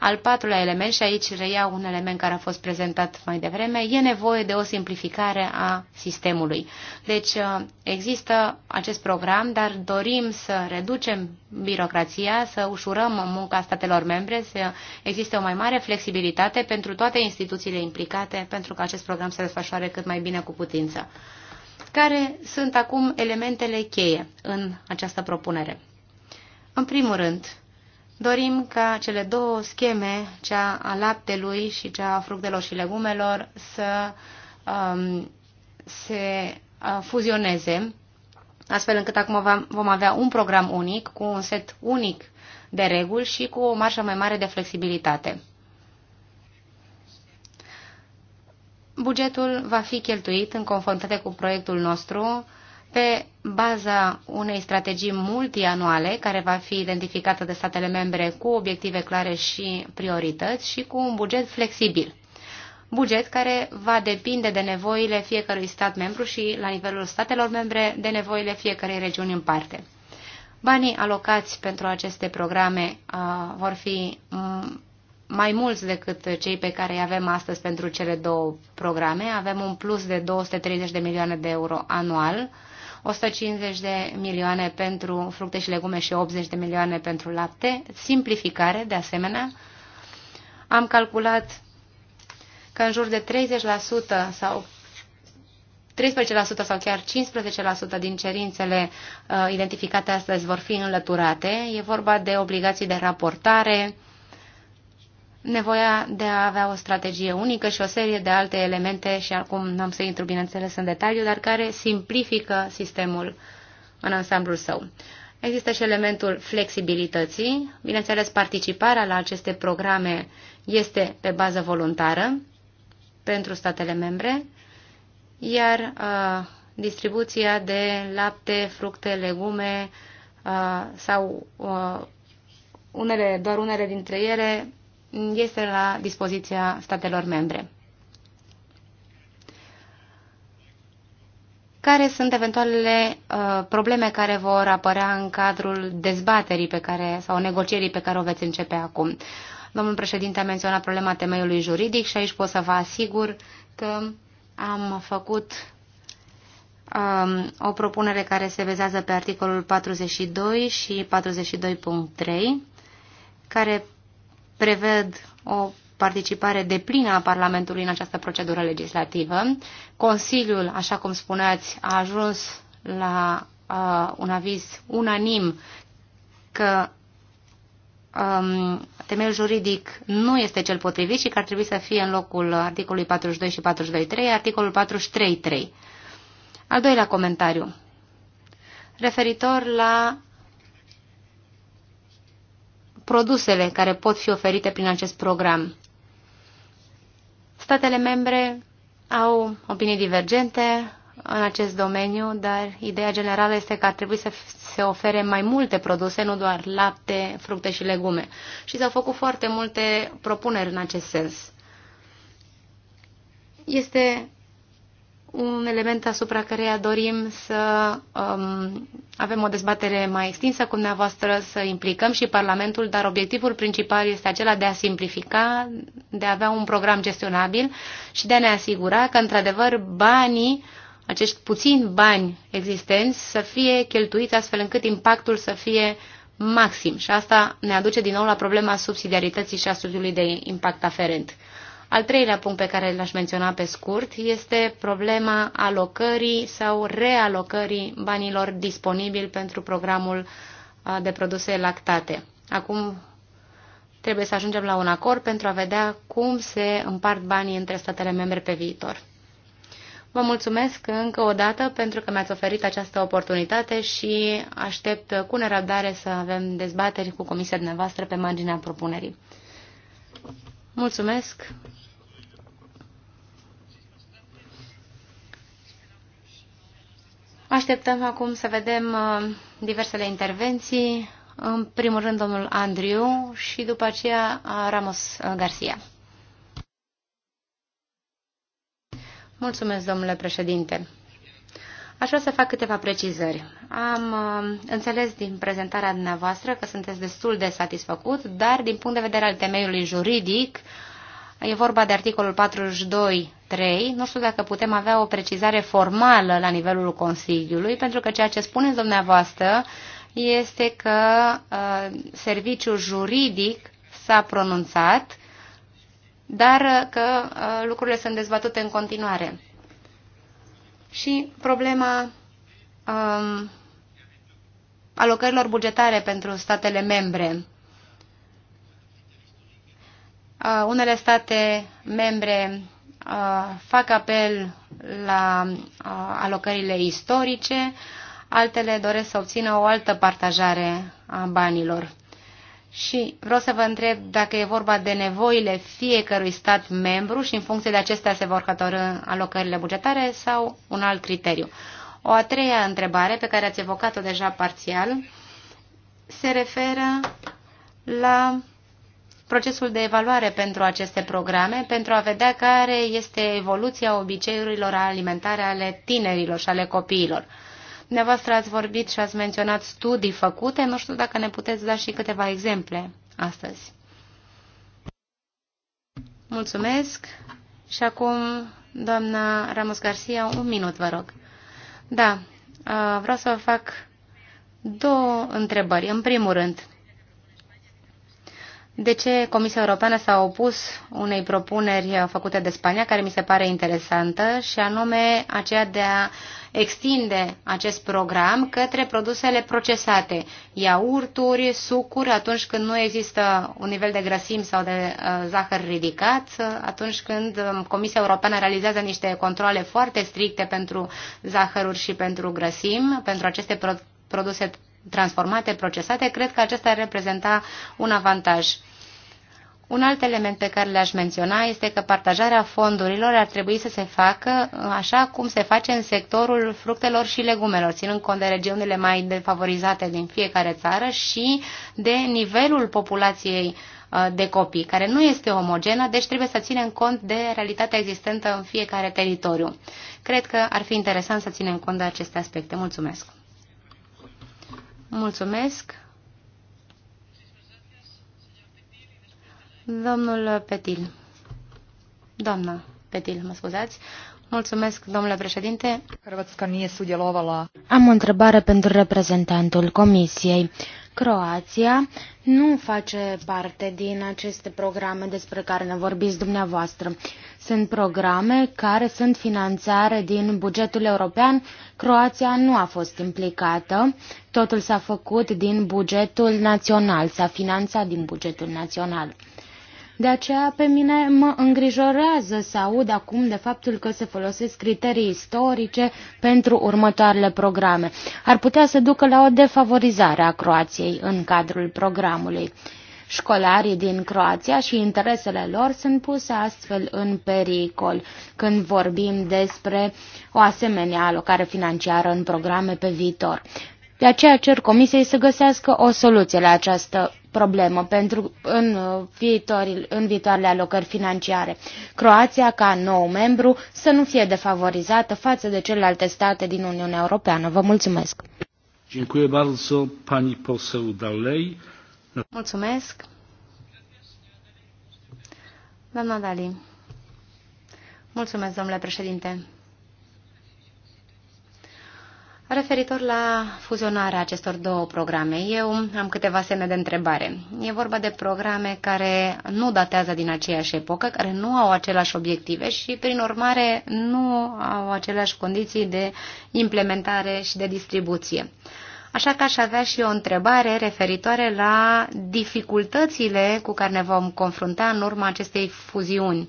Al patrulea element, și aici reiau un element care a fost prezentat mai devreme, e nevoie de o simplificare a sistemului. Deci uh, există acest program, dar dorim să reducem birocrația, să ușurăm munca statelor membre, să existe o mai mare flexibilitate pentru toate instituțiile implicate, pentru că acest program să desfășoare cât mai bine cu putință. Care sunt acum elementele cheie în această propunere? În primul rând, Dorim ca cele două scheme, cea a laptelui și cea a fructelor și legumelor, să um, se uh, fuzioneze, astfel încât acum vom avea un program unic, cu un set unic de reguli și cu o marșă mai mare de flexibilitate. Bugetul va fi cheltuit în conformitate cu proiectul nostru pe baza unei strategii multianuale care va fi identificată de statele membre cu obiective clare și priorități și cu un buget flexibil. Buget care va depinde de nevoile fiecărui stat membru și, la nivelul statelor membre, de nevoile fiecărei regiuni în parte. Banii alocați pentru aceste programe uh, vor fi um, mai mulți decât cei pe care îi avem astăzi pentru cele două programe. Avem un plus de 230 de milioane de euro anual 150 de milioane pentru fructe și legume și 80 de milioane pentru lapte. Simplificare, de asemenea. Am calculat că în jur de 30% sau 13% sau chiar 15% din cerințele uh, identificate astăzi vor fi înlăturate. E vorba de obligații de raportare, nevoia de a avea o strategie unică și o serie de alte elemente și acum n-am să intru bineînțeles în detaliu, dar care simplifică sistemul în ansamblul său. Există și elementul flexibilității. Bineînțeles, participarea la aceste programe este pe bază voluntară pentru statele membre, iar uh, distribuția de lapte, fructe, legume uh, sau uh, unele, doar unele dintre ele este la dispoziția statelor membre. Care sunt eventualele uh, probleme care vor apărea în cadrul dezbaterii pe care, sau negocierii pe care o veți începe acum? Domnul președinte a menționat problema temeiului juridic și aici pot să vă asigur că am făcut um, o propunere care se bazează pe articolul 42 și 42.3, care preved o participare deplină a Parlamentului în această procedură legislativă. Consiliul, așa cum spuneați, a ajuns la uh, un aviz unanim că um, temeiul juridic nu este cel potrivit și că ar trebui să fie în locul articolului 42 și 42.3, articolul 43.3. Al doilea comentariu, referitor la produsele care pot fi oferite prin acest program. Statele membre au opinii divergente în acest domeniu, dar ideea generală este că ar trebui să se ofere mai multe produse, nu doar lapte, fructe și legume. Și s-au făcut foarte multe propuneri în acest sens. Este un element asupra căreia dorim să um, avem o dezbatere mai extinsă cu dumneavoastră, să implicăm și Parlamentul, dar obiectivul principal este acela de a simplifica, de a avea un program gestionabil și de a ne asigura că, într-adevăr, banii, acești puțini bani existenți, să fie cheltuiți astfel încât impactul să fie maxim. Și asta ne aduce din nou la problema subsidiarității și a studiului de impact aferent. Al treilea punct pe care l-aș menționa pe scurt este problema alocării sau realocării banilor disponibili pentru programul de produse lactate. Acum trebuie să ajungem la un acord pentru a vedea cum se împart banii între statele membre pe viitor. Vă mulțumesc încă o dată pentru că mi-ați oferit această oportunitate și aștept cu nerăbdare să avem dezbateri cu comisia dumneavoastră pe marginea propunerii. Mulțumesc. Așteptăm acum să vedem uh, diversele intervenții. În primul rând, domnul Andriu și după aceea uh, Ramos uh, Garcia. Mulțumesc, domnule președinte. Aș vrea să fac câteva precizări. Am uh, înțeles din prezentarea dumneavoastră că sunteți destul de satisfăcut, dar din punct de vedere al temeiului juridic, e vorba de articolul 42 3, nu știu dacă putem avea o precizare formală la nivelul Consiliului, pentru că ceea ce spuneți dumneavoastră este că uh, serviciul juridic s-a pronunțat, dar uh, că uh, lucrurile sunt dezbătute în continuare. Și problema um, alocărilor bugetare pentru statele membre. Uh, unele state membre Uh, fac apel la uh, alocările istorice, altele doresc să obțină o altă partajare a banilor. Și vreau să vă întreb dacă e vorba de nevoile fiecărui stat membru și în funcție de acestea se vor hotărâ alocările bugetare sau un alt criteriu. O a treia întrebare, pe care ați evocat-o deja parțial, se referă la procesul de evaluare pentru aceste programe, pentru a vedea care este evoluția obiceiurilor alimentare ale tinerilor și ale copiilor. Dumneavoastră ați vorbit și ați menționat studii făcute, nu știu dacă ne puteți da și câteva exemple astăzi. Mulțumesc și acum, doamna Ramos Garcia, un minut, vă rog. Da, uh, vreau să vă fac două întrebări. În primul rând, de ce Comisia Europeană s-a opus unei propuneri făcute de Spania, care mi se pare interesantă, și anume aceea de a extinde acest program către produsele procesate, iaurturi, sucuri, atunci când nu există un nivel de grăsimi sau de uh, zahăr ridicat, atunci când Comisia Europeană realizează niște controle foarte stricte pentru zahăruri și pentru grăsimi, pentru aceste produse transformate, procesate, cred că acesta ar reprezenta un avantaj. Un alt element pe care l-aș menționa este că partajarea fondurilor ar trebui să se facă așa cum se face în sectorul fructelor și legumelor, ținând cont de regiunile mai defavorizate din fiecare țară și de nivelul populației uh, de copii, care nu este omogenă, deci trebuie să ținem cont de realitatea existentă în fiecare teritoriu. Cred că ar fi interesant să ținem cont de aceste aspecte. Mulțumesc! Mulțumesc! Domnul Petil. Doamna Petil, mă scuzați. Mulțumesc, domnule președinte. Am o întrebare pentru reprezentantul Comisiei. Croația nu face parte din aceste programe despre care ne vorbiți dumneavoastră. Sunt programe care sunt finanțare din bugetul european. Croația nu a fost implicată. Totul s-a făcut din bugetul național, s-a finanțat din bugetul național. De aceea pe mine mă îngrijorează să aud acum de faptul că se folosesc criterii istorice pentru următoarele programe. Ar putea să ducă la o defavorizare a Croației în cadrul programului. Școlarii din Croația și interesele lor sunt puse astfel în pericol când vorbim despre o asemenea alocare financiară în programe pe viitor. De aceea cer Comisiei să găsească o soluție la această problemă pentru în, uh, viitor, în viitoarele alocări financiare. Croația, ca nou membru, să nu fie defavorizată față de celelalte state din Uniunea Europeană. Vă mulțumesc! Mulțumesc! Doamna Dali. Mulțumesc, domnule președinte. Referitor la fuzionarea acestor două programe, eu am câteva semne de întrebare. E vorba de programe care nu datează din aceeași epocă, care nu au aceleași obiective și, prin urmare, nu au aceleași condiții de implementare și de distribuție. Așa că aș avea și o întrebare referitoare la dificultățile cu care ne vom confrunta în urma acestei fuziuni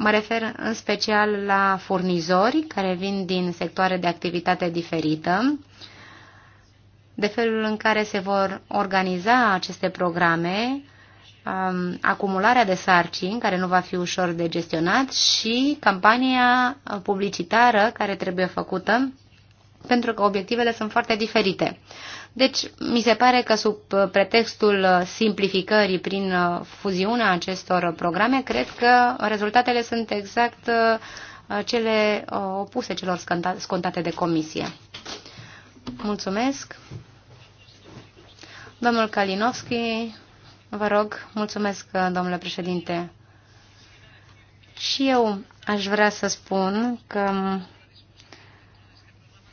Mă refer în special la furnizori care vin din sectoare de activitate diferită, de felul în care se vor organiza aceste programe, um, acumularea de sarcini, care nu va fi ușor de gestionat, și campania publicitară care trebuie făcută, pentru că obiectivele sunt foarte diferite. Deci, mi se pare că sub uh, pretextul uh, simplificării prin uh, fuziunea acestor programe, cred că rezultatele sunt exact cele opuse celor scontate de comisie. Mulțumesc. Domnul Kalinowski, vă rog, mulțumesc, domnule președinte. Și eu aș vrea să spun că um,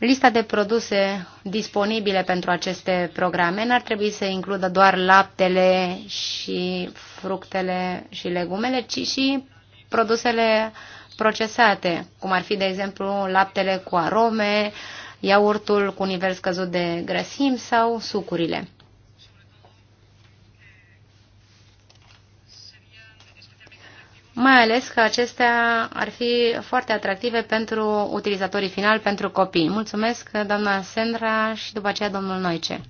Lista de produse disponibile pentru aceste programe n-ar trebui să includă doar laptele și fructele și legumele, ci și produsele procesate, cum ar fi, de exemplu, laptele cu arome, iaurtul cu nivel scăzut de grăsimi sau sucurile. mai ales că acestea ar fi foarte atractive pentru utilizatorii finali, pentru copii. Mulțumesc, doamna Sandra și după aceea domnul Noice.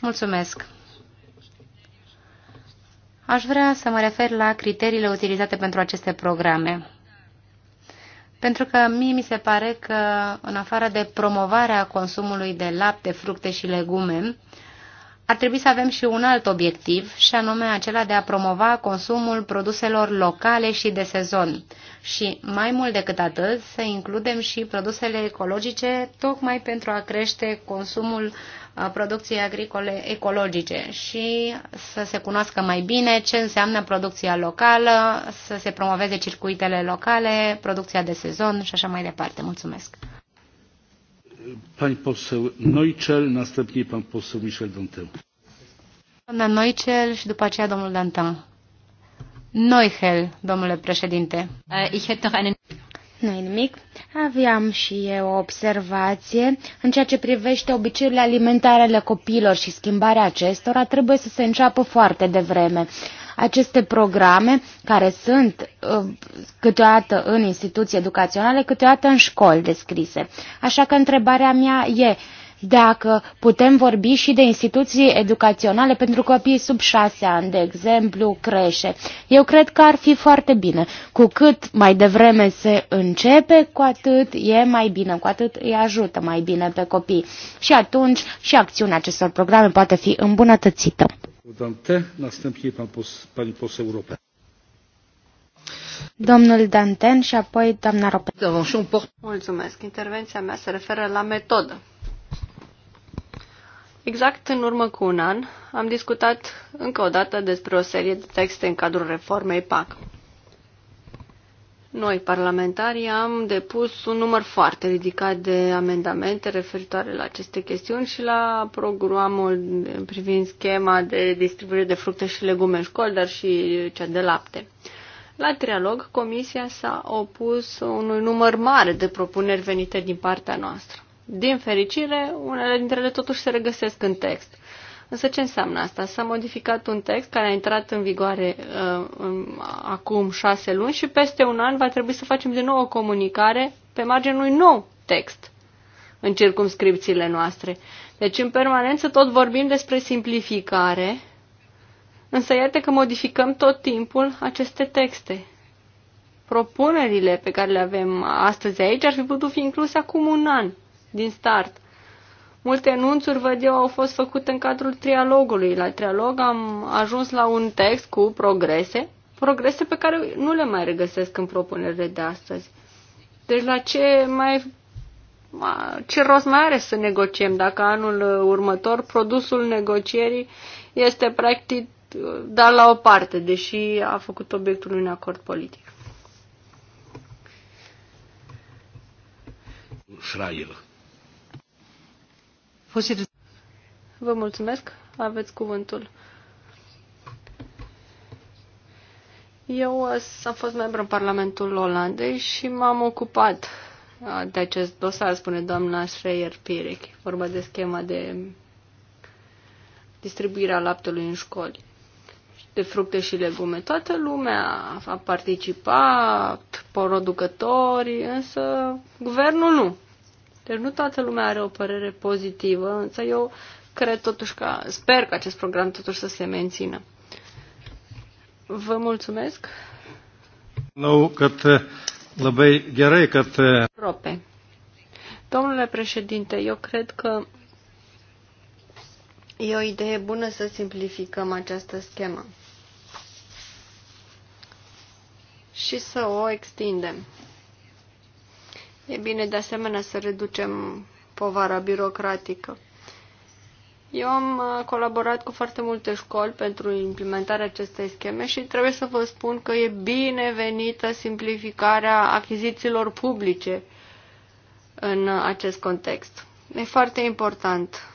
Mulțumesc. Aș vrea să mă refer la criteriile utilizate pentru aceste programe. Pentru că mie mi se pare că, în afară de promovarea consumului de lapte, fructe și legume, ar trebui să avem și un alt obiectiv, și anume acela de a promova consumul produselor locale și de sezon. Și mai mult decât atât, să includem și produsele ecologice, tocmai pentru a crește consumul uh, producției agricole ecologice și să se cunoască mai bine ce înseamnă producția locală, să se promoveze circuitele locale, producția de sezon și așa mai departe. Mulțumesc! Pani poseł Neuchel, następnie pan poseł Michel Neuchel și după aceea domnul Dantin. Neuchel, domnule președinte. Eh, ich hätte noch einen... Nu-i nimic. Aveam și eu o observație. În ceea ce privește obiceiurile alimentare ale copiilor și schimbarea acestora, trebuie să se înceapă foarte devreme. Aceste programe care sunt uh, câteodată în instituții educaționale, câteodată în școli descrise. Așa că întrebarea mea e dacă putem vorbi și de instituții educaționale pentru copii sub șase ani, de exemplu, creșe. Eu cred că ar fi foarte bine. Cu cât mai devreme se începe, cu atât e mai bine, cu atât îi ajută mai bine pe copii. Și atunci și acțiunea acestor programe poate fi îmbunătățită. Dante, następnie pan pos, pani poseł Rope. Domnul Danten și apoi doamna Rope. Mulțumesc. Intervenția mea se referă la metodă. Exact în urmă cu un an am discutat încă o dată despre o serie de texte în cadrul reformei PAC. Noi, parlamentarii, am depus un număr foarte ridicat de amendamente referitoare la aceste chestiuni și la programul privind schema de distribuire de fructe și legume în școli, dar și cea de lapte. La trialog, Comisia s-a opus unui număr mare de propuneri venite din partea noastră. Din fericire, unele dintre ele totuși se regăsesc în text – Însă ce înseamnă asta? S-a modificat un text care a intrat în vigoare uh, în, acum șase luni și peste un an va trebui să facem din nou o comunicare pe marginea unui nou text în circumscripțiile noastre. Deci în permanență tot vorbim despre simplificare, însă iată că modificăm tot timpul aceste texte. Propunerile pe care le avem astăzi aici ar fi putut fi incluse acum un an din start. Multe enunțuri, văd eu, au fost făcute în cadrul trialogului. La trialog am ajuns la un text cu progrese, progrese pe care nu le mai regăsesc în propunerile de astăzi. Deci la ce mai ce rost mai are să negociem dacă anul următor produsul negocierii este practic dar la o parte, deși a făcut obiectul unui acord politic. Fraier, Vă mulțumesc. Aveți cuvântul. Eu uh, am fost membru în Parlamentul Olandei și m-am ocupat uh, de acest dosar, spune doamna Schreier Pirek, vorba de schema de distribuirea laptelui în școli, de fructe și legume. Toată lumea a participat, producători, însă guvernul nu. Deci nu toată lumea are o părere pozitivă, însă eu cred totuși că, sper că acest program totuși să se mențină. Vă mulțumesc. Nu, că labai gerai, că... Rope. Domnule președinte, eu cred că e o idee bună să simplificăm această schemă și să o extindem. E bine de asemenea să reducem povara birocratică. Eu am uh, colaborat cu foarte multe școli pentru implementarea acestei scheme și trebuie să vă spun că e binevenită simplificarea achizițiilor publice în acest context. E foarte important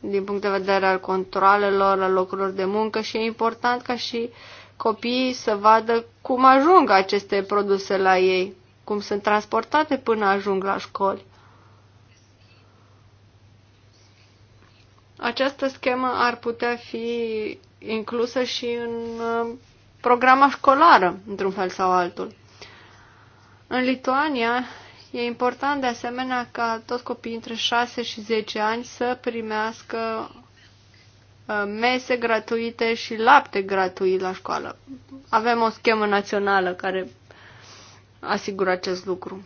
din punct de vedere al controlelor, al locurilor de muncă și e important ca și copiii să vadă cum ajung aceste produse la ei cum sunt transportate până ajung la școli. Această schemă ar putea fi inclusă și în uh, programa școlară, într-un fel sau altul. În Lituania e important de asemenea ca toți copiii între 6 și 10 ani să primească uh, mese gratuite și lapte gratuit la școală. Avem o schemă națională care asigură acest lucru.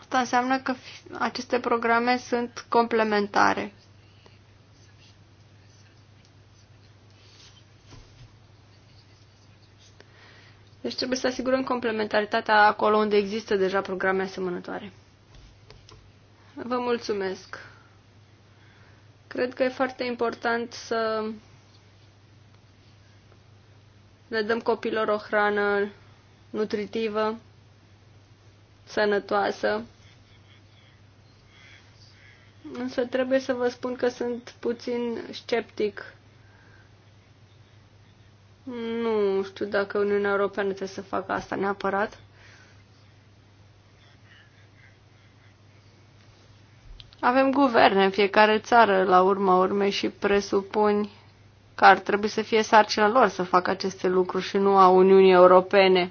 Asta înseamnă că aceste programe sunt complementare. Deci trebuie să asigurăm complementaritatea acolo unde există deja programe asemănătoare. Vă mulțumesc. Cred că e foarte important să le dăm copilor o hrană nutritivă, sănătoasă. Însă trebuie să vă spun că sunt puțin sceptic. Nu știu dacă Uniunea Europeană trebuie să facă asta neapărat. Avem guverne în fiecare țară, la urma urmei, și presupuni că ar trebui să fie sarcina lor să facă aceste lucruri și nu a Uniunii Europene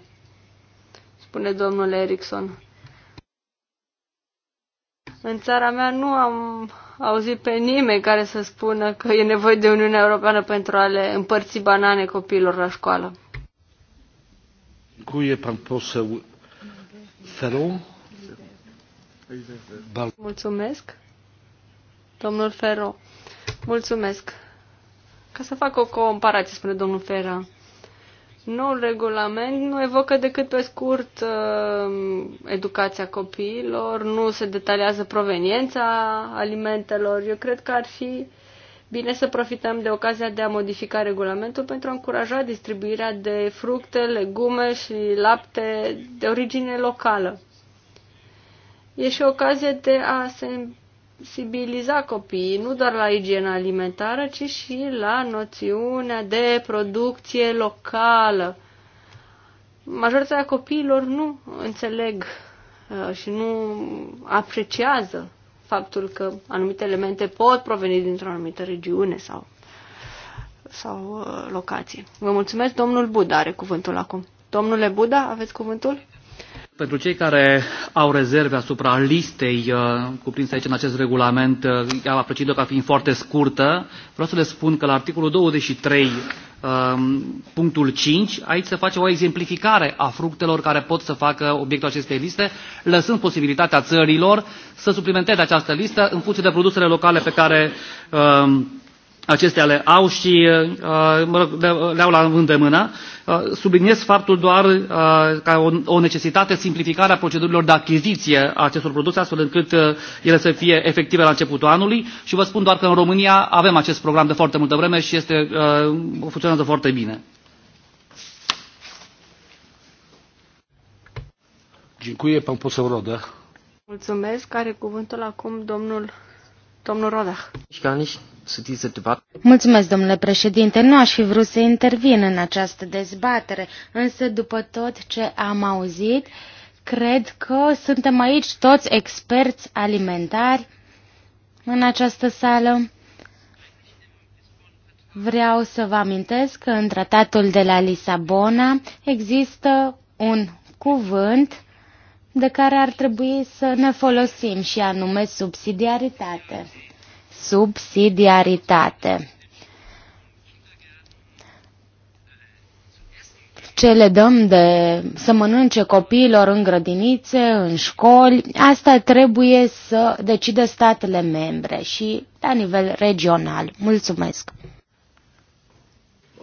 spune domnul Erickson. În țara mea nu am auzit pe nimeni care să spună că e nevoie de Uniunea Europeană pentru a le împărți banane copiilor la școală. Mulțumesc. Domnul Ferro. Mulțumesc. Ca să fac o comparație, spune domnul Ferro. Noul regulament nu evocă decât pe scurt uh, educația copiilor, nu se detaliază proveniența alimentelor. Eu cred că ar fi bine să profităm de ocazia de a modifica regulamentul pentru a încuraja distribuirea de fructe, legume și lapte de origine locală. E și o ocazie de a se sensibiliza copiii nu doar la igiena alimentară, ci și la noțiunea de producție locală. Majoritatea copiilor nu înțeleg uh, și nu apreciază faptul că anumite elemente pot proveni dintr-o anumită regiune sau, sau uh, locație. Vă mulțumesc, domnul Buda are cuvântul acum. Domnule Buda, aveți cuvântul? Pentru cei care au rezerve asupra listei uh, cuprinse aici în acest regulament, uh, ea apreciat-o ca fiind foarte scurtă, vreau să le spun că la articolul 23, uh, um, punctul 5, aici se face o exemplificare a fructelor care pot să facă obiectul acestei liste, lăsând posibilitatea țărilor să suplimenteze această listă în funcție de produsele locale pe care uh, acestea le au și uh, mă rog, le au la îndemână. Uh, subliniez faptul doar uh, ca o, necesitate simplificarea procedurilor de achiziție a acestor produse, astfel încât ele să fie efective la începutul anului și vă spun doar că în România avem acest program de foarte multă vreme și este, funcționează foarte bine. Dziękuję, pan poseł Rodach. Mulțumesc. Are cuvântul acum domnul, domnul Rodach. Mulțumesc, domnule președinte. Nu aș fi vrut să intervin în această dezbatere, însă după tot ce am auzit, cred că suntem aici toți experți alimentari în această sală. Vreau să vă amintesc că în tratatul de la Lisabona există un cuvânt de care ar trebui să ne folosim și anume subsidiaritate subsidiaritate. ce le dăm de să mănânce copiilor în grădinițe, în școli, asta trebuie să decide statele membre și la nivel regional. Mulțumesc!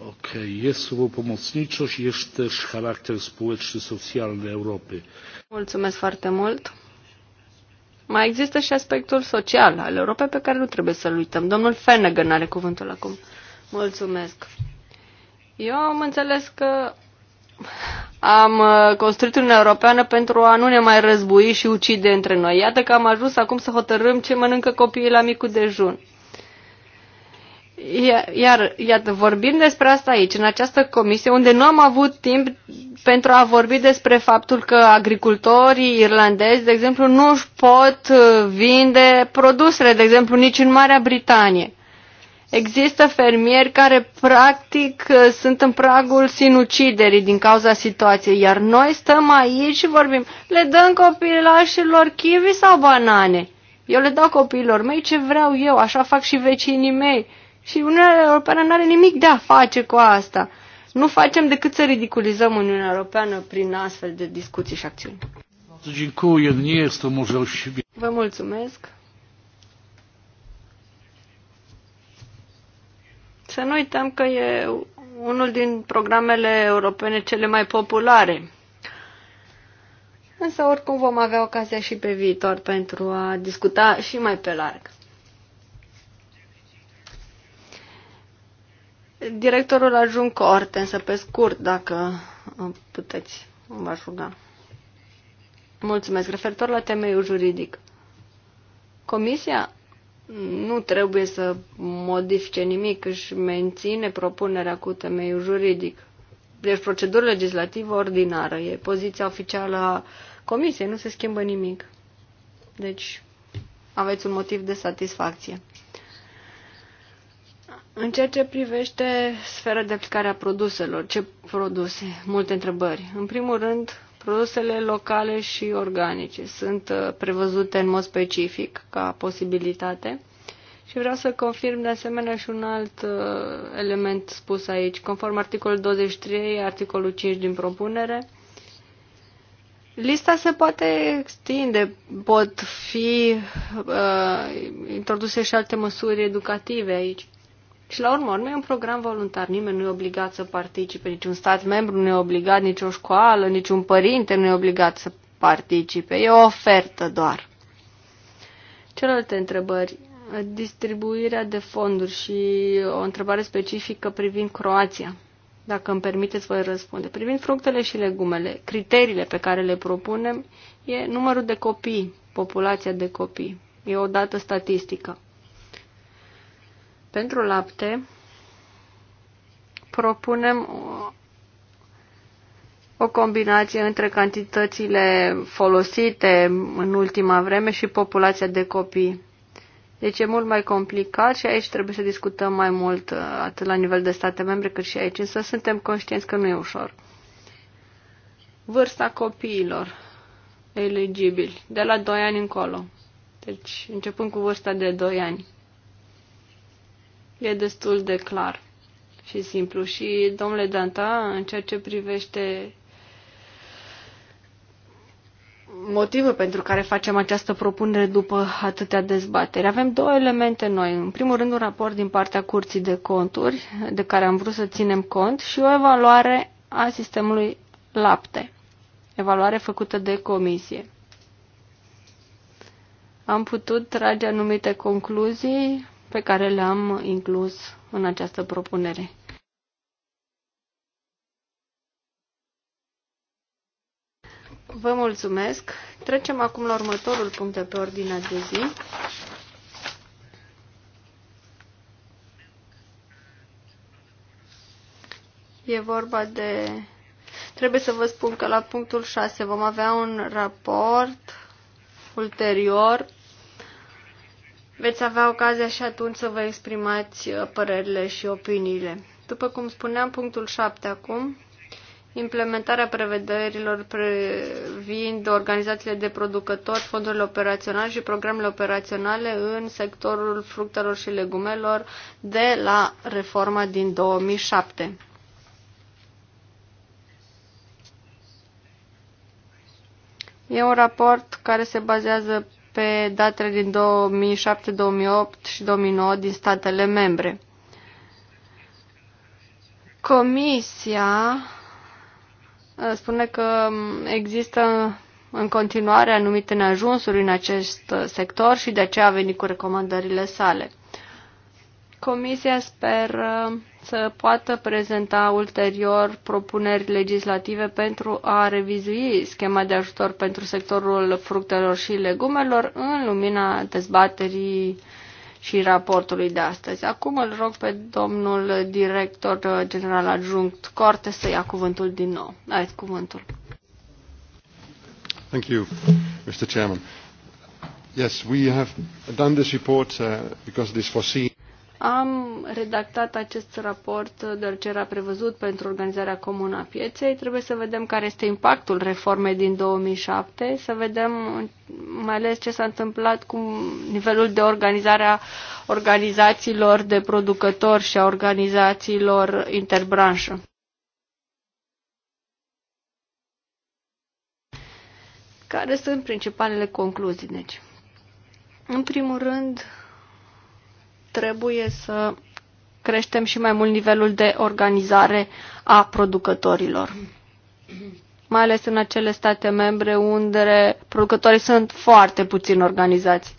Ok, jest słowo pomocniczość, caracter też și social de Europy. Mulțumesc foarte mult! Mai există și aspectul social al Europei pe care nu trebuie să-l uităm. Domnul Fenegan are cuvântul acum. Mulțumesc. Eu am înțeles că am uh, construit Uniunea Europeană pentru a nu ne mai război și ucide între noi. Iată că am ajuns acum să hotărâm ce mănâncă copiii la micul dejun. Iar, iată, vorbim despre asta aici, în această comisie, unde nu am avut timp pentru a vorbi despre faptul că agricultorii irlandezi, de exemplu, nu își pot uh, vinde produsele, de exemplu, nici în Marea Britanie. Există fermieri care practic uh, sunt în pragul sinuciderii din cauza situației, iar noi stăm aici și vorbim, le dăm copilașilor kiwi sau banane? Eu le dau copiilor mei ce vreau eu, așa fac și vecinii mei și Uniunea Europeană nu are nimic de a face cu asta. Nu facem decât să ridiculizăm Uniunea Europeană prin astfel de discuții și acțiuni. Vă mulțumesc. Să nu uităm că e unul din programele europene cele mai populare. Însă oricum vom avea ocazia și pe viitor pentru a discuta și mai pe larg. Directorul ajung corte, însă pe scurt, dacă puteți, v-aș ruga. Mulțumesc. Referitor la temeiul juridic. Comisia nu trebuie să modifice nimic, își menține propunerea cu temeiul juridic. Deci procedură legislativă ordinară, e poziția oficială a Comisiei, nu se schimbă nimic. Deci aveți un motiv de satisfacție. În ceea ce privește sfera de aplicare a produselor, ce produse? Multe întrebări. În primul rând, produsele locale și organice sunt uh, prevăzute în mod specific ca posibilitate. Și vreau să confirm de asemenea și un alt uh, element spus aici. Conform articolul 23, articolul 5 din propunere, lista se poate extinde, pot fi uh, introduse și alte măsuri educative aici. Și la urmă, nu e un program voluntar, nimeni nu e obligat să participe, niciun stat membru nu e obligat, nici o școală, niciun părinte nu e obligat să participe, e o ofertă doar. Celelalte întrebări, distribuirea de fonduri și o întrebare specifică privind Croația, dacă îmi permiteți voi răspunde. Privind fructele și legumele, criteriile pe care le propunem e numărul de copii, populația de copii. E o dată statistică pentru lapte propunem o combinație între cantitățile folosite în ultima vreme și populația de copii. Deci e mult mai complicat și aici trebuie să discutăm mai mult, atât la nivel de state membre cât și aici, însă suntem conștienți că nu e ușor. Vârsta copiilor eligibili, de la 2 ani încolo. Deci începând cu vârsta de 2 ani e destul de clar și simplu. Și, domnule Danta, în ceea ce privește motivul pentru care facem această propunere după atâtea dezbateri. Avem două elemente noi. În primul rând, un raport din partea Curții de Conturi, de care am vrut să ținem cont, și o evaluare a sistemului lapte. Evaluare făcută de comisie. Am putut trage anumite concluzii pe care le-am inclus în această propunere. Vă mulțumesc. Trecem acum la următorul punct de pe ordinea de zi. E vorba de... Trebuie să vă spun că la punctul 6 vom avea un raport ulterior veți avea ocazia și atunci să vă exprimați uh, părerile și opiniile. După cum spuneam, punctul 7 acum, implementarea prevederilor privind organizațiile de producători, fondurile operaționale și programele operaționale în sectorul fructelor și legumelor de la reforma din 2007. E un raport care se bazează pe datele din 2007, 2008 și 2009 din statele membre. Comisia uh, spune că există în continuare anumite neajunsuri în acest uh, sector și de aceea a venit cu recomandările sale. Comisia speră să poată prezenta ulterior propuneri legislative pentru a revizui schema de ajutor pentru sectorul fructelor și legumelor în lumina dezbaterii și raportului de astăzi. Acum îl rog pe domnul director general adjunct Corte să ia cuvântul din nou. Ai cuvântul. Thank you, Mr. Chairman. Yes, we have done this report uh, because it is foreseen am redactat acest raport ce era prevăzut pentru organizarea comună a pieței. Trebuie să vedem care este impactul reformei din 2007, să vedem mai ales ce s-a întâmplat cu nivelul de organizare a organizațiilor de producători și a organizațiilor interbranșă. Care sunt principalele concluzii? Deci, în primul rând, trebuie să creștem și mai mult nivelul de organizare a producătorilor, mai ales în acele state membre unde producătorii sunt foarte puțin organizați.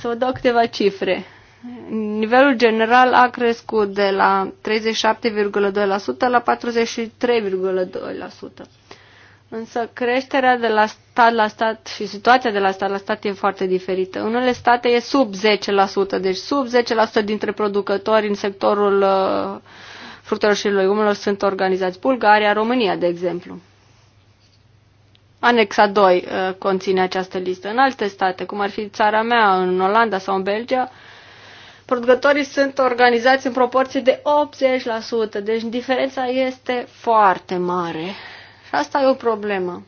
Să vă dau câteva cifre. Nivelul general a crescut de la 37,2% la 43,2%. Însă creșterea de la stat la stat și situația de la stat la stat e foarte diferită. În unele state e sub 10%, deci sub 10% dintre producători în sectorul uh, fructelor și legumelor sunt organizați. Bulgaria, România, de exemplu. Anexa 2 uh, conține această listă. În alte state, cum ar fi țara mea, în Olanda sau în Belgia, producătorii sunt organizați în proporție de 80%, deci diferența este foarte mare și asta e o problemă.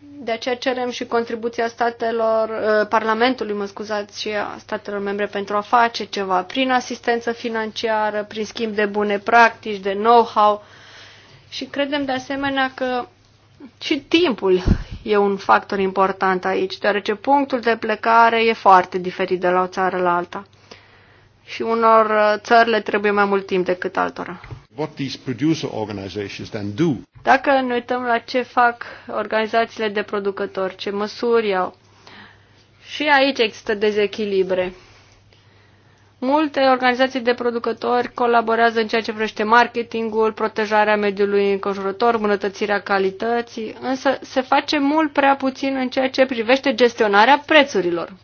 De aceea cerem și contribuția statelor, uh, Parlamentului, mă scuzați, și a statelor membre pentru a face ceva prin asistență financiară, prin schimb de bune practici, de know-how și credem de asemenea că și timpul e un factor important aici, deoarece punctul de plecare e foarte diferit de la o țară la alta. Și unor uh, țări le trebuie mai mult timp decât altora. What these producer organizations then do. Dacă ne uităm la ce fac organizațiile de producători, ce măsuri au, și aici există dezechilibre. Multe organizații de producători colaborează în ceea ce privește marketingul, protejarea mediului înconjurător, bunătățirea calității, însă se face mult prea puțin în ceea ce privește gestionarea prețurilor.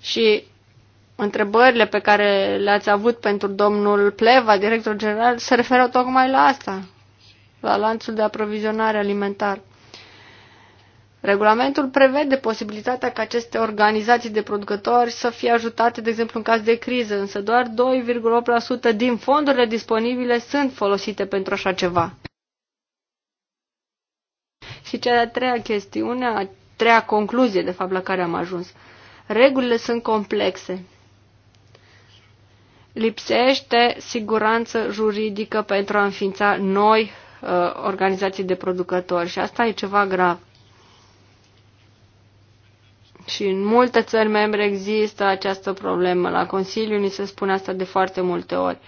Și întrebările pe care le-ați avut pentru domnul Pleva, director general, se referă tocmai la asta, la lanțul de aprovizionare alimentar. Regulamentul prevede posibilitatea ca aceste organizații de producători să fie ajutate, de exemplu, în caz de criză, însă doar 2,8% din fondurile disponibile sunt folosite pentru așa ceva. Și cea de-a treia chestiune, a treia concluzie, de fapt, la care am ajuns. Regulile sunt complexe lipsește siguranță juridică pentru a înființa noi uh, organizații de producători și asta e ceva grav. Și în multe țări membre există această problemă. La Consiliu ni se spune asta de foarte multe ori.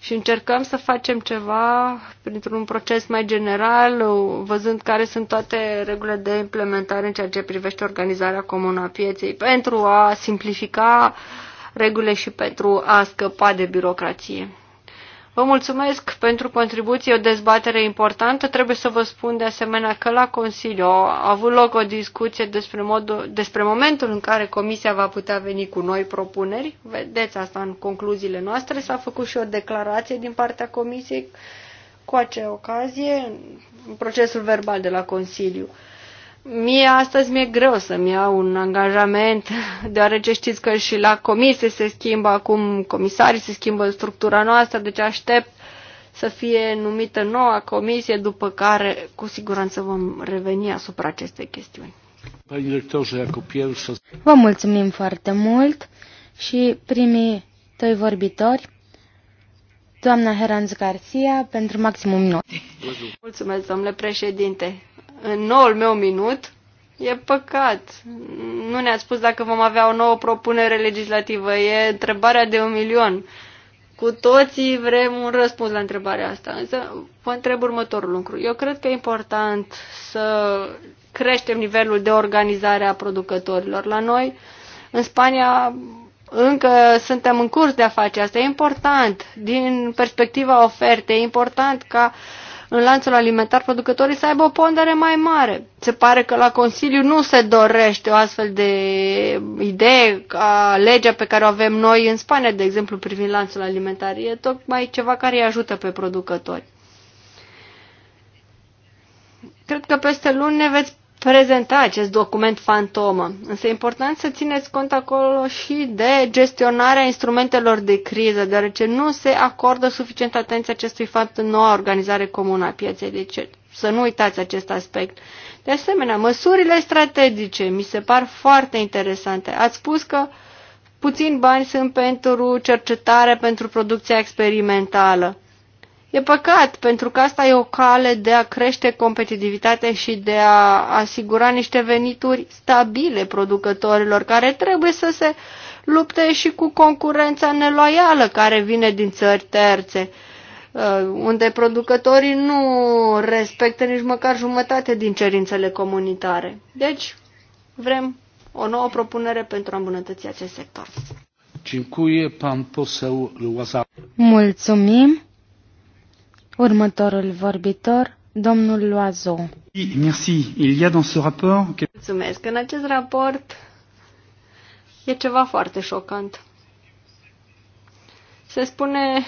Și încercăm să facem ceva printr-un proces mai general, văzând care sunt toate regulile de implementare în ceea ce privește organizarea comună a pieței, pentru a simplifica uh, regulile și pentru a scăpa de birocrație. Vă mulțumesc pentru contribuție, o dezbatere importantă. Trebuie să vă spun de asemenea că la Consiliu a avut loc o discuție despre, modul, despre momentul în care Comisia va putea veni cu noi propuneri. Vedeți asta în concluziile noastre. S-a făcut și o declarație din partea Comisiei cu acea ocazie în procesul verbal de la Consiliu. Mie astăzi mi-e greu să-mi iau un angajament, deoarece știți că și la comisie se schimbă acum, comisarii se schimbă structura noastră, deci aștept să fie numită noua comisie, după care cu siguranță vom reveni asupra acestei chestiuni. Vă mulțumim foarte mult și primii doi vorbitori Doamna Heranz Garcia, pentru maximum minut. Mulțumesc, domnule președinte. În noul meu minut, e păcat. Nu ne-ați spus dacă vom avea o nouă propunere legislativă. E întrebarea de un milion. Cu toții vrem un răspuns la întrebarea asta. Însă vă întreb următorul lucru. Eu cred că e important să creștem nivelul de organizare a producătorilor. La noi, în Spania, încă suntem în curs de a face asta. E important, din perspectiva ofertei, e important ca în lanțul alimentar producătorii să aibă o pondere mai mare. Se pare că la Consiliu nu se dorește o astfel de idee ca legea pe care o avem noi în Spania, de exemplu, privind lanțul alimentar. E tocmai ceva care îi ajută pe producători. Cred că peste luni ne veți prezenta acest document fantomă. Însă e important să țineți cont acolo și de gestionarea instrumentelor de criză, deoarece nu se acordă suficient atenție acestui fapt în noua organizare comună a pieței. Deci să nu uitați acest aspect. De asemenea, măsurile strategice mi se par foarte interesante. Ați spus că puțin bani sunt pentru cercetare, pentru producția experimentală. E păcat, pentru că asta e o cale de a crește competitivitatea și de a asigura niște venituri stabile producătorilor care trebuie să se lupte și cu concurența neloială care vine din țări terțe, uh, unde producătorii nu respectă nici măcar jumătate din cerințele comunitare. Deci, vrem o nouă propunere pentru a îmbunătăți acest sector. Mulțumim. Următorul vorbitor, domnul Loazo. Merci. Il y a dans ce rapport... Mulțumesc. În acest raport e ceva foarte șocant. Se spune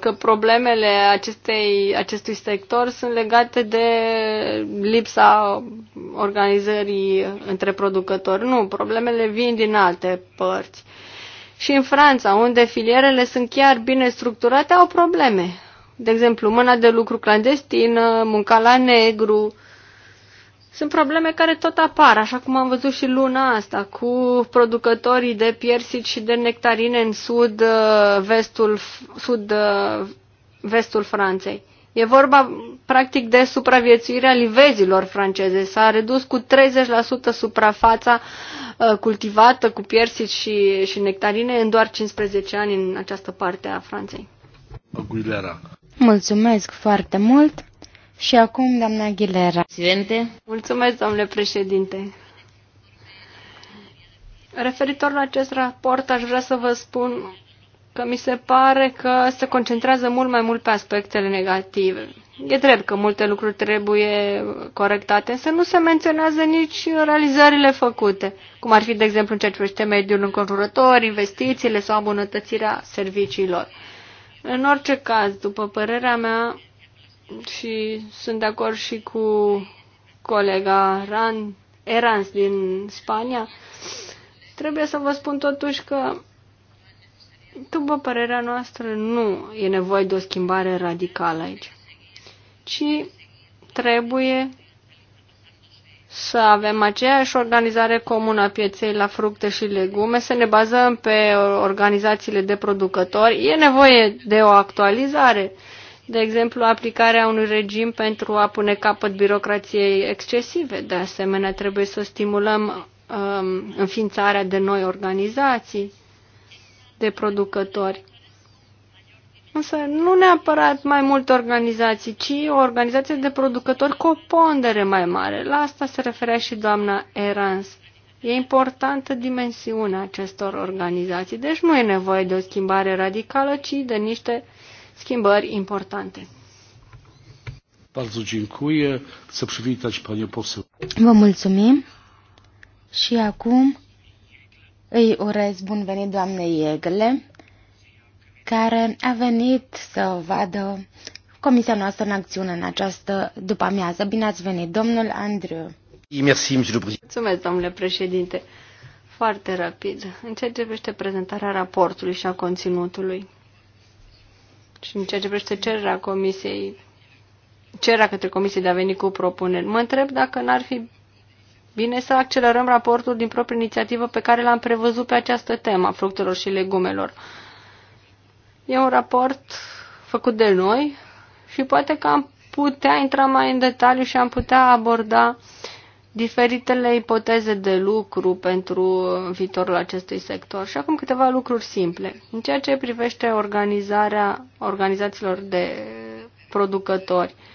că problemele acestei, acestui sector sunt legate de lipsa organizării între producători. Nu, problemele vin din alte părți. Și în Franța, unde filierele sunt chiar bine structurate, au probleme. De exemplu, mâna de lucru clandestină, munca la negru. Sunt probleme care tot apar, așa cum am văzut și luna asta, cu producătorii de piersici și de nectarine în sud, uh, vestul, sud, uh, vestul Franței. E vorba practic de supraviețuirea livezilor franceze. S-a redus cu 30% suprafața uh, cultivată cu piersici și, și nectarine în doar 15 ani în această parte a Franței. Aguilera. Mulțumesc foarte mult. Și acum, doamna Aguilera. Presidente. Mulțumesc, domnule președinte. Referitor la acest raport, aș vrea să vă spun că mi se pare că se concentrează mult mai mult pe aspectele negative. E drept că multe lucruri trebuie corectate, însă nu se menționează nici realizările făcute, cum ar fi, de exemplu, în ceea ce privește mediul înconjurător, investițiile sau îmbunătățirea serviciilor. În orice caz, după părerea mea, și sunt de acord și cu colega Ran, Erans din Spania, trebuie să vă spun totuși că, după părerea noastră, nu e nevoie de o schimbare radicală aici, ci trebuie să avem aceeași organizare comună a pieței la fructe și legume, să ne bazăm pe organizațiile de producători. E nevoie de o actualizare, de exemplu aplicarea unui regim pentru a pune capăt birocrației excesive. De asemenea, trebuie să stimulăm um, înființarea de noi organizații de producători. Însă nu neapărat mai multe organizații, ci o organizație de producători cu o pondere mai mare. La asta se referea și doamna Erans. E importantă dimensiunea acestor organizații, deci nu e nevoie de o schimbare radicală, ci de niște schimbări importante. Vă mulțumim. Și acum îi urez bun venit doamnei Iegle care a venit să vadă comisia noastră în acțiune în această după-amiază. Bine ați venit, domnul Andrew. Mulțumesc, domnule președinte. Foarte rapid. În ceea ce privește prezentarea raportului și a conținutului și în ceea ce privește cererea comisiei, cererea către comisie de a veni cu propuneri, mă întreb dacă n-ar fi bine să accelerăm raportul din proprie inițiativă pe care l-am prevăzut pe această temă a fructelor și legumelor E un raport făcut de noi și poate că am putea intra mai în detaliu și am putea aborda diferitele ipoteze de lucru pentru viitorul acestui sector. Și acum câteva lucruri simple. În ceea ce privește organizarea organizațiilor de producători, uh,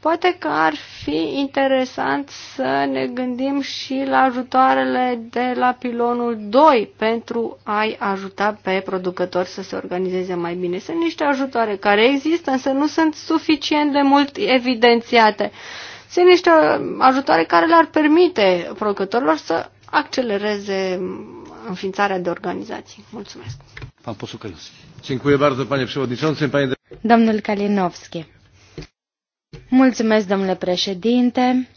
Poate că ar fi interesant să ne gândim și la ajutoarele de la pilonul 2 pentru a-i ajuta pe producători să se organizeze mai bine. Sunt niște ajutoare care există, însă nu sunt suficient de mult evidențiate. Sunt niște ajutoare care le-ar permite producătorilor să accelereze înființarea de organizații. Mulțumesc. Pan Domnul Kalinowski. Mulțumesc, domnule președinte.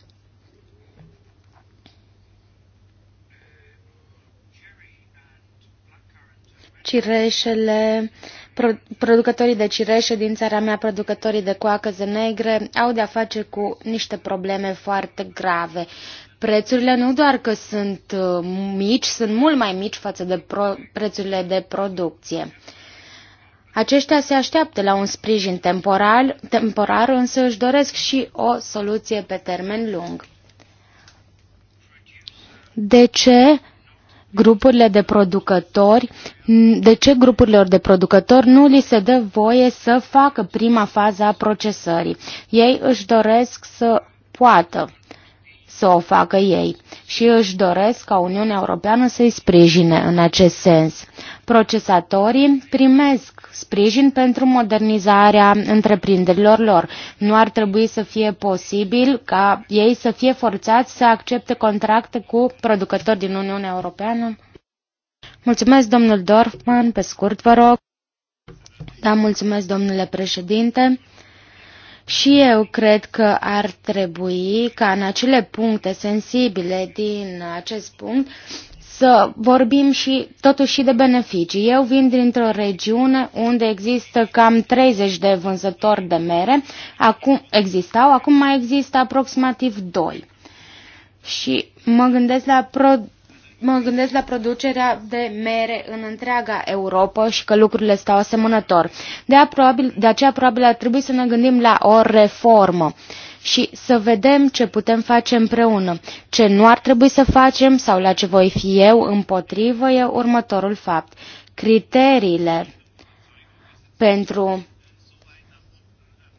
Cireșele, producătorii de cireșe din țara mea, producătorii de coacăze negre, au de-a face cu niște probleme foarte grave. Prețurile nu doar că sunt uh, mici, sunt mult mai mici față de pro- prețurile de producție. Aceștia se așteaptă la un sprijin temporal, temporar, însă își doresc și o soluție pe termen lung. De ce grupurile de producători, de ce grupurilor de producători nu li se dă voie să facă prima fază a procesării? Ei își doresc să poată să o facă ei și își doresc ca Uniunea Europeană să-i sprijine în acest sens. Procesatorii primesc sprijin pentru modernizarea întreprinderilor lor. Nu ar trebui să fie posibil ca ei să fie forțați să accepte contracte cu producători din Uniunea Europeană? Mulțumesc, domnul Dorfman, pe scurt, vă rog. Da, mulțumesc, domnule președinte. Și eu cred că ar trebui ca în acele puncte sensibile din acest punct să vorbim și totuși și de beneficii. Eu vin dintr-o regiune unde există cam 30 de vânzători de mere, acum existau, acum mai există aproximativ 2. Și mă gândesc la pro- mă gândesc la producerea de mere în întreaga Europa și că lucrurile stau asemănător. De, probabil, de aceea probabil ar trebui să ne gândim la o reformă și să vedem ce putem face împreună, ce nu ar trebui să facem sau la ce voi fi eu împotrivă e următorul fapt. Criteriile pentru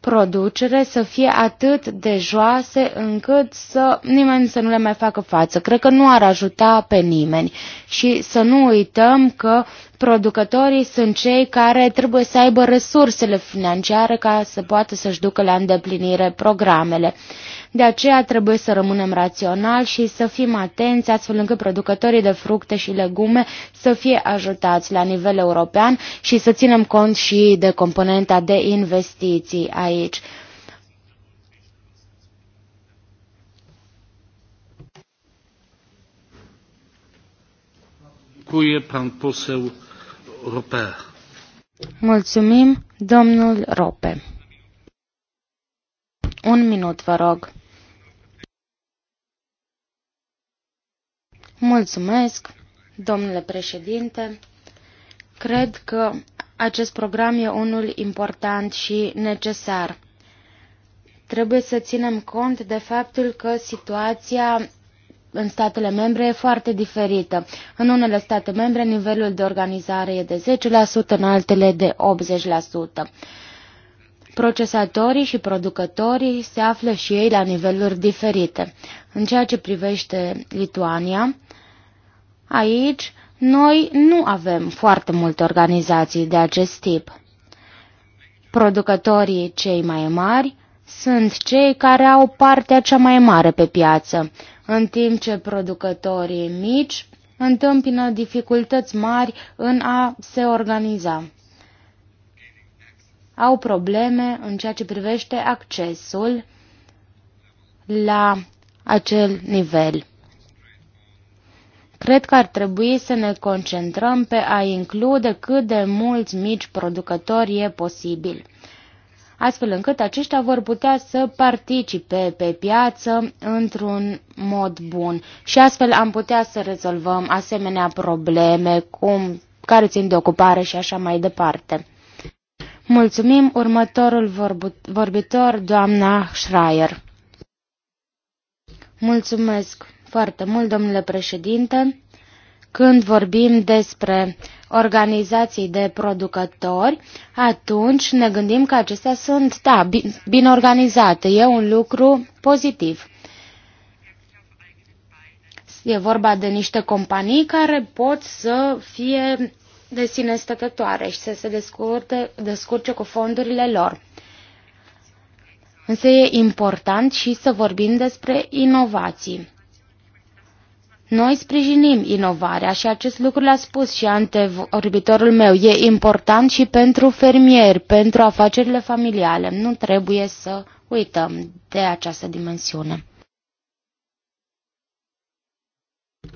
producere să fie atât de joase încât să nimeni să nu le mai facă față. Cred că nu ar ajuta pe nimeni și să nu uităm că producătorii sunt cei care trebuie să aibă resursele financiare ca să poată să-și ducă la îndeplinire programele. De aceea trebuie să rămânem raționali și să fim atenți astfel încât producătorii de fructe și legume să fie ajutați la nivel european și să ținem cont și de componenta de investiții aici. Mulțumim, domnul Rope. Un minut, vă rog. Mulțumesc, domnule președinte. Cred că acest program e unul important și necesar. Trebuie să ținem cont de faptul că situația în statele membre e foarte diferită. În unele state membre nivelul de organizare e de 10%, în altele de 80%. Procesatorii și producătorii se află și ei la niveluri diferite. În ceea ce privește Lituania, Aici, noi nu avem foarte multe organizații de acest tip. Producătorii cei mai mari sunt cei care au partea cea mai mare pe piață, în timp ce producătorii mici întâmpină dificultăți mari în a se organiza. Au probleme în ceea ce privește accesul la acel nivel. Cred că ar trebui să ne concentrăm pe a include cât de mulți mici producători e posibil, astfel încât aceștia vor putea să participe pe piață într-un mod bun și astfel am putea să rezolvăm asemenea probleme cum, care țin de ocupare și așa mai departe. Mulțumim următorul vorbitor, doamna Schreier. Mulțumesc, foarte mult, domnule președinte. Când vorbim despre organizații de producători, atunci ne gândim că acestea sunt, da, bine organizate. E un lucru pozitiv. E vorba de niște companii care pot să fie de sine stătătoare și să se descurte, descurce cu fondurile lor. Însă e important și să vorbim despre inovații. Noi sprijinim inovarea și acest lucru l-a spus și anteorbitorul meu. E important și pentru fermieri, pentru afacerile familiale. Nu trebuie să uităm de această dimensiune.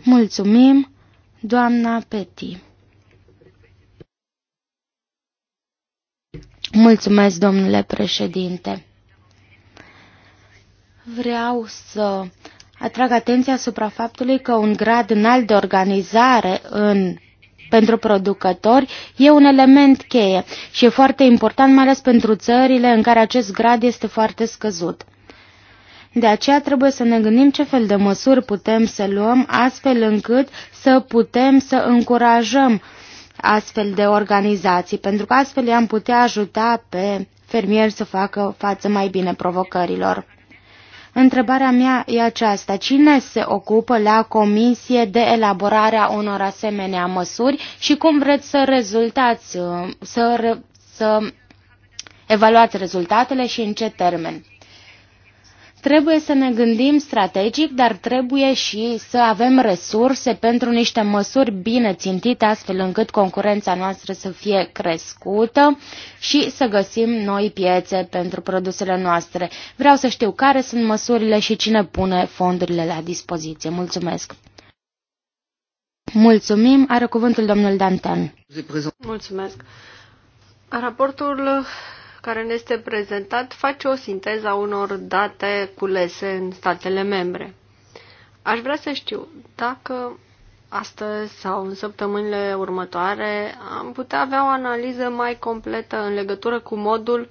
Mulțumim, doamna Peti. Mulțumesc, domnule președinte. Vreau să Atrag atenția asupra faptului că un grad înalt de organizare în pentru producători e un element cheie și e foarte important, mai ales pentru țările în care acest grad este foarte scăzut. De aceea trebuie să ne gândim ce fel de măsuri putem să luăm astfel încât să putem să încurajăm astfel de organizații, pentru că astfel i-am putea ajuta pe fermieri să facă față mai bine provocărilor. Întrebarea mea e aceasta. Cine se ocupă la comisie de elaborarea unor asemenea măsuri și cum vreți să rezultați, să, să evaluați rezultatele și în ce termen? Trebuie să ne gândim strategic, dar trebuie și să avem resurse pentru niște măsuri bine țintite, astfel încât concurența noastră să fie crescută și să găsim noi piețe pentru produsele noastre. Vreau să știu care sunt măsurile și cine pune fondurile la dispoziție. Mulțumesc! Mulțumim! Are cuvântul domnul Dantan. Mulțumesc! Raportul care ne este prezentat face o sinteză a unor date culese în statele membre. Aș vrea să știu dacă astăzi sau în săptămânile următoare am putea avea o analiză mai completă în legătură cu modul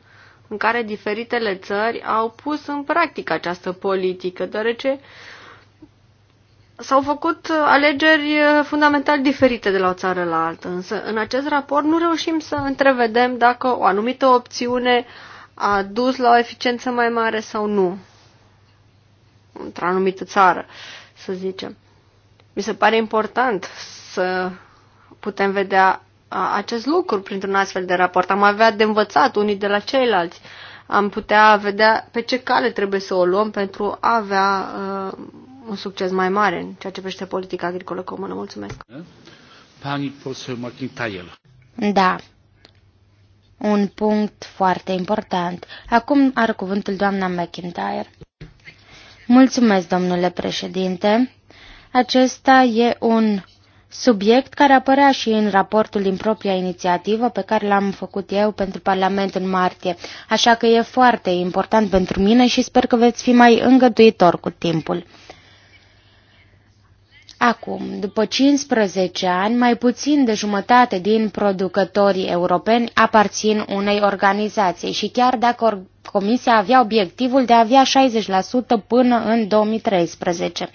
în care diferitele țări au pus în practică această politică, deoarece S-au făcut uh, alegeri uh, fundamental diferite de la o țară la altă, însă în acest raport nu reușim să întrevedem dacă o anumită opțiune a dus la o eficiență mai mare sau nu într-o anumită țară, să zicem. Mi se pare important să putem vedea acest lucru printr-un astfel de raport. Am avea de învățat unii de la ceilalți. Am putea vedea pe ce cale trebuie să o luăm pentru a avea uh, un succes mai mare în ceea ce privește politica agricolă comună. Mulțumesc. Pani posel McIntyre. Da. Un punct foarte important. Acum are cuvântul doamna McIntyre. Mulțumesc, domnule președinte. Acesta e un subiect care apărea și în raportul din propria inițiativă pe care l-am făcut eu pentru Parlament în martie, așa că e foarte important pentru mine și sper că veți fi mai îngăduitor cu timpul. Acum, după 15 ani, mai puțin de jumătate din producătorii europeni aparțin unei organizații și chiar dacă Comisia avea obiectivul de a avea 60% până în 2013.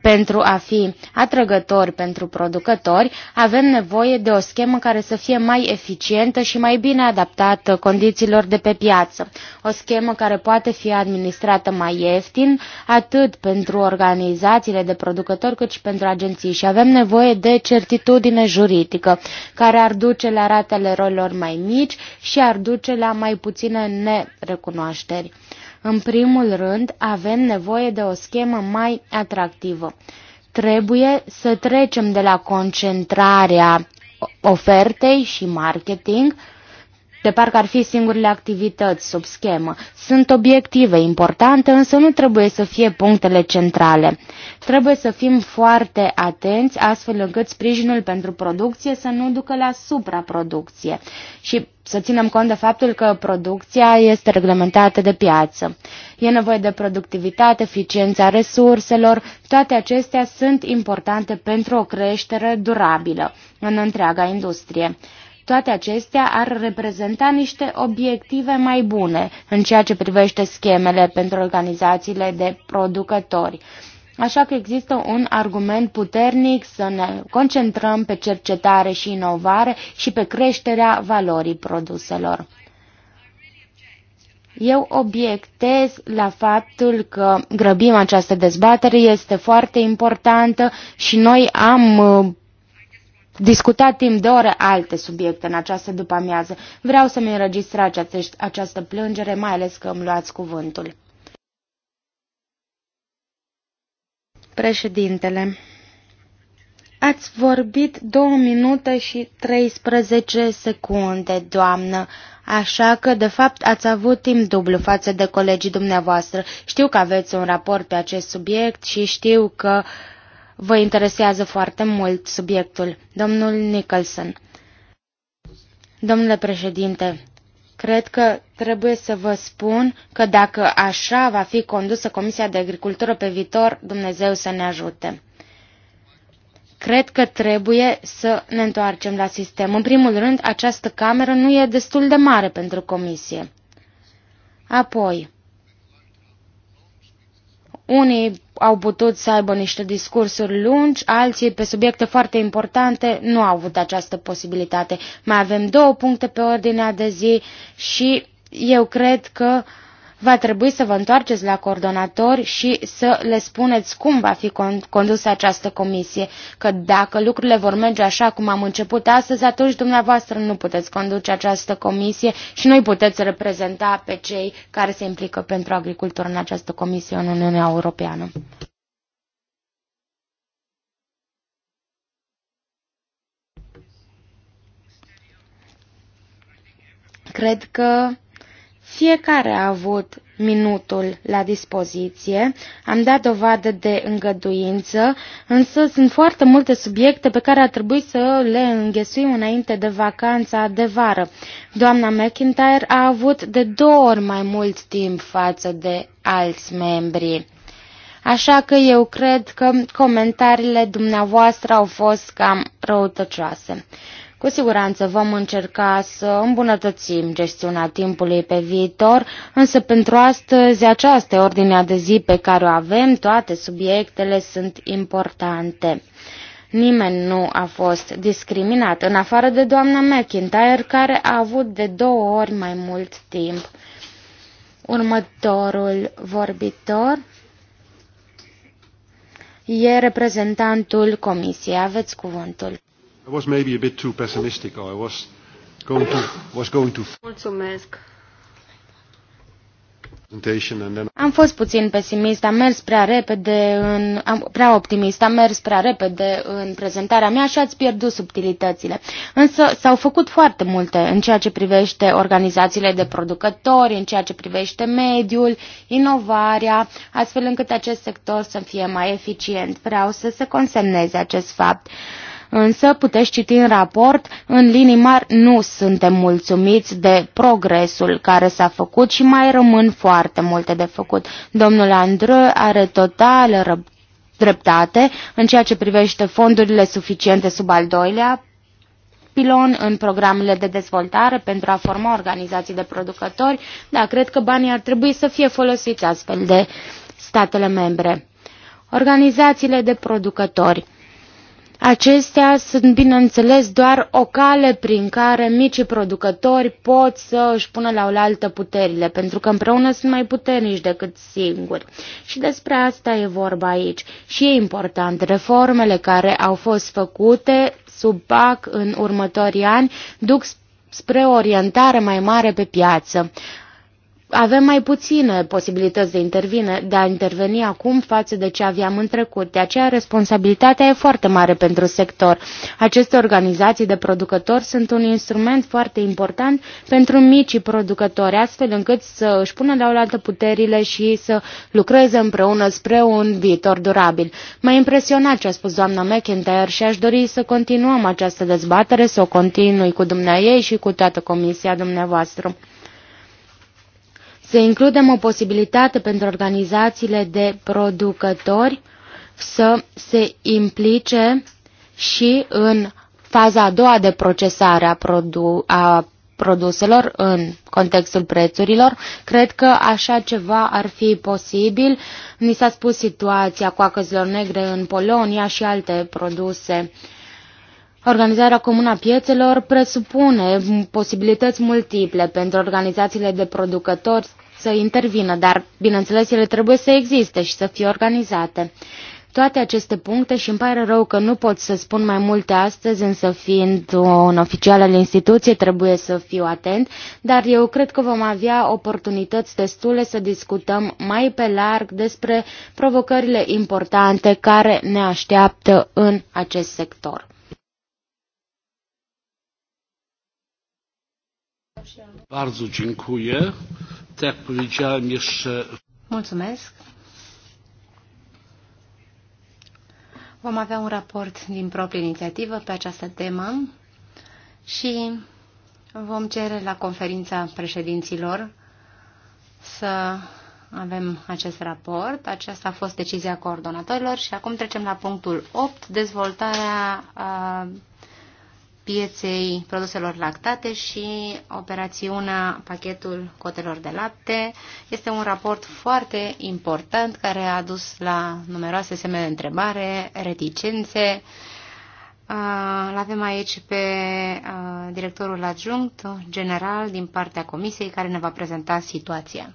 Pentru a fi atrăgători pentru producători, avem nevoie de o schemă care să fie mai eficientă și mai bine adaptată condițiilor de pe piață. O schemă care poate fi administrată mai ieftin, atât pentru organizațiile de producători cât și pentru agenții și avem nevoie de certitudine juridică, care ar duce la ratele rolilor mai mici și ar duce la mai puține nerecunoașteri. În primul rând, avem nevoie de o schemă mai atractivă. Trebuie să trecem de la concentrarea ofertei și marketing de parcă ar fi singurile activități sub schemă. Sunt obiective importante, însă nu trebuie să fie punctele centrale. Trebuie să fim foarte atenți astfel încât sprijinul pentru producție să nu ducă la supraproducție și să ținem cont de faptul că producția este reglementată de piață. E nevoie de productivitate, eficiența resurselor, toate acestea sunt importante pentru o creștere durabilă în întreaga industrie toate acestea ar reprezenta niște obiective mai bune în ceea ce privește schemele pentru organizațiile de producători. Așa că există un argument puternic să ne concentrăm pe cercetare și inovare și pe creșterea valorii produselor. Eu obiectez la faptul că grăbim această dezbatere, este foarte importantă și noi am uh, discutat timp de ore alte subiecte în această după-amiază. Vreau să-mi înregistrați această, această plângere, mai ales că îmi luați cuvântul. Președintele, ați vorbit 2 minute și 13 secunde, doamnă, așa că, de fapt, ați avut timp dublu față de colegii dumneavoastră. Știu că aveți un raport pe acest subiect și știu că uh, Vă interesează foarte mult subiectul. Domnul Nicholson. Domnule președinte, cred că trebuie să vă spun că dacă așa va fi condusă Comisia de Agricultură pe viitor, Dumnezeu să ne ajute. Cred că trebuie să ne întoarcem la sistem. În primul rând, această cameră nu e destul de mare pentru Comisie. Apoi, unii au putut să aibă niște discursuri lungi, alții pe subiecte foarte importante nu au avut această posibilitate. Mai avem două puncte pe ordinea de zi și eu cred că uh, Va trebui să vă întoarceți la coordonatori și să le spuneți cum va fi condusă această comisie, că dacă lucrurile vor merge așa cum am început astăzi, atunci dumneavoastră nu puteți conduce această comisie și noi puteți reprezenta pe cei care se implică pentru agricultură în această comisie în Uniunea Europeană. Cred că fiecare a avut minutul la dispoziție, am dat dovadă de îngăduință, însă sunt foarte multe subiecte pe care ar trebui să le înghesuim înainte de vacanța de vară. Doamna McIntyre a avut de două ori mai mult timp față de alți membri. Așa că eu cred că comentariile dumneavoastră au fost cam răutăcioase. Cu siguranță vom încerca să îmbunătățim gestiunea timpului pe viitor, însă pentru astăzi această ordine de zi pe care o avem, toate subiectele sunt importante. Nimeni nu a fost discriminat, în afară de doamna McIntyre, care a avut de două ori mai mult timp. Următorul vorbitor e reprezentantul comisiei. Aveți cuvântul. I was maybe a bit too pessimistic or I was going to was going to Mulțumesc. Am fost puțin pesimist, am mers prea repede în, am, prea optimist, am mers prea repede în prezentarea mea și ați pierdut subtilitățile. Însă s-au făcut foarte multe în ceea ce privește organizațiile de producători, în ceea ce privește mediul, inovarea, astfel încât acest sector să fie mai eficient. Vreau să se consemneze acest fapt. Uh, însă puteți citi în raport, în linii mari nu suntem mulțumiți de progresul care s-a făcut și mai rămân foarte multe de făcut. Domnul Andreu are totală dreptate în ceea ce privește fondurile suficiente sub al doilea pilon în programele de dezvoltare pentru a forma organizații de producători, dar cred că banii ar trebui să fie folosiți astfel de statele membre. Organizațiile de producători Acestea sunt, bineînțeles, doar o cale prin care micii producători pot să își pună la oaltă puterile, pentru că împreună sunt mai puternici decât singuri. Și despre asta e vorba aici. Și e important, reformele care au fost făcute sub PAC în următorii ani duc spre o orientare mai mare pe piață avem mai puține posibilități de, intervine, de a interveni acum față de ce aveam în trecut. De aceea responsabilitatea e foarte mare pentru sector. Aceste organizații de producători sunt un instrument foarte important pentru micii producători, astfel încât să își pună la oaltă puterile și să lucreze împreună spre un viitor durabil. M-a impresionat ce a spus doamna McIntyre și aș dori să continuăm această dezbatere, să o continui cu dumneai și cu toată comisia dumneavoastră să includem o posibilitate pentru organizațiile de producători să se implice și în faza a doua de procesare a, produ a produselor în contextul prețurilor. Cred că așa ceva ar fi posibil. Ni s-a spus situația cu acăzilor negre în Polonia și alte produse. Organizarea comună a piețelor presupune posibilități multiple pentru organizațiile de producători să intervină, dar, bineînțeles, ele trebuie să existe și să fie organizate. Toate aceste puncte și îmi pare rău că nu pot să spun mai multe astăzi, însă fiind un oficial al instituției trebuie să fiu atent, dar eu cred că vom avea oportunități destule să discutăm mai pe larg despre provocările importante care ne așteaptă în acest sector. Bardzo dziękuję. Mulțumesc. Vom avea un raport din proprie inițiativă pe această temă și vom cere la conferința președinților să avem acest raport. Aceasta a fost decizia coordonatorilor și acum trecem la punctul 8, dezvoltarea pieței produselor lactate și operațiunea pachetul cotelor de lapte. Este un raport foarte important care a dus la numeroase semne de întrebare, reticențe. l avem aici pe directorul adjunct general din partea comisiei care ne va prezenta situația.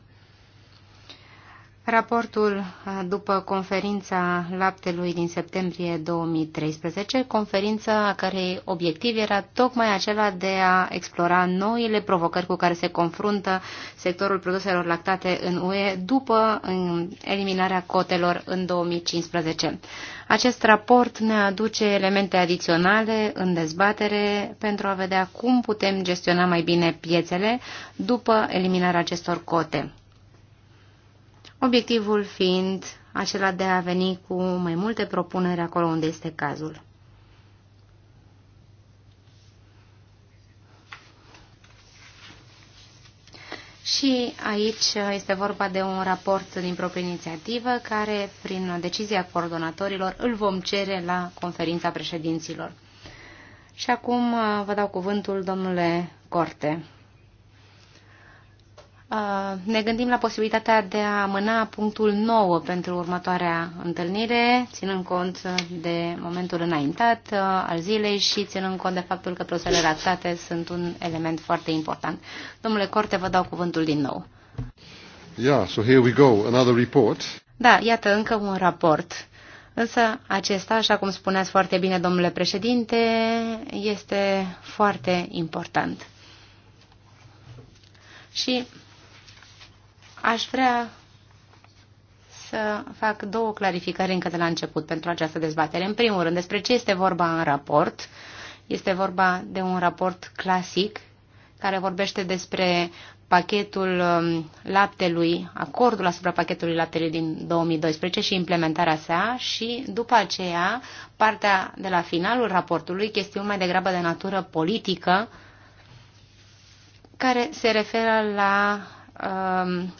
Raportul după conferința laptelui din septembrie 2013, conferința a cărei obiectiv era tocmai acela de a explora noile provocări cu care se confruntă sectorul produselor lactate în UE după eliminarea cotelor în 2015. Acest raport ne aduce elemente adiționale în dezbatere pentru a vedea cum putem gestiona mai bine piețele după eliminarea acestor cote obiectivul fiind acela de a veni cu mai multe propuneri acolo unde este cazul. Și aici este vorba de un raport din proprie inițiativă care, prin decizia coordonatorilor, îl vom cere la conferința președinților. Și acum uh, vă dau cuvântul, domnule Corte. Uh, ne gândim la posibilitatea de a amâna punctul 9 pentru următoarea întâlnire, ținând cont de momentul înaintat uh, al zilei și ținând cont de faptul că prosele ratate sunt un element foarte important. Domnule Corte, vă dau cuvântul din nou. Yeah, so here we go, another report. Da, iată încă un raport. Însă acesta, așa cum spuneați foarte bine, domnule președinte, este foarte important. Și Aș vrea să fac două clarificări încă de la început pentru această dezbatere. În primul rând, despre ce este vorba în raport. Este vorba de un raport clasic care vorbește despre pachetul um, laptelui, acordul asupra pachetului laptelui din 2012 și implementarea sa și după aceea partea de la finalul raportului, chestiuni mai degrabă de natură politică, care se referă la um,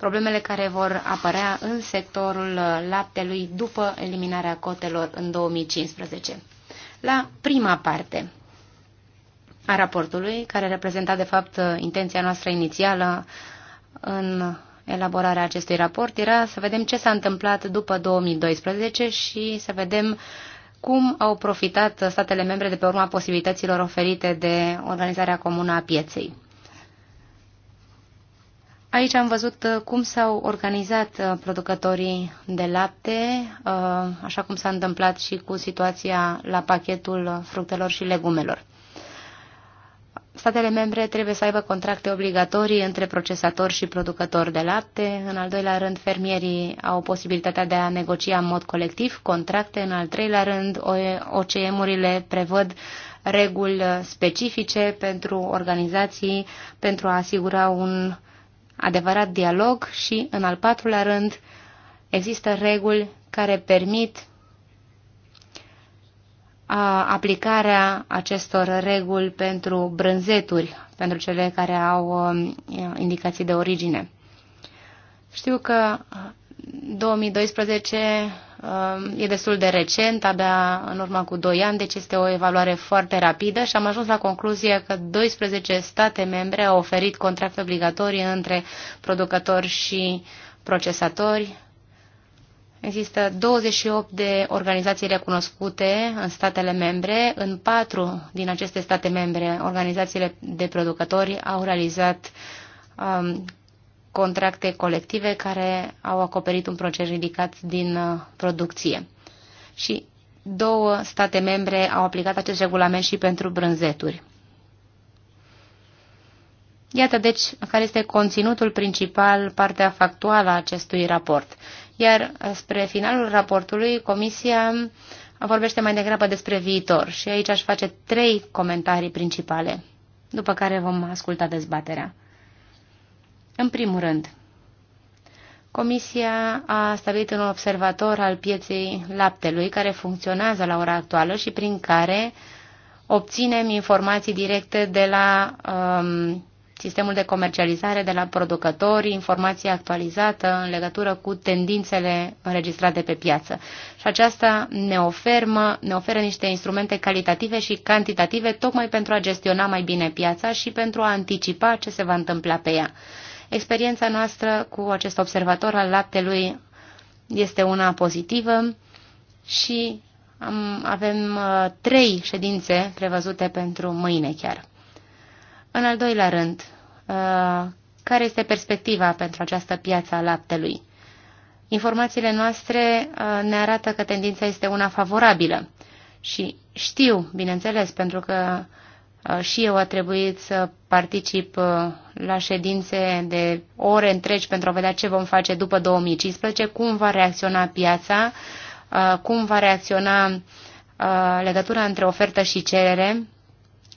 problemele care vor apărea în sectorul laptelui după eliminarea cotelor în 2015. La prima parte a raportului, care reprezenta de fapt intenția noastră inițială în elaborarea acestui raport, era să vedem ce s-a întâmplat după 2012 și să vedem cum au profitat statele membre de pe urma posibilităților oferite de organizarea comună a pieței. Aici am văzut uh, cum s-au organizat uh, producătorii de lapte, uh, așa cum s-a întâmplat și cu situația la pachetul fructelor și legumelor. Statele membre trebuie să aibă contracte obligatorii între procesatori și producători de lapte. În al doilea rând, fermierii au posibilitatea de a negocia în mod colectiv contracte. În al treilea rând, OCM-urile prevăd reguli specifice pentru organizații pentru a asigura un uh, adevărat dialog și, în al patrulea rând, există reguli care permit aplicarea acestor reguli pentru brânzeturi, pentru cele care au um, indicații de origine. Știu că 2012 uh, Um, e destul de recent, abia în urmă cu 2 ani, deci este o evaluare foarte rapidă și am ajuns la concluzia că 12 state membre au oferit contracte obligatorii între producători și procesatori. Există 28 de organizații recunoscute în statele membre. În patru din aceste state membre, organizațiile de producători au realizat um, contracte colective care au acoperit un proces ridicat din uh, producție. Și două state membre au aplicat acest regulament și pentru brânzeturi. Iată deci care este conținutul principal, partea factuală a acestui raport. Iar uh, spre finalul raportului, Comisia vorbește mai degrabă despre viitor și aici aș face trei comentarii principale, după care vom asculta dezbaterea. În primul rând, Comisia a stabilit un observator al pieței laptelui care funcționează la ora actuală și prin care obținem informații directe de la um, sistemul de comercializare, de la producători, informații actualizată în legătură cu tendințele înregistrate pe piață. Și aceasta ne oferă, ne oferă niște instrumente calitative și cantitative tocmai pentru a gestiona mai bine piața și pentru a anticipa ce se va întâmpla pe ea. Experiența noastră cu acest observator al laptelui este una pozitivă și am, avem uh, trei ședințe prevăzute pentru mâine chiar. În al doilea rând, uh, care este perspectiva pentru această piață a laptelui? Informațiile noastre uh, ne arată că tendința este una favorabilă și știu, bineînțeles, pentru că uh, Uh, și eu a trebuit să particip uh, la ședințe de ore întregi pentru a vedea ce vom face după 2015, cum va reacționa piața, uh, cum va reacționa legătura între ofertă și cerere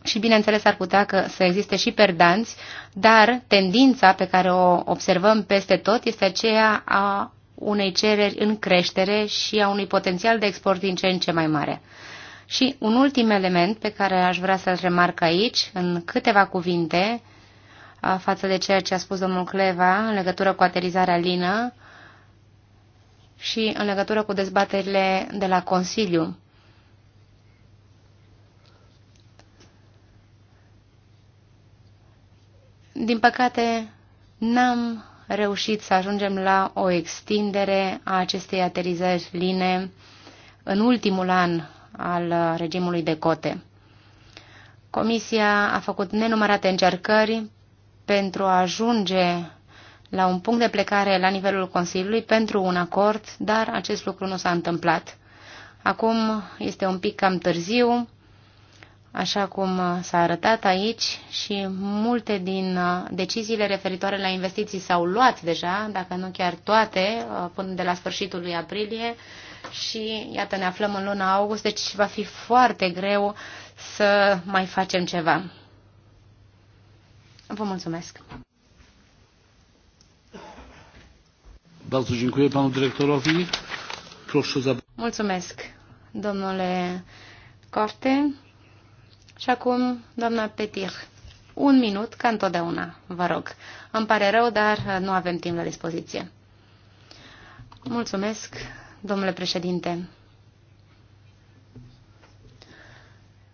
și, bineînțeles, ar putea că să existe și perdanți, dar tendința pe care o observăm peste tot este aceea a unei cereri în creștere și a unui potențial de export din ce în ce mai mare. Și un ultim element pe care aș vrea să-l remarc aici, în câteva cuvinte, față de ceea ce a spus domnul Cleva în legătură cu aterizarea lină și în legătură cu dezbaterile de la Consiliu. Din păcate, n-am reușit să ajungem la o extindere a acestei aterizări line în ultimul an al regimului de cote. Comisia a făcut nenumărate încercări pentru a ajunge la un punct de plecare la nivelul Consiliului pentru un acord, dar acest lucru nu s-a întâmplat. Acum este un pic cam târziu, așa cum s-a arătat aici și multe din uh, deciziile referitoare la investiții s-au luat deja, dacă nu chiar toate, uh, până de la sfârșitul lui aprilie, și iată ne aflăm în luna august, deci va fi foarte greu să mai facem ceva. Vă mulțumesc! Mulțumesc, domnule Corte. Și acum, doamna Petir, un minut, ca întotdeauna, vă rog. Îmi pare rău, dar nu avem timp la dispoziție. Mulțumesc, domnule președinte.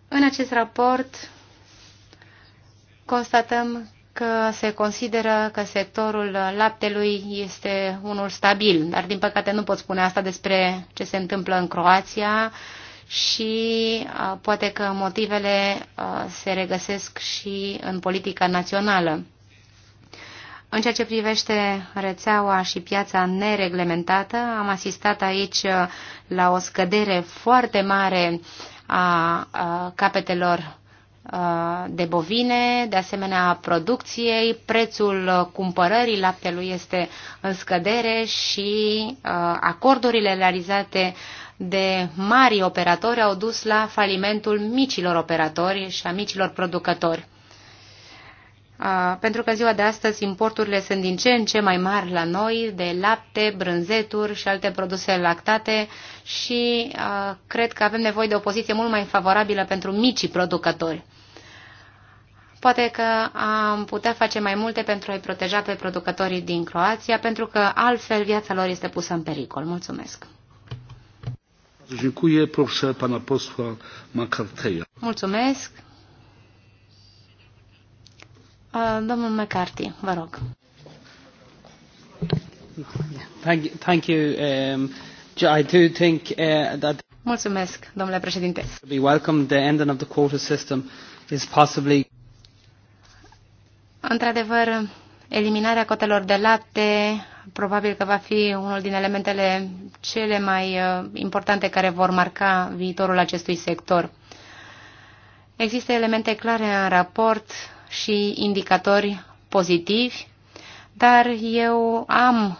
În acest raport constatăm că se consideră că sectorul laptelui este unul stabil, dar din păcate nu pot spune asta despre ce se întâmplă în Croația și poate că motivele se regăsesc și în politica națională. În ceea ce privește rețeaua și piața nereglementată, am asistat aici uh, la o scădere foarte mare a capetelor uh, de bovine, de asemenea a producției, prețul uh, cumpărării laptelui este în scădere și acordurile realizate de mari operatori au dus la falimentul micilor operatori și a micilor producători pentru că ziua de astăzi importurile sunt din ce în ce mai mari la noi de lapte, brânzeturi și alte produse lactate și cred că avem nevoie de o poziție mult mai favorabilă pentru micii producători. Poate că am putea face mai multe pentru a-i proteja pe producătorii din Croația, pentru că altfel viața lor este pusă în pericol. Mulțumesc! Mulțumesc! Uh, domnul McCarthy, vă rog. Thank you. thank you Um, I do think uh, that Mulțumesc, domnule președinte. Be welcome the ending of the quota system is possibly Într-adevăr, eliminarea cotelor de lapte probabil că va fi unul din elementele cele mai uh, importante care vor marca viitorul acestui sector. Există elemente clare în raport și indicatori pozitivi, dar eu am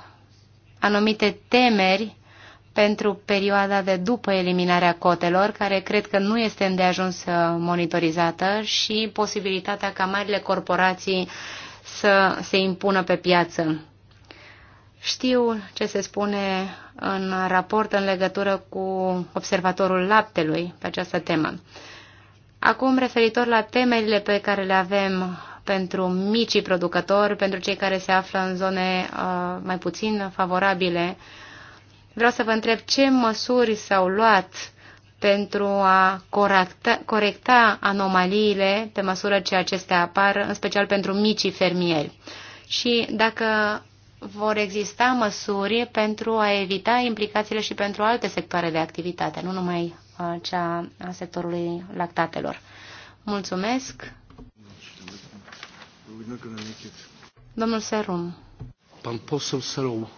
anumite temeri pentru perioada de după eliminarea cotelor, care cred că nu este îndeajuns uh, monitorizată și posibilitatea ca marile corporații să se impună pe piață. Știu ce se spune în raport în legătură cu observatorul laptelui pe această temă. Acum, referitor la temerile pe care le avem pentru micii producători, pentru cei care se află în zone uh, mai puțin favorabile, vreau să vă întreb ce măsuri s-au luat pentru a corecta, corecta anomaliile pe măsură ce acestea apar, în special pentru micii fermieri. Și dacă vor exista măsuri pentru a evita implicațiile și pentru alte sectoare de activitate, nu numai cea a sectorului lactatelor. Mulțumesc! Domnul Serum. Pan poseł Serum.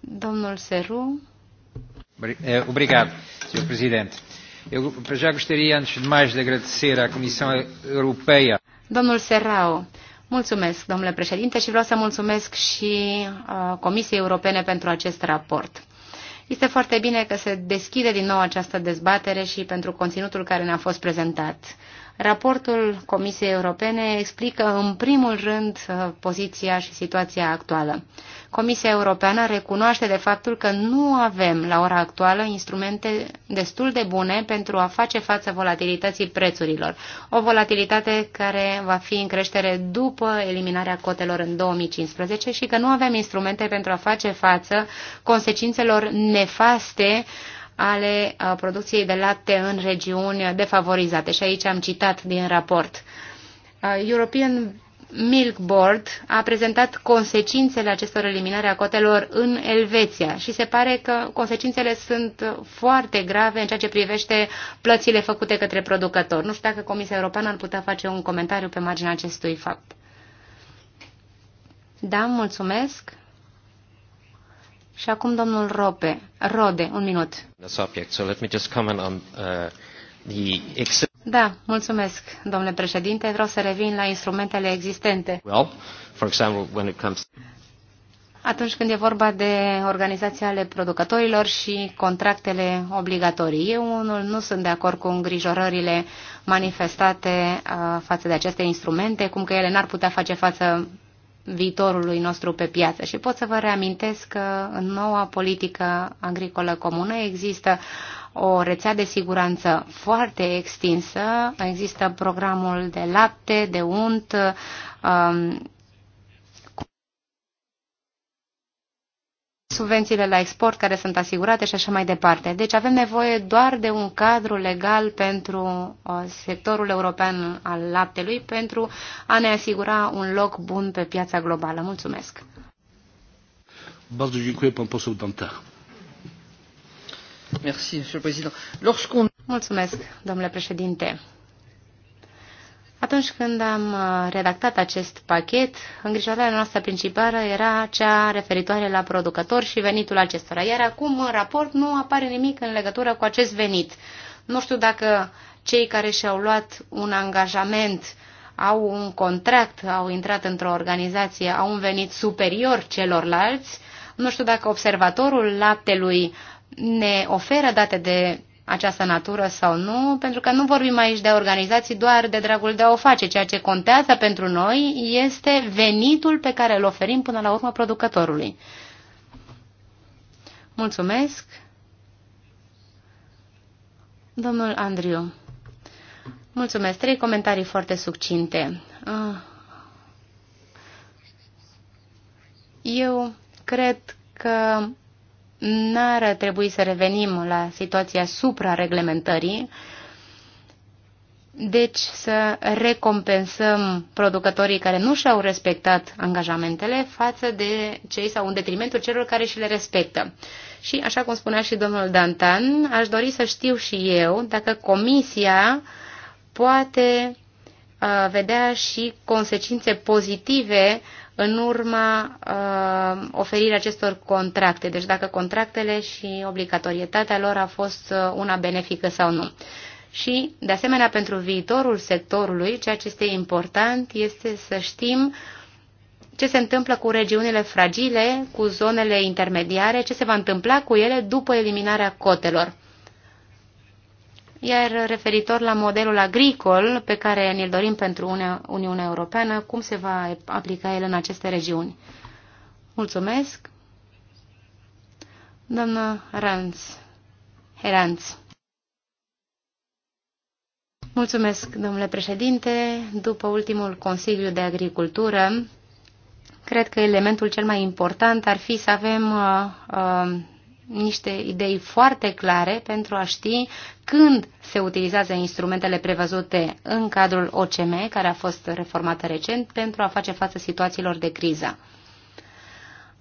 Domnul Serum. Eh, obrigado, Sr. Presidente. Eu já gostaria, antes de mais, de agradecer à Comissão Europeia. Domnul Serrao. Mulțumesc, domnule președinte, și vreau să mulțumesc și uh, Comisiei Europene pentru acest raport. Este foarte bine că se deschide din nou această dezbatere și pentru conținutul care ne-a fost prezentat. Raportul Comisiei Europene explică în primul rând uh, poziția și situația actuală. Comisia Europeană recunoaște de faptul că nu avem la ora actuală instrumente destul de bune pentru a face față volatilității prețurilor, o volatilitate care va fi în creștere după eliminarea cotelor în 2015 și că nu avem instrumente pentru a face față consecințelor nefaste uh, ale uh, producției de lapte în regiuni defavorizate. Și aici am citat din raport. Uh, European Milk Board a prezentat consecințele acestor eliminări a cotelor în Elveția și se pare că consecințele sunt foarte grave în ceea ce privește plățile făcute către producători. Nu știu dacă Comisia Europeană ar putea face un comentariu pe marginea acestui fapt. Da, mulțumesc. Și acum domnul Rope, Rode, un minut. Uh, da, mulțumesc, domnule președinte. Vreau să revin la instrumentele existente. Well, for example, when it comes atunci când e vorba de organizația ale producătorilor și contractele obligatorii. Eu unul nu sunt de acord cu îngrijorările manifestate uh, față de aceste instrumente, cum că ele n-ar putea face față viitorului nostru pe piață. Și pot să vă reamintesc că în noua politică agricolă comună există o rețea de siguranță foarte extinsă, există programul de lapte, de unt, um, subvențiile la export care sunt asigurate și așa mai departe. Deci avem nevoie doar de un cadru legal pentru uh, sectorul european al laptelui pentru a ne asigura un loc bun pe piața globală. Mulțumesc! Mulțumesc, domnule președinte. Atunci când am uh, redactat acest pachet, îngrijorarea noastră principală era cea referitoare la producători și venitul acestora. Iar acum, în raport, nu apare nimic în legătură cu acest venit. Nu știu dacă cei care și-au luat un angajament, au un contract, au intrat într-o organizație, au un venit superior celorlalți. Nu știu dacă observatorul laptelui ne oferă date de această natură sau nu, pentru că nu vorbim aici de organizații doar de dragul de a o face. Ceea ce contează pentru noi este venitul pe care îl oferim până la urmă producătorului. Mulțumesc. Domnul Andriu. Mulțumesc. Trei comentarii foarte succinte. Ah. Eu cred că n-ar trebui să revenim la situația suprareglementării, deci să recompensăm producătorii care nu și-au respectat angajamentele față de cei sau în detrimentul celor care și le respectă. Și așa cum spunea și domnul Dantan, aș dori să știu și eu dacă comisia poate uh, vedea și consecințe pozitive în urma uh, oferirii acestor contracte, deci dacă contractele și obligatorietatea lor a fost uh, una benefică sau nu. Și, de asemenea, pentru viitorul sectorului, ceea ce este important este să știm ce se întâmplă cu regiunile fragile, cu zonele intermediare, ce se va întâmpla cu ele după eliminarea cotelor. Iar referitor la modelul agricol pe care ne-l dorim pentru Uniunea Europeană, cum se va aplica el în aceste regiuni? Mulțumesc. Doamna Ranz. Heranz. Mulțumesc, domnule președinte. După ultimul Consiliu de Agricultură, cred că elementul cel mai important ar fi să avem uh, uh, niște idei foarte clare pentru a ști când se utilizează instrumentele prevăzute în cadrul OCM, care a fost reformată recent, pentru a face față situațiilor de criză.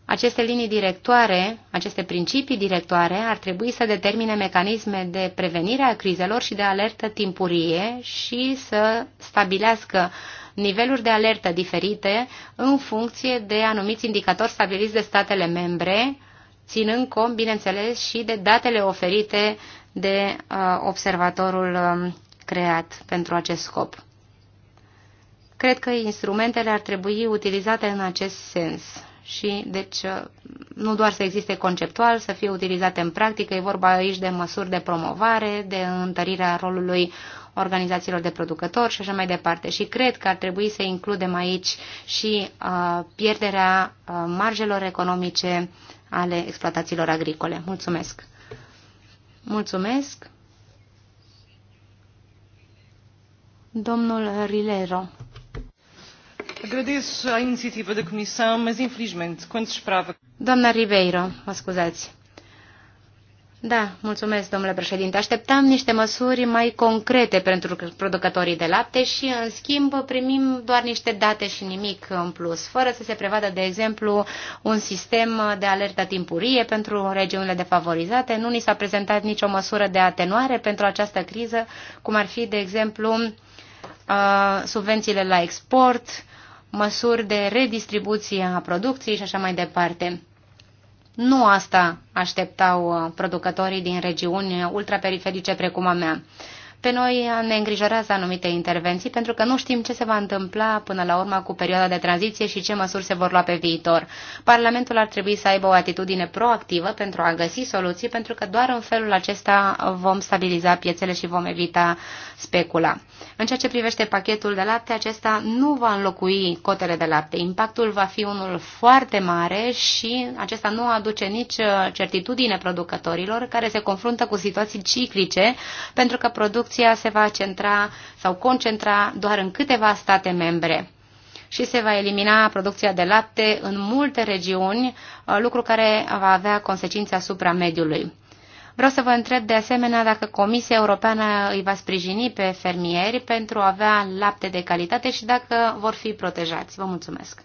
Aceste linii directoare, aceste principii directoare ar trebui să determine mecanisme de prevenire a crizelor și de alertă timpurie și să stabilească niveluri de alertă diferite în funcție de anumiți indicatori stabiliți de statele membre ținând cont, bineînțeles, și de datele oferite de uh, observatorul um, creat pentru acest scop. Cred că instrumentele ar trebui utilizate în acest sens și, deci, uh, nu doar să existe conceptual, să fie utilizate în practică, e vorba aici de măsuri de promovare, de întărirea rolului organizațiilor de producători și așa mai departe. Și cred că ar trebui să includem aici și uh, pierderea uh, marjelor economice ale exploatațiilor agricole. Mulțumesc! Mulțumesc! Domnul Rilero. Agradeço a inițiativă da Comissão, mas infelizmente, quando se esperava... Doamna Ribeiro, mă scuzați. Da, mulțumesc, domnule președinte. Așteptam niște măsuri mai concrete pentru producătorii de lapte și, în schimb, primim doar niște date și nimic în plus, fără să se prevadă, de exemplu, un sistem de alertă timpurie pentru regiunile defavorizate. Nu ni s-a prezentat nicio măsură de atenuare pentru această criză, cum ar fi, de exemplu, uh, subvențiile la export, măsuri de redistribuție a producției și așa mai departe. Nu asta așteptau uh, producătorii din regiuni ultraperiferice precum a mea. Pe noi ne îngrijorează anumite intervenții pentru că nu știm ce se va întâmpla până la urmă cu perioada de tranziție și ce măsuri se vor lua pe viitor. Parlamentul ar trebui să aibă o atitudine proactivă pentru a găsi soluții pentru că doar în felul acesta vom stabiliza piețele și vom evita specula. În ceea ce privește pachetul de lapte, acesta nu va înlocui cotele de lapte. Impactul va fi unul foarte mare și acesta nu aduce nici uh, certitudine producătorilor care se confruntă cu situații ciclice pentru că produc absorpția se va centra sau concentra doar în câteva state membre și se va elimina producția de lapte în multe regiuni, uh, lucru care va avea consecințe asupra mediului. Vreau să vă întreb de asemenea dacă Comisia Europeană îi va sprijini pe fermieri pentru a avea lapte de calitate și dacă vor fi protejați. Vă mulțumesc.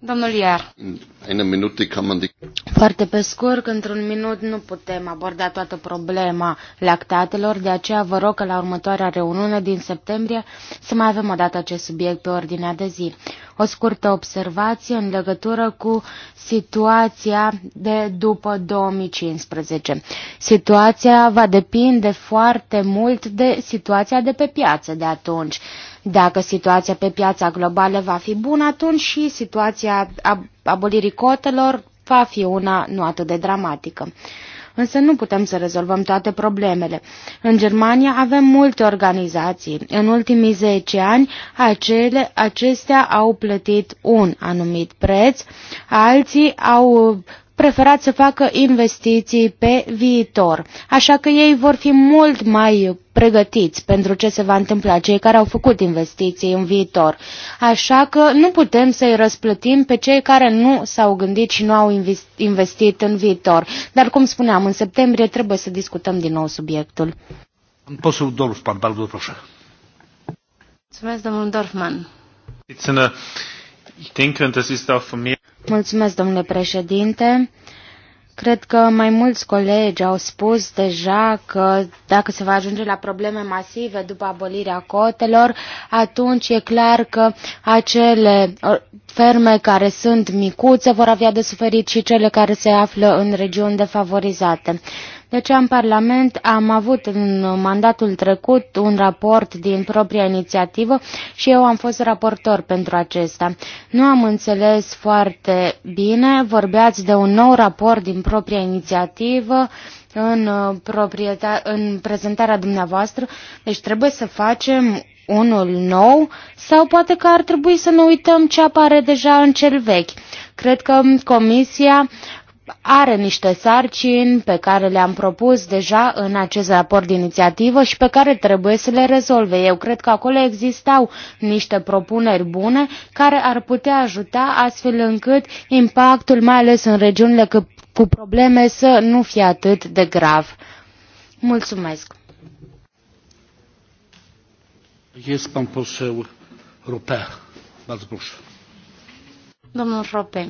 Domnul Iar. Foarte pe scurt, într-un minut nu putem aborda toată problema lactatelor, de aceea vă rog că la următoarea reuniune din septembrie să mai avem o dată acest subiect pe ordinea de zi. O scurtă observație în legătură cu situația de după 2015. Situația va depinde foarte mult de situația de pe piață de atunci dacă situația pe piața globală va fi bună, atunci și situația abolirii cotelor va fi una nu atât de dramatică. Însă nu putem să rezolvăm toate problemele. În Germania avem multe organizații. În ultimii 10 ani, acele, acestea au plătit un anumit preț, alții au preferat să facă investiții pe viitor, așa că ei vor fi mult mai pregătiți pentru ce se va întâmpla, cei care au făcut investiții în viitor. Așa că nu putem să-i răsplătim pe cei care nu s-au gândit și nu au investit în viitor. Dar, cum spuneam, în septembrie trebuie să discutăm din nou subiectul. Posul Dorfman, bardzo proszę. Mulțumesc, domnul Dorfman. Ich denke, und das ist auch von mir Mulțumesc, domnule președinte. Cred că mai mulți colegi au spus deja că dacă se va ajunge la probleme masive după abolirea cotelor, atunci e clar că acele uh, ferme care sunt micuțe vor avea de suferit și cele care se află în regiuni defavorizate. De deci, aceea în Parlament am avut în mandatul trecut un raport din propria inițiativă și eu am fost raportor pentru acesta. Nu am înțeles foarte bine, vorbeați de un nou raport din propria inițiativă în, în prezentarea dumneavoastră, deci trebuie să facem unul nou sau poate că ar trebui să ne uităm ce apare deja în cel vechi. Cred că Comisia are niște sarcini pe care le-am propus deja în acest raport de inițiativă și pe care trebuie să le rezolve. Eu cred că acolo existau niște propuneri bune care ar putea ajuta astfel încât impactul, mai ales în regiunile cu probleme, să nu fie atât de grav. Mulțumesc! Este pan poseu Rope. Bardzo Domnul Rope.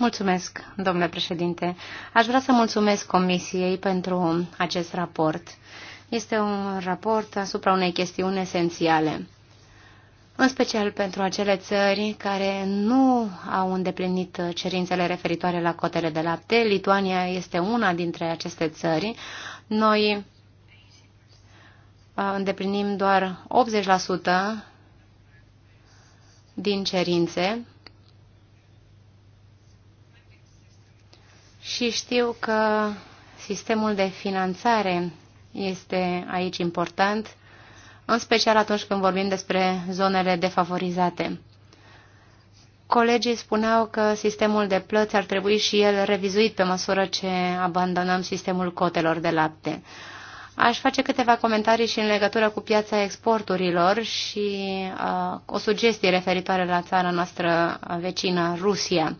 Mulțumesc, domnule președinte. Aș vrea să mulțumesc Comisiei pentru acest raport. Este un raport asupra unei chestiuni esențiale, în special pentru acele țări care nu au îndeplinit cerințele referitoare la cotele de lapte. Lituania este una dintre aceste țări. Noi uh, îndeplinim doar 80% din cerințe și știu că sistemul de finanțare este aici important, în special atunci când vorbim despre zonele defavorizate. Colegii spuneau că sistemul de plăți ar trebui și el revizuit pe măsură ce abandonăm sistemul cotelor de lapte. Aș face câteva comentarii și în legătură cu piața exporturilor și uh, o sugestie referitoare la țara noastră vecină, Rusia.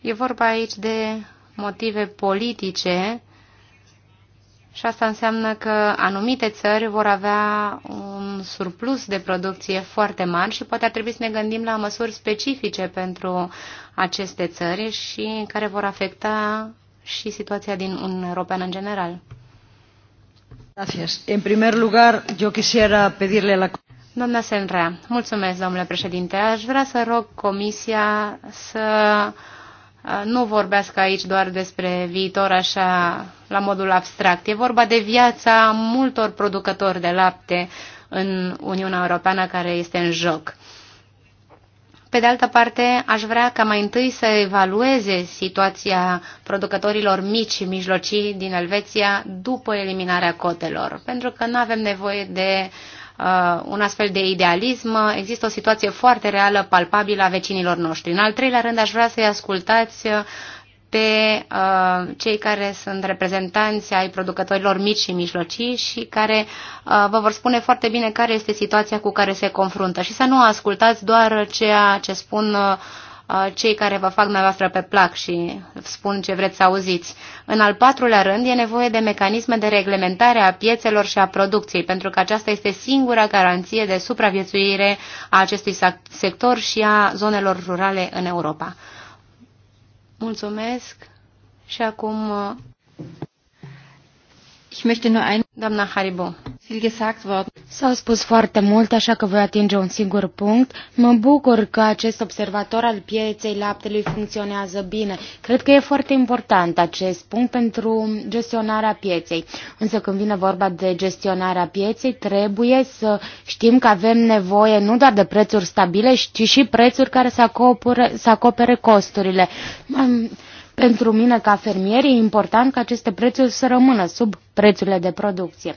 E vorba aici de motive politice și asta înseamnă că anumite țări vor avea un surplus de producție foarte mare și poate ar trebui să ne gândim la măsuri specifice pentru aceste țări și care vor afecta și situația din Uniunea Europeană în general. Gracias. En primer lugar, eu quisiera pedirle la Doamna Senrea, mulțumesc, domnule președinte. Aș vrea să rog Comisia să Uh, nu vorbească aici doar despre viitor așa la modul abstract. E vorba de viața multor producători de lapte în Uniunea Europeană care este în joc. Pe de altă parte, aș vrea ca mai întâi să evalueze situația producătorilor mici și mijlocii din Elveția după eliminarea cotelor, pentru că nu avem nevoie de uh, Uh, un astfel de idealism, există o situație foarte reală, palpabilă a vecinilor noștri. În al treilea rând, aș vrea să-i ascultați uh, pe uh, cei care sunt reprezentanți ai producătorilor mici și mijlocii și care uh, vă vor spune foarte bine care este situația cu care se confruntă și să nu ascultați doar ceea ce spun uh, Uh, cei care vă fac dumneavoastră pe plac și spun ce vreți să auziți. În al patrulea rând, e nevoie de mecanisme de reglementare a piețelor și a producției, pentru că aceasta este singura garanție de supraviețuire a acestui sector și a zonelor rurale în Europa. Mulțumesc și acum... Uh, ich möchte nur ein... Doamna Haribo. S-au spus foarte mult, așa că voi atinge un singur punct. Mă bucur că acest observator al pieței laptelui funcționează bine. Cred că e foarte important acest punct pentru gestionarea pieței. Însă când vine vorba de gestionarea pieței, trebuie să știm că avem nevoie nu doar de prețuri stabile, ci și prețuri care să acopere, să acopere costurile. Pentru mine, ca fermier, e important ca aceste prețuri să rămână sub prețurile de producție.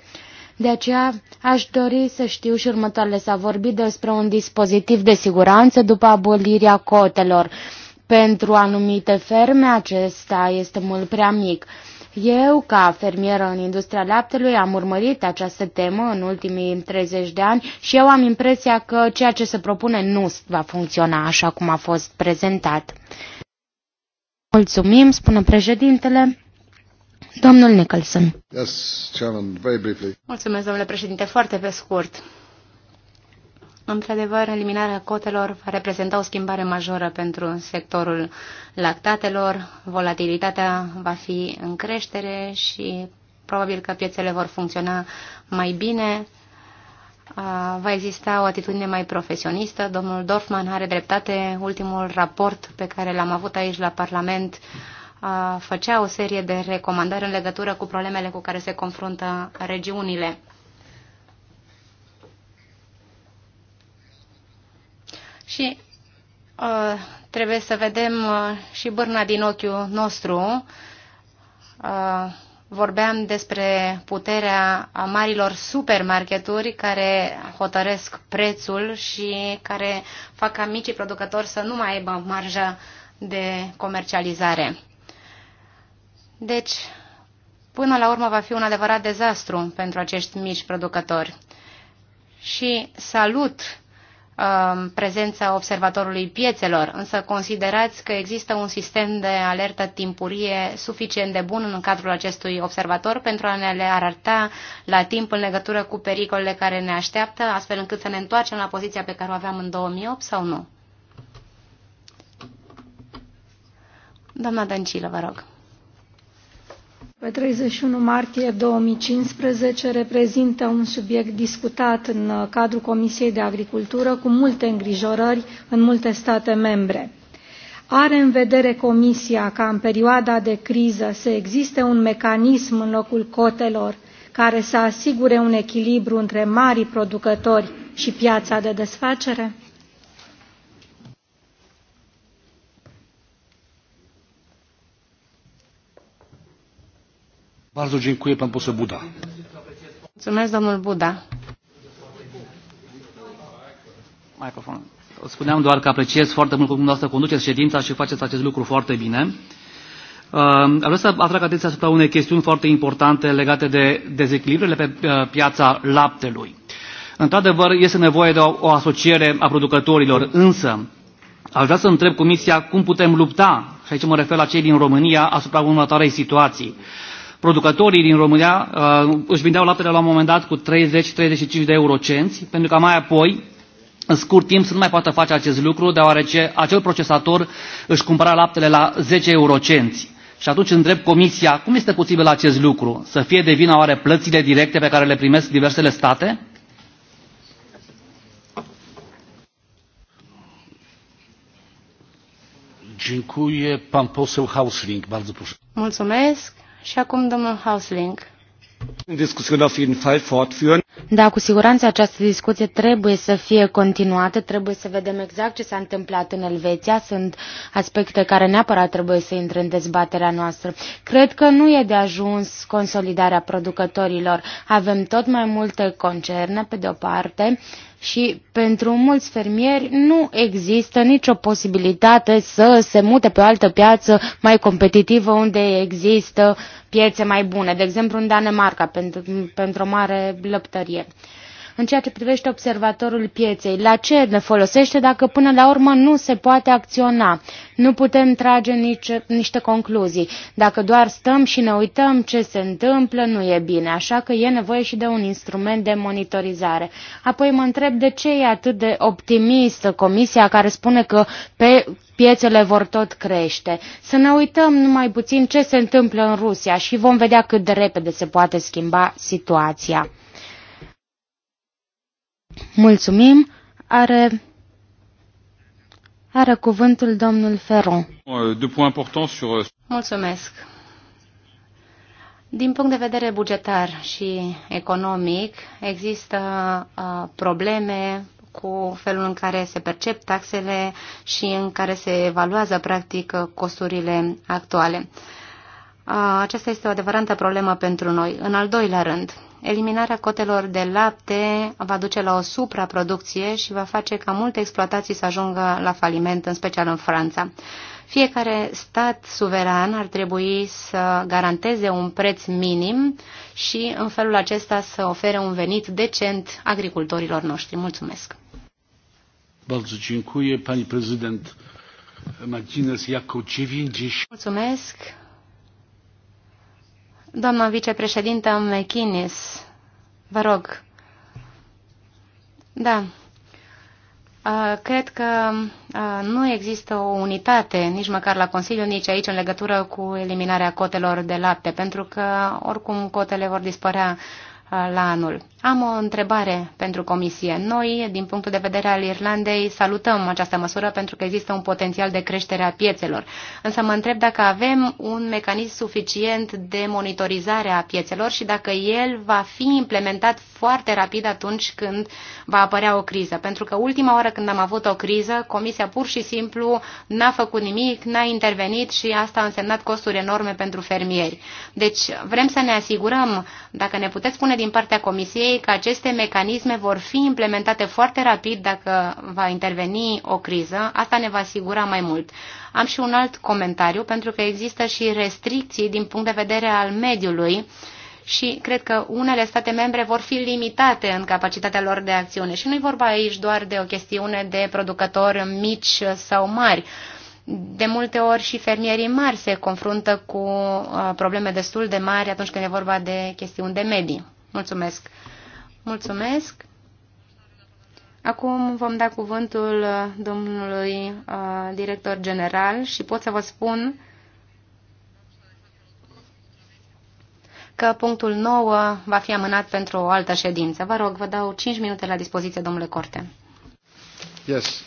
De aceea aș dori să știu și următoarele. S-a vorbit despre un dispozitiv de siguranță după abolirea cotelor. Pentru anumite ferme acesta este mult prea mic. Eu, ca fermieră în industria laptelui, am urmărit această temă în ultimii 30 de ani și eu am impresia că ceea ce se propune nu va funcționa așa cum a fost prezentat. Mulțumim, spune președintele. Domnul Nicholson. Yes, Chairman, very briefly. Mulțumesc, domnule președinte, foarte pe scurt. Într-adevăr, eliminarea cotelor va reprezenta o schimbare majoră pentru sectorul lactatelor, volatilitatea va fi în creștere și probabil că piețele vor funcționa mai bine, va exista o atitudine mai profesionistă. Domnul Dorfman are dreptate, ultimul raport pe care l-am avut aici la Parlament făcea o serie de recomandări în legătură cu problemele cu care se confruntă regiunile. Și uh, trebuie să vedem uh, și bârna din ochiul nostru. Uh, vorbeam despre puterea a marilor supermarketuri care hotăresc prețul și care fac ca micii producători să nu mai aibă marja de comercializare. Deci, până la urmă va fi un adevărat dezastru pentru acești mici producători. Și salut uh, prezența observatorului piețelor, însă considerați că există un sistem de alertă timpurie suficient de bun în cadrul acestui observator pentru a ne le arăta la timp în legătură cu pericolele care ne așteaptă, astfel încât să ne întoarcem la poziția pe care o aveam în 2008 sau nu? Doamna Dăncilă, vă rog pe 31 martie 2015 reprezintă un subiect discutat în uh, cadrul Comisiei de Agricultură cu multe îngrijorări în multe state membre. Are în vedere Comisia ca în perioada de criză să existe un mecanism în locul cotelor care să asigure un echilibru între marii producători și piața de desfacere? Buda. Mulțumesc, domnul Buda. Microfon. Spuneam doar că apreciez foarte mult cum dumneavoastră conduceți ședința și faceți acest lucru foarte bine. Uh, vreau să atrag atenția asupra unei chestiuni foarte importante legate de dezechilibrele pe uh, piața laptelui. Într-adevăr, este nevoie de o, o asociere a producătorilor, însă aș vrea să întreb Comisia cum putem lupta, și aici mă refer la cei din România, asupra următoarei situații producătorii din România uh, își vindeau laptele la un moment dat cu 30-35 de eurocenți, pentru că mai apoi în scurt timp să nu mai poată face acest lucru, deoarece acel procesator își cumpăra laptele la 10 eurocenți. Și atunci întreb Comisia, cum este posibil acest lucru? Să fie de vină oare plățile directe pe care le primesc diversele state? Hausling, Mulțumesc. Și acum domnul Hausling. Da, cu siguranță această discuție trebuie să fie continuată, trebuie să vedem exact ce s-a întâmplat în Elveția. Sunt aspecte care neapărat trebuie să intre în dezbaterea noastră. Cred că nu e de ajuns consolidarea producătorilor. Avem tot mai multe concerne, pe de o parte, uh, și pentru mulți fermieri nu există nicio posibilitate să se mute pe o altă piață mai competitivă unde există piețe mai bune, de exemplu în Danemarca pentru, pentru o mare lăptărie. Uh, în ceea ce privește observatorul pieței. La ce ne folosește dacă până la urmă nu se poate acționa? Nu putem trage nici, niște concluzii. Dacă doar stăm și ne uităm ce se întâmplă, nu e bine, așa că e nevoie și de un instrument de monitorizare. Apoi mă întreb de ce e atât de optimistă comisia care spune că pe piețele vor tot crește. Să ne uităm numai puțin ce se întâmplă în Rusia și vom vedea cât de repede se poate schimba situația. Mulțumim. Are, are cuvântul domnul Ferron. Euh, Mulțumesc. Din punct de vedere bugetar și economic, există uh, probleme cu felul în care se percep taxele și în care se evaluează, practic, costurile actuale. Uh, aceasta este o adevărată problemă pentru noi. În al doilea rând, eliminarea cotelor de lapte va duce la o supraproducție și va face ca multe exploatații să ajungă la faliment, în special în Franța. Fiecare stat suveran ar trebui să garanteze un preț minim și în felul acesta să ofere un venit decent agricultorilor noștri. Mulțumesc! Bardzo pani prezydent McGuinness, 90... Mulțumesc! Doamna vicepreședintă McInnes, vă rog. Da. Uh, cred că uh, nu există o unitate, nici măcar la Consiliu, nici aici, în legătură cu eliminarea cotelor de lapte, pentru că, oricum, cotele vor dispărea uh, la anul. Am o întrebare pentru Comisie. Noi, din punctul de vedere al Irlandei, salutăm această măsură pentru că există un potențial de creștere a piețelor. Însă mă întreb dacă avem un mecanism suficient de monitorizare a piețelor și dacă el va fi implementat foarte rapid atunci când va apărea o criză. Pentru că ultima oară când am avut o criză, Comisia pur și simplu n-a făcut nimic, n-a intervenit și asta a însemnat costuri enorme pentru fermieri. Deci vrem să ne asigurăm, dacă ne puteți spune din partea Comisiei, Comisiei că aceste mecanisme vor fi implementate foarte rapid dacă va interveni o criză. Asta ne va asigura mai mult. Am și un alt comentariu, pentru că există și restricții din punct de vedere al mediului și cred că unele state membre vor fi limitate în capacitatea lor de acțiune. Și nu-i vorba aici doar de o chestiune de producători mici sau mari. De multe ori și fermierii mari se confruntă cu uh, probleme destul de mari atunci când e vorba de chestiuni de medii. Mulțumesc. Mulțumesc. Acum vom da cuvântul uh, domnului uh, director general și pot să vă spun că punctul 9 va fi amânat pentru o altă ședință. Vă rog, vă dau 5 minute la dispoziție, domnule Corte. Yes.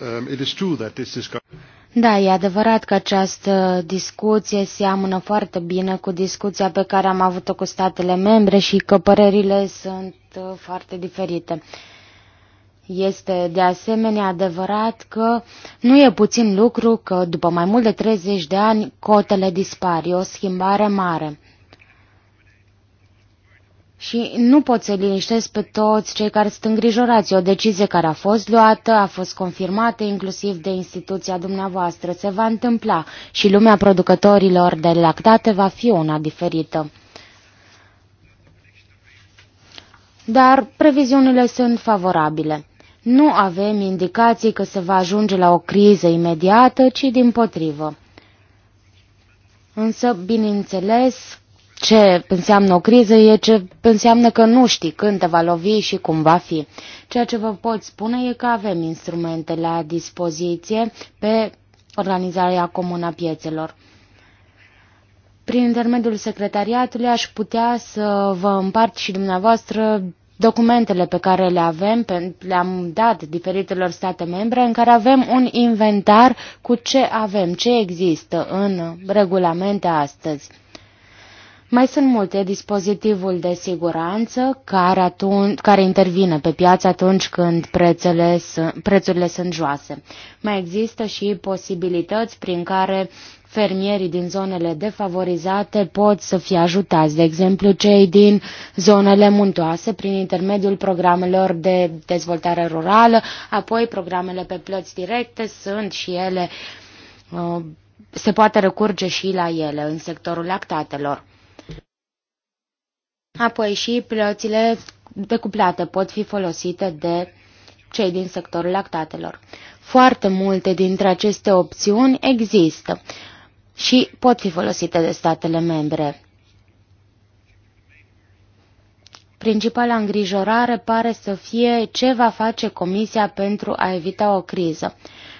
Um, it is true that this is... Da, e adevărat că această discuție seamănă foarte bine cu discuția pe care am avut-o cu statele membre și că părerile sunt uh, foarte diferite. Este de asemenea adevărat că nu e puțin lucru că după mai mult de 30 de ani cotele dispar, e o schimbare mare. Și nu pot să liniștesc pe toți cei care sunt îngrijorați. E o decizie care a fost luată, a fost confirmată inclusiv de instituția dumneavoastră. Se va întâmpla și lumea producătorilor de lactate va fi una diferită. Dar previziunile sunt favorabile. Nu avem indicații că se va ajunge la o criză imediată, ci din potrivă. Însă, bineînțeles ce înseamnă o criză e ce înseamnă că nu știi când te va lovi și cum va fi. Ceea ce vă pot spune e că avem instrumente la dispoziție pe organizarea comună a piețelor. Prin intermediul secretariatului aș putea să vă împart și dumneavoastră documentele pe care le avem, le-am dat diferitelor state membre, în care avem un inventar cu ce avem, ce există în regulamente astăzi. Mai sunt multe, dispozitivul de siguranță care, atunci, care intervine pe piață atunci când prețele, prețurile sunt joase. Mai există și posibilități prin care fermierii din zonele defavorizate pot să fie ajutați, de exemplu cei din zonele muntoase prin intermediul programelor de dezvoltare rurală, apoi programele pe plăți directe sunt și ele, uh, se poate recurge și la ele în sectorul lactatelor. Apoi și plățile decuplate pot fi folosite de cei din sectorul lactatelor. Foarte multe dintre aceste opțiuni există și pot fi folosite de statele membre. Principala îngrijorare pare să fie ce va face Comisia pentru a evita o criză.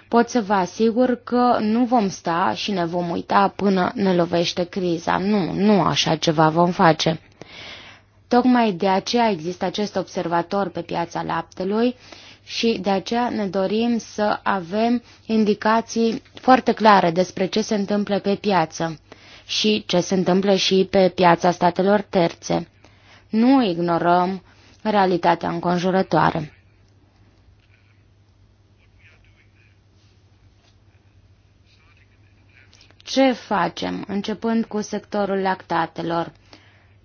Pot să vă asigur că nu vom sta și ne vom uita până ne lovește criza. Nu, nu așa ceva vom face. Tocmai de aceea există acest observator pe piața laptelui și de aceea ne dorim să avem indicații foarte clare despre ce se întâmplă pe piață și ce se întâmplă și pe piața statelor terțe. Nu ignorăm realitatea înconjurătoare. Ce facem, începând cu sectorul lactatelor?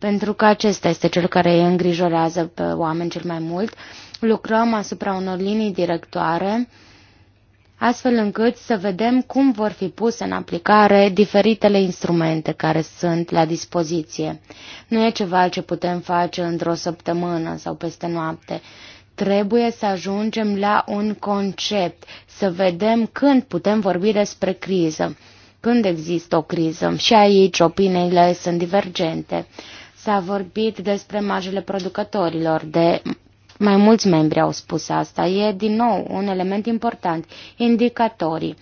pentru că acesta este cel care îi îngrijorează pe oameni cel mai mult. Lucrăm asupra unor linii directoare, astfel încât să vedem cum vor fi puse în aplicare diferitele instrumente care sunt la dispoziție. Nu e ceva ce putem face într-o săptămână sau peste noapte. Trebuie să ajungem la un concept, să vedem când putem vorbi despre criză, când există o criză. Și aici opiniile sunt divergente. S-a vorbit despre marjele producătorilor, de mai mulți membri au spus asta. E din nou un element important, indicatorii.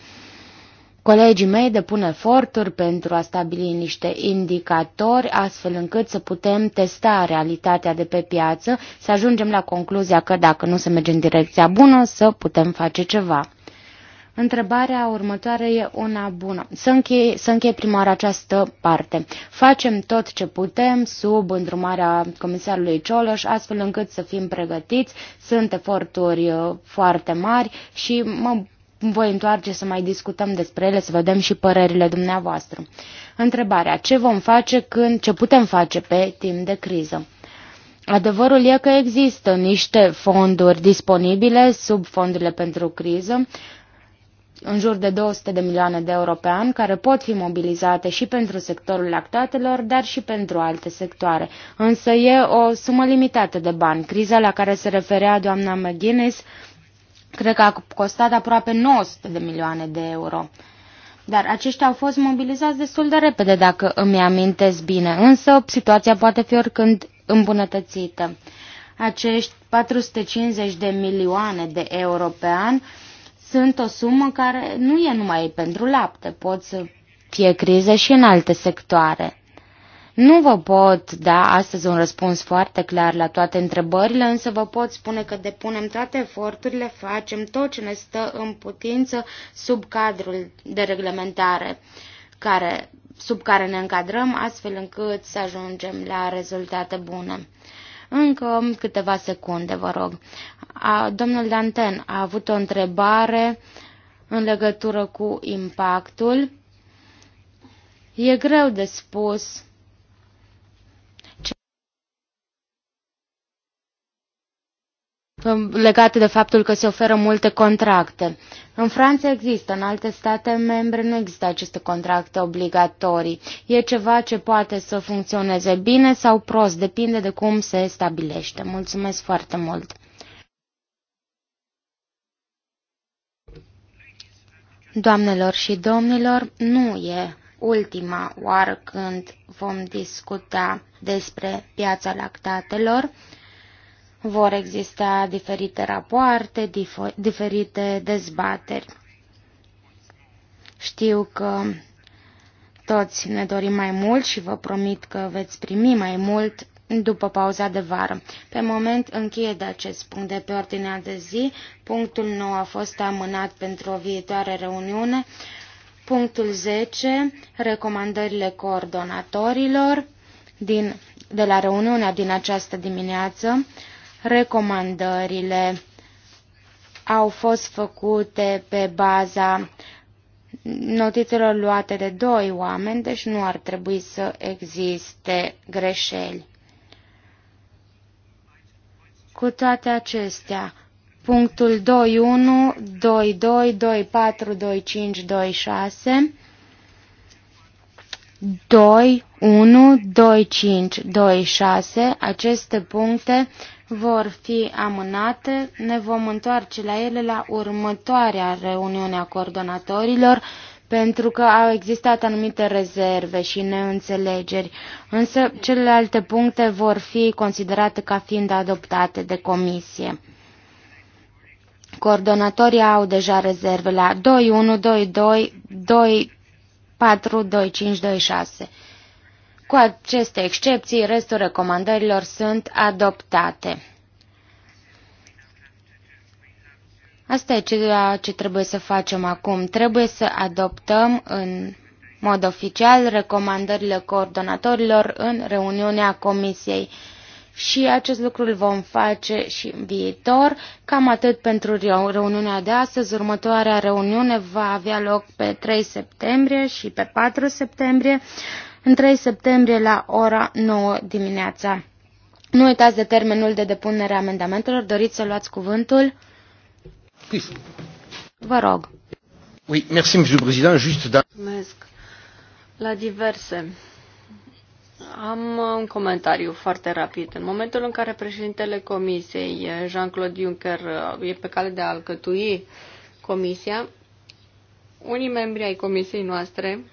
Colegii mei depun eforturi pentru a stabili niște indicatori astfel încât să putem testa realitatea de pe piață, să ajungem la concluzia că dacă nu se merge în direcția bună, să putem face ceva. Întrebarea următoare e una bună. Să încheie, să încheie prima oară această parte. Facem tot ce putem sub îndrumarea comisarului Cioloș, astfel încât să fim pregătiți. Sunt eforturi uh, foarte mari și mă voi întoarce să mai discutăm despre ele, să vedem și părerile dumneavoastră. Întrebarea, ce vom face când, ce putem face pe timp de criză? Adevărul e că există niște fonduri disponibile sub fondurile pentru criză, în jur de 200 de milioane de euro pe an, care pot fi mobilizate și pentru sectorul lactatelor, dar și pentru alte sectoare. Însă e o sumă limitată de bani. Criza la care se referea doamna McGuinness cred că a costat aproape 900 de milioane de euro. Dar aceștia au fost mobilizați destul de repede, dacă îmi amintesc bine, însă situația poate fi oricând îmbunătățită. Acești 450 de milioane de euro pe an sunt o sumă care nu e numai pentru lapte, pot să fie crize și în alte sectoare. Nu vă pot da astăzi un răspuns foarte clar la toate întrebările, însă vă pot spune că depunem toate eforturile, facem tot ce ne stă în putință sub cadrul de reglementare care, sub care ne încadrăm, astfel încât să ajungem la rezultate bune. Încă câteva secunde, vă rog. A, domnul Danten a avut o întrebare în legătură cu impactul. E greu de spus legate de faptul că se oferă multe contracte. În Franța există, în alte state membre nu există aceste contracte obligatorii. E ceva ce poate să funcționeze bine sau prost, depinde de cum se stabilește. Mulțumesc foarte mult! Doamnelor și domnilor, nu e ultima oară când vom discuta despre piața lactatelor. Vor exista diferite rapoarte, diferite dezbateri. Știu că toți ne dorim mai mult și vă promit că veți primi mai mult după pauza de vară. Pe moment încheie de acest punct de pe ordinea de zi. Punctul 9 a fost amânat pentru o viitoare reuniune. Punctul 10, recomandările coordonatorilor din, de la reuniunea din această dimineață. Recomandările au fost făcute pe baza notițelor luate de doi oameni, deci nu ar trebui să existe greșeli. Cu toate acestea, punctul 21, 22, 24, 25, 26 2, 1, 2, 5, 2, 6, aceste puncte vor fi amânate. Ne vom întoarce la ele la următoarea reuniune a coordonatorilor pentru că au existat anumite rezerve și neînțelegeri, însă celelalte puncte vor fi considerate ca fiind adoptate de comisie. Coordonatorii au deja rezerve la 2, 1, 2, 2, 2, 42526. Cu aceste excepții, restul recomandărilor sunt adoptate. Asta e ceea ce trebuie să facem acum. Trebuie să adoptăm în mod oficial recomandările coordonatorilor în reuniunea comisiei și acest lucru îl vom face și în viitor. Cam atât pentru reuniunea de astăzi. Următoarea reuniune va avea loc pe 3 septembrie și pe 4 septembrie, în 3 septembrie la ora 9 dimineața. Nu uitați de termenul de depunere a amendamentelor. Doriți să luați cuvântul? Please. Vă rog. Oui, merci, Monsieur le Président. Juste dans... Mulțumesc. La diverse. Am uh, un comentariu foarte rapid. În momentul în care președintele Comisiei, uh, Jean-Claude Juncker, uh, e pe cale de a alcătui Comisia, unii membri ai Comisiei noastre,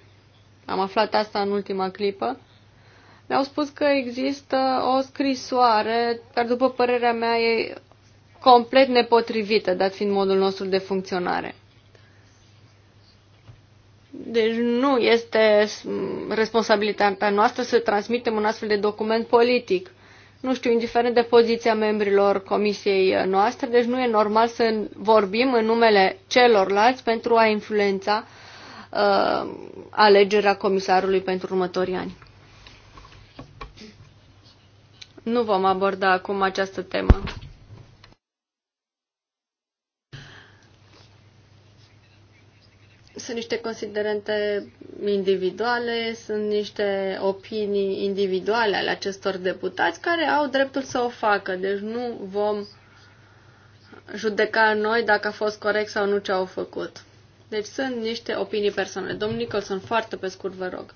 am aflat asta în ultima clipă, ne au spus că există o scrisoare dar după părerea mea, e complet nepotrivită, dat fiind modul nostru de funcționare. Deci nu este responsabilitatea noastră să transmitem un astfel de document politic. Nu știu, indiferent de poziția membrilor comisiei noastre, deci nu e normal să vorbim în numele celorlalți pentru a influența uh, alegerea comisarului pentru următorii ani. Nu vom aborda acum această temă. sunt niște considerente individuale, sunt niște opinii individuale ale acestor deputați care au dreptul să o facă. Deci nu vom judeca noi dacă a fost corect sau nu ce au făcut. Deci sunt niște opinii personale. Domnul Nicholson, foarte pe scurt vă rog.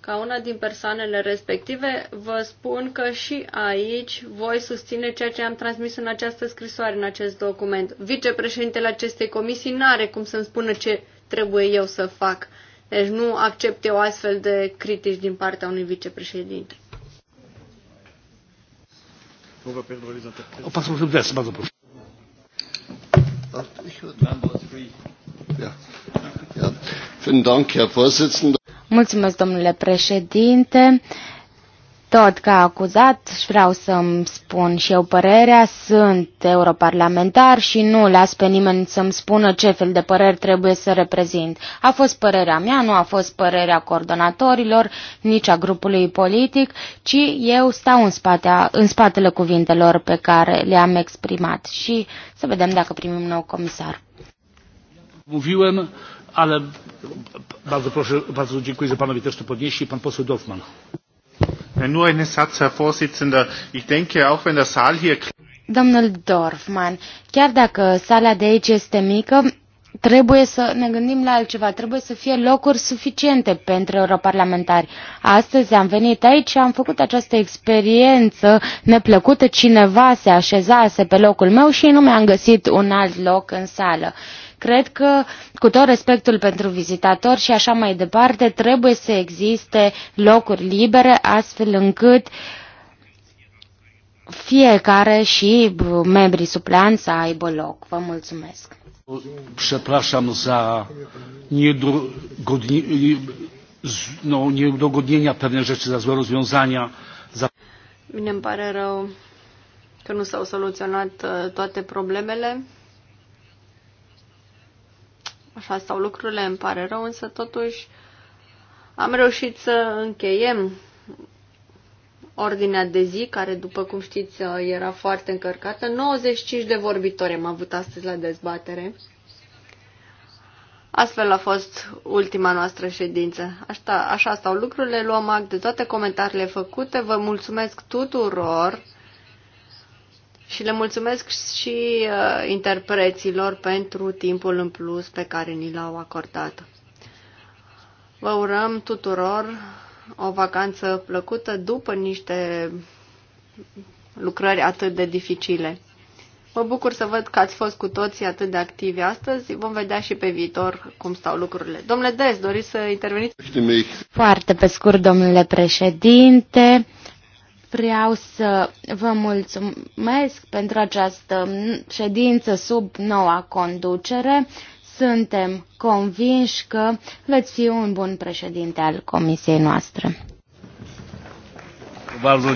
Ca una din persoanele respective, vă spun că și aici voi susține ceea ce am transmis în această scrisoare, în acest document. Vicepreședintele acestei comisii nu are cum să-mi spună ce trebuie eu să fac. Deci nu accept eu astfel de critici din partea unui vicepreședinte. O Mulțumesc, domnule președinte. Tot ca acuzat, vreau să-mi spun și eu părerea, sunt europarlamentar și nu las pe nimeni să-mi spună ce fel de păreri trebuie să reprezint. A fost părerea mea, nu a fost părerea coordonatorilor, nici a grupului politic, ci eu stau în, spate, în spatele cuvintelor pe care le-am exprimat și să vedem dacă primim nou comisar. Mówiłem, ale bardzo proszę, bardzo dziękuję, że panowie też to podnieśli. Pan poseł Dorfman. Äh, nur Satz, Herr Vorsitzender. Ich denke, auch wenn der Saal hier... Domnul Dorfman, chiar dacă sala de aici este mică, trebuie să ne gândim la altceva, trebuie să fie locuri suficiente pentru europarlamentari. Astăzi am venit aici și am făcut această experiență neplăcută, cineva se așezase pe locul meu și nu mi-am găsit un alt loc în sală. Cred că, cu tot respectul pentru vizitatori și așa mai departe, trebuie să existe locuri libere, astfel încât fiecare și membrii suplean să aibă loc. Vă mulțumesc. Przepraszam za pewne rzeczy, za złe rozwiązania. Mine îmi pare rău că nu s-au soluționat toate problemele. Așa stau lucrurile, îmi pare rău, însă totuși am reușit să încheiem ordinea de zi, care, după cum știți, era foarte încărcată. 95 de vorbitori am avut astăzi la dezbatere. Astfel a fost ultima noastră ședință. Așa, așa stau lucrurile, luăm act de toate comentariile făcute. Vă mulțumesc tuturor și le mulțumesc și uh, interpreților pentru timpul în plus pe care ni l-au acordat. Vă urăm tuturor o vacanță plăcută după niște lucrări atât de dificile. Mă bucur să văd că ați fost cu toții atât de activi astăzi. Vom vedea și pe viitor cum stau lucrurile. Domnule Dez, doriți să interveniți? Foarte pe scurt, domnule președinte. Vreau să vă mulțumesc pentru această ședință sub noua conducere. Suntem convinși că veți fi un bun președinte al comisiei noastre. Bardzo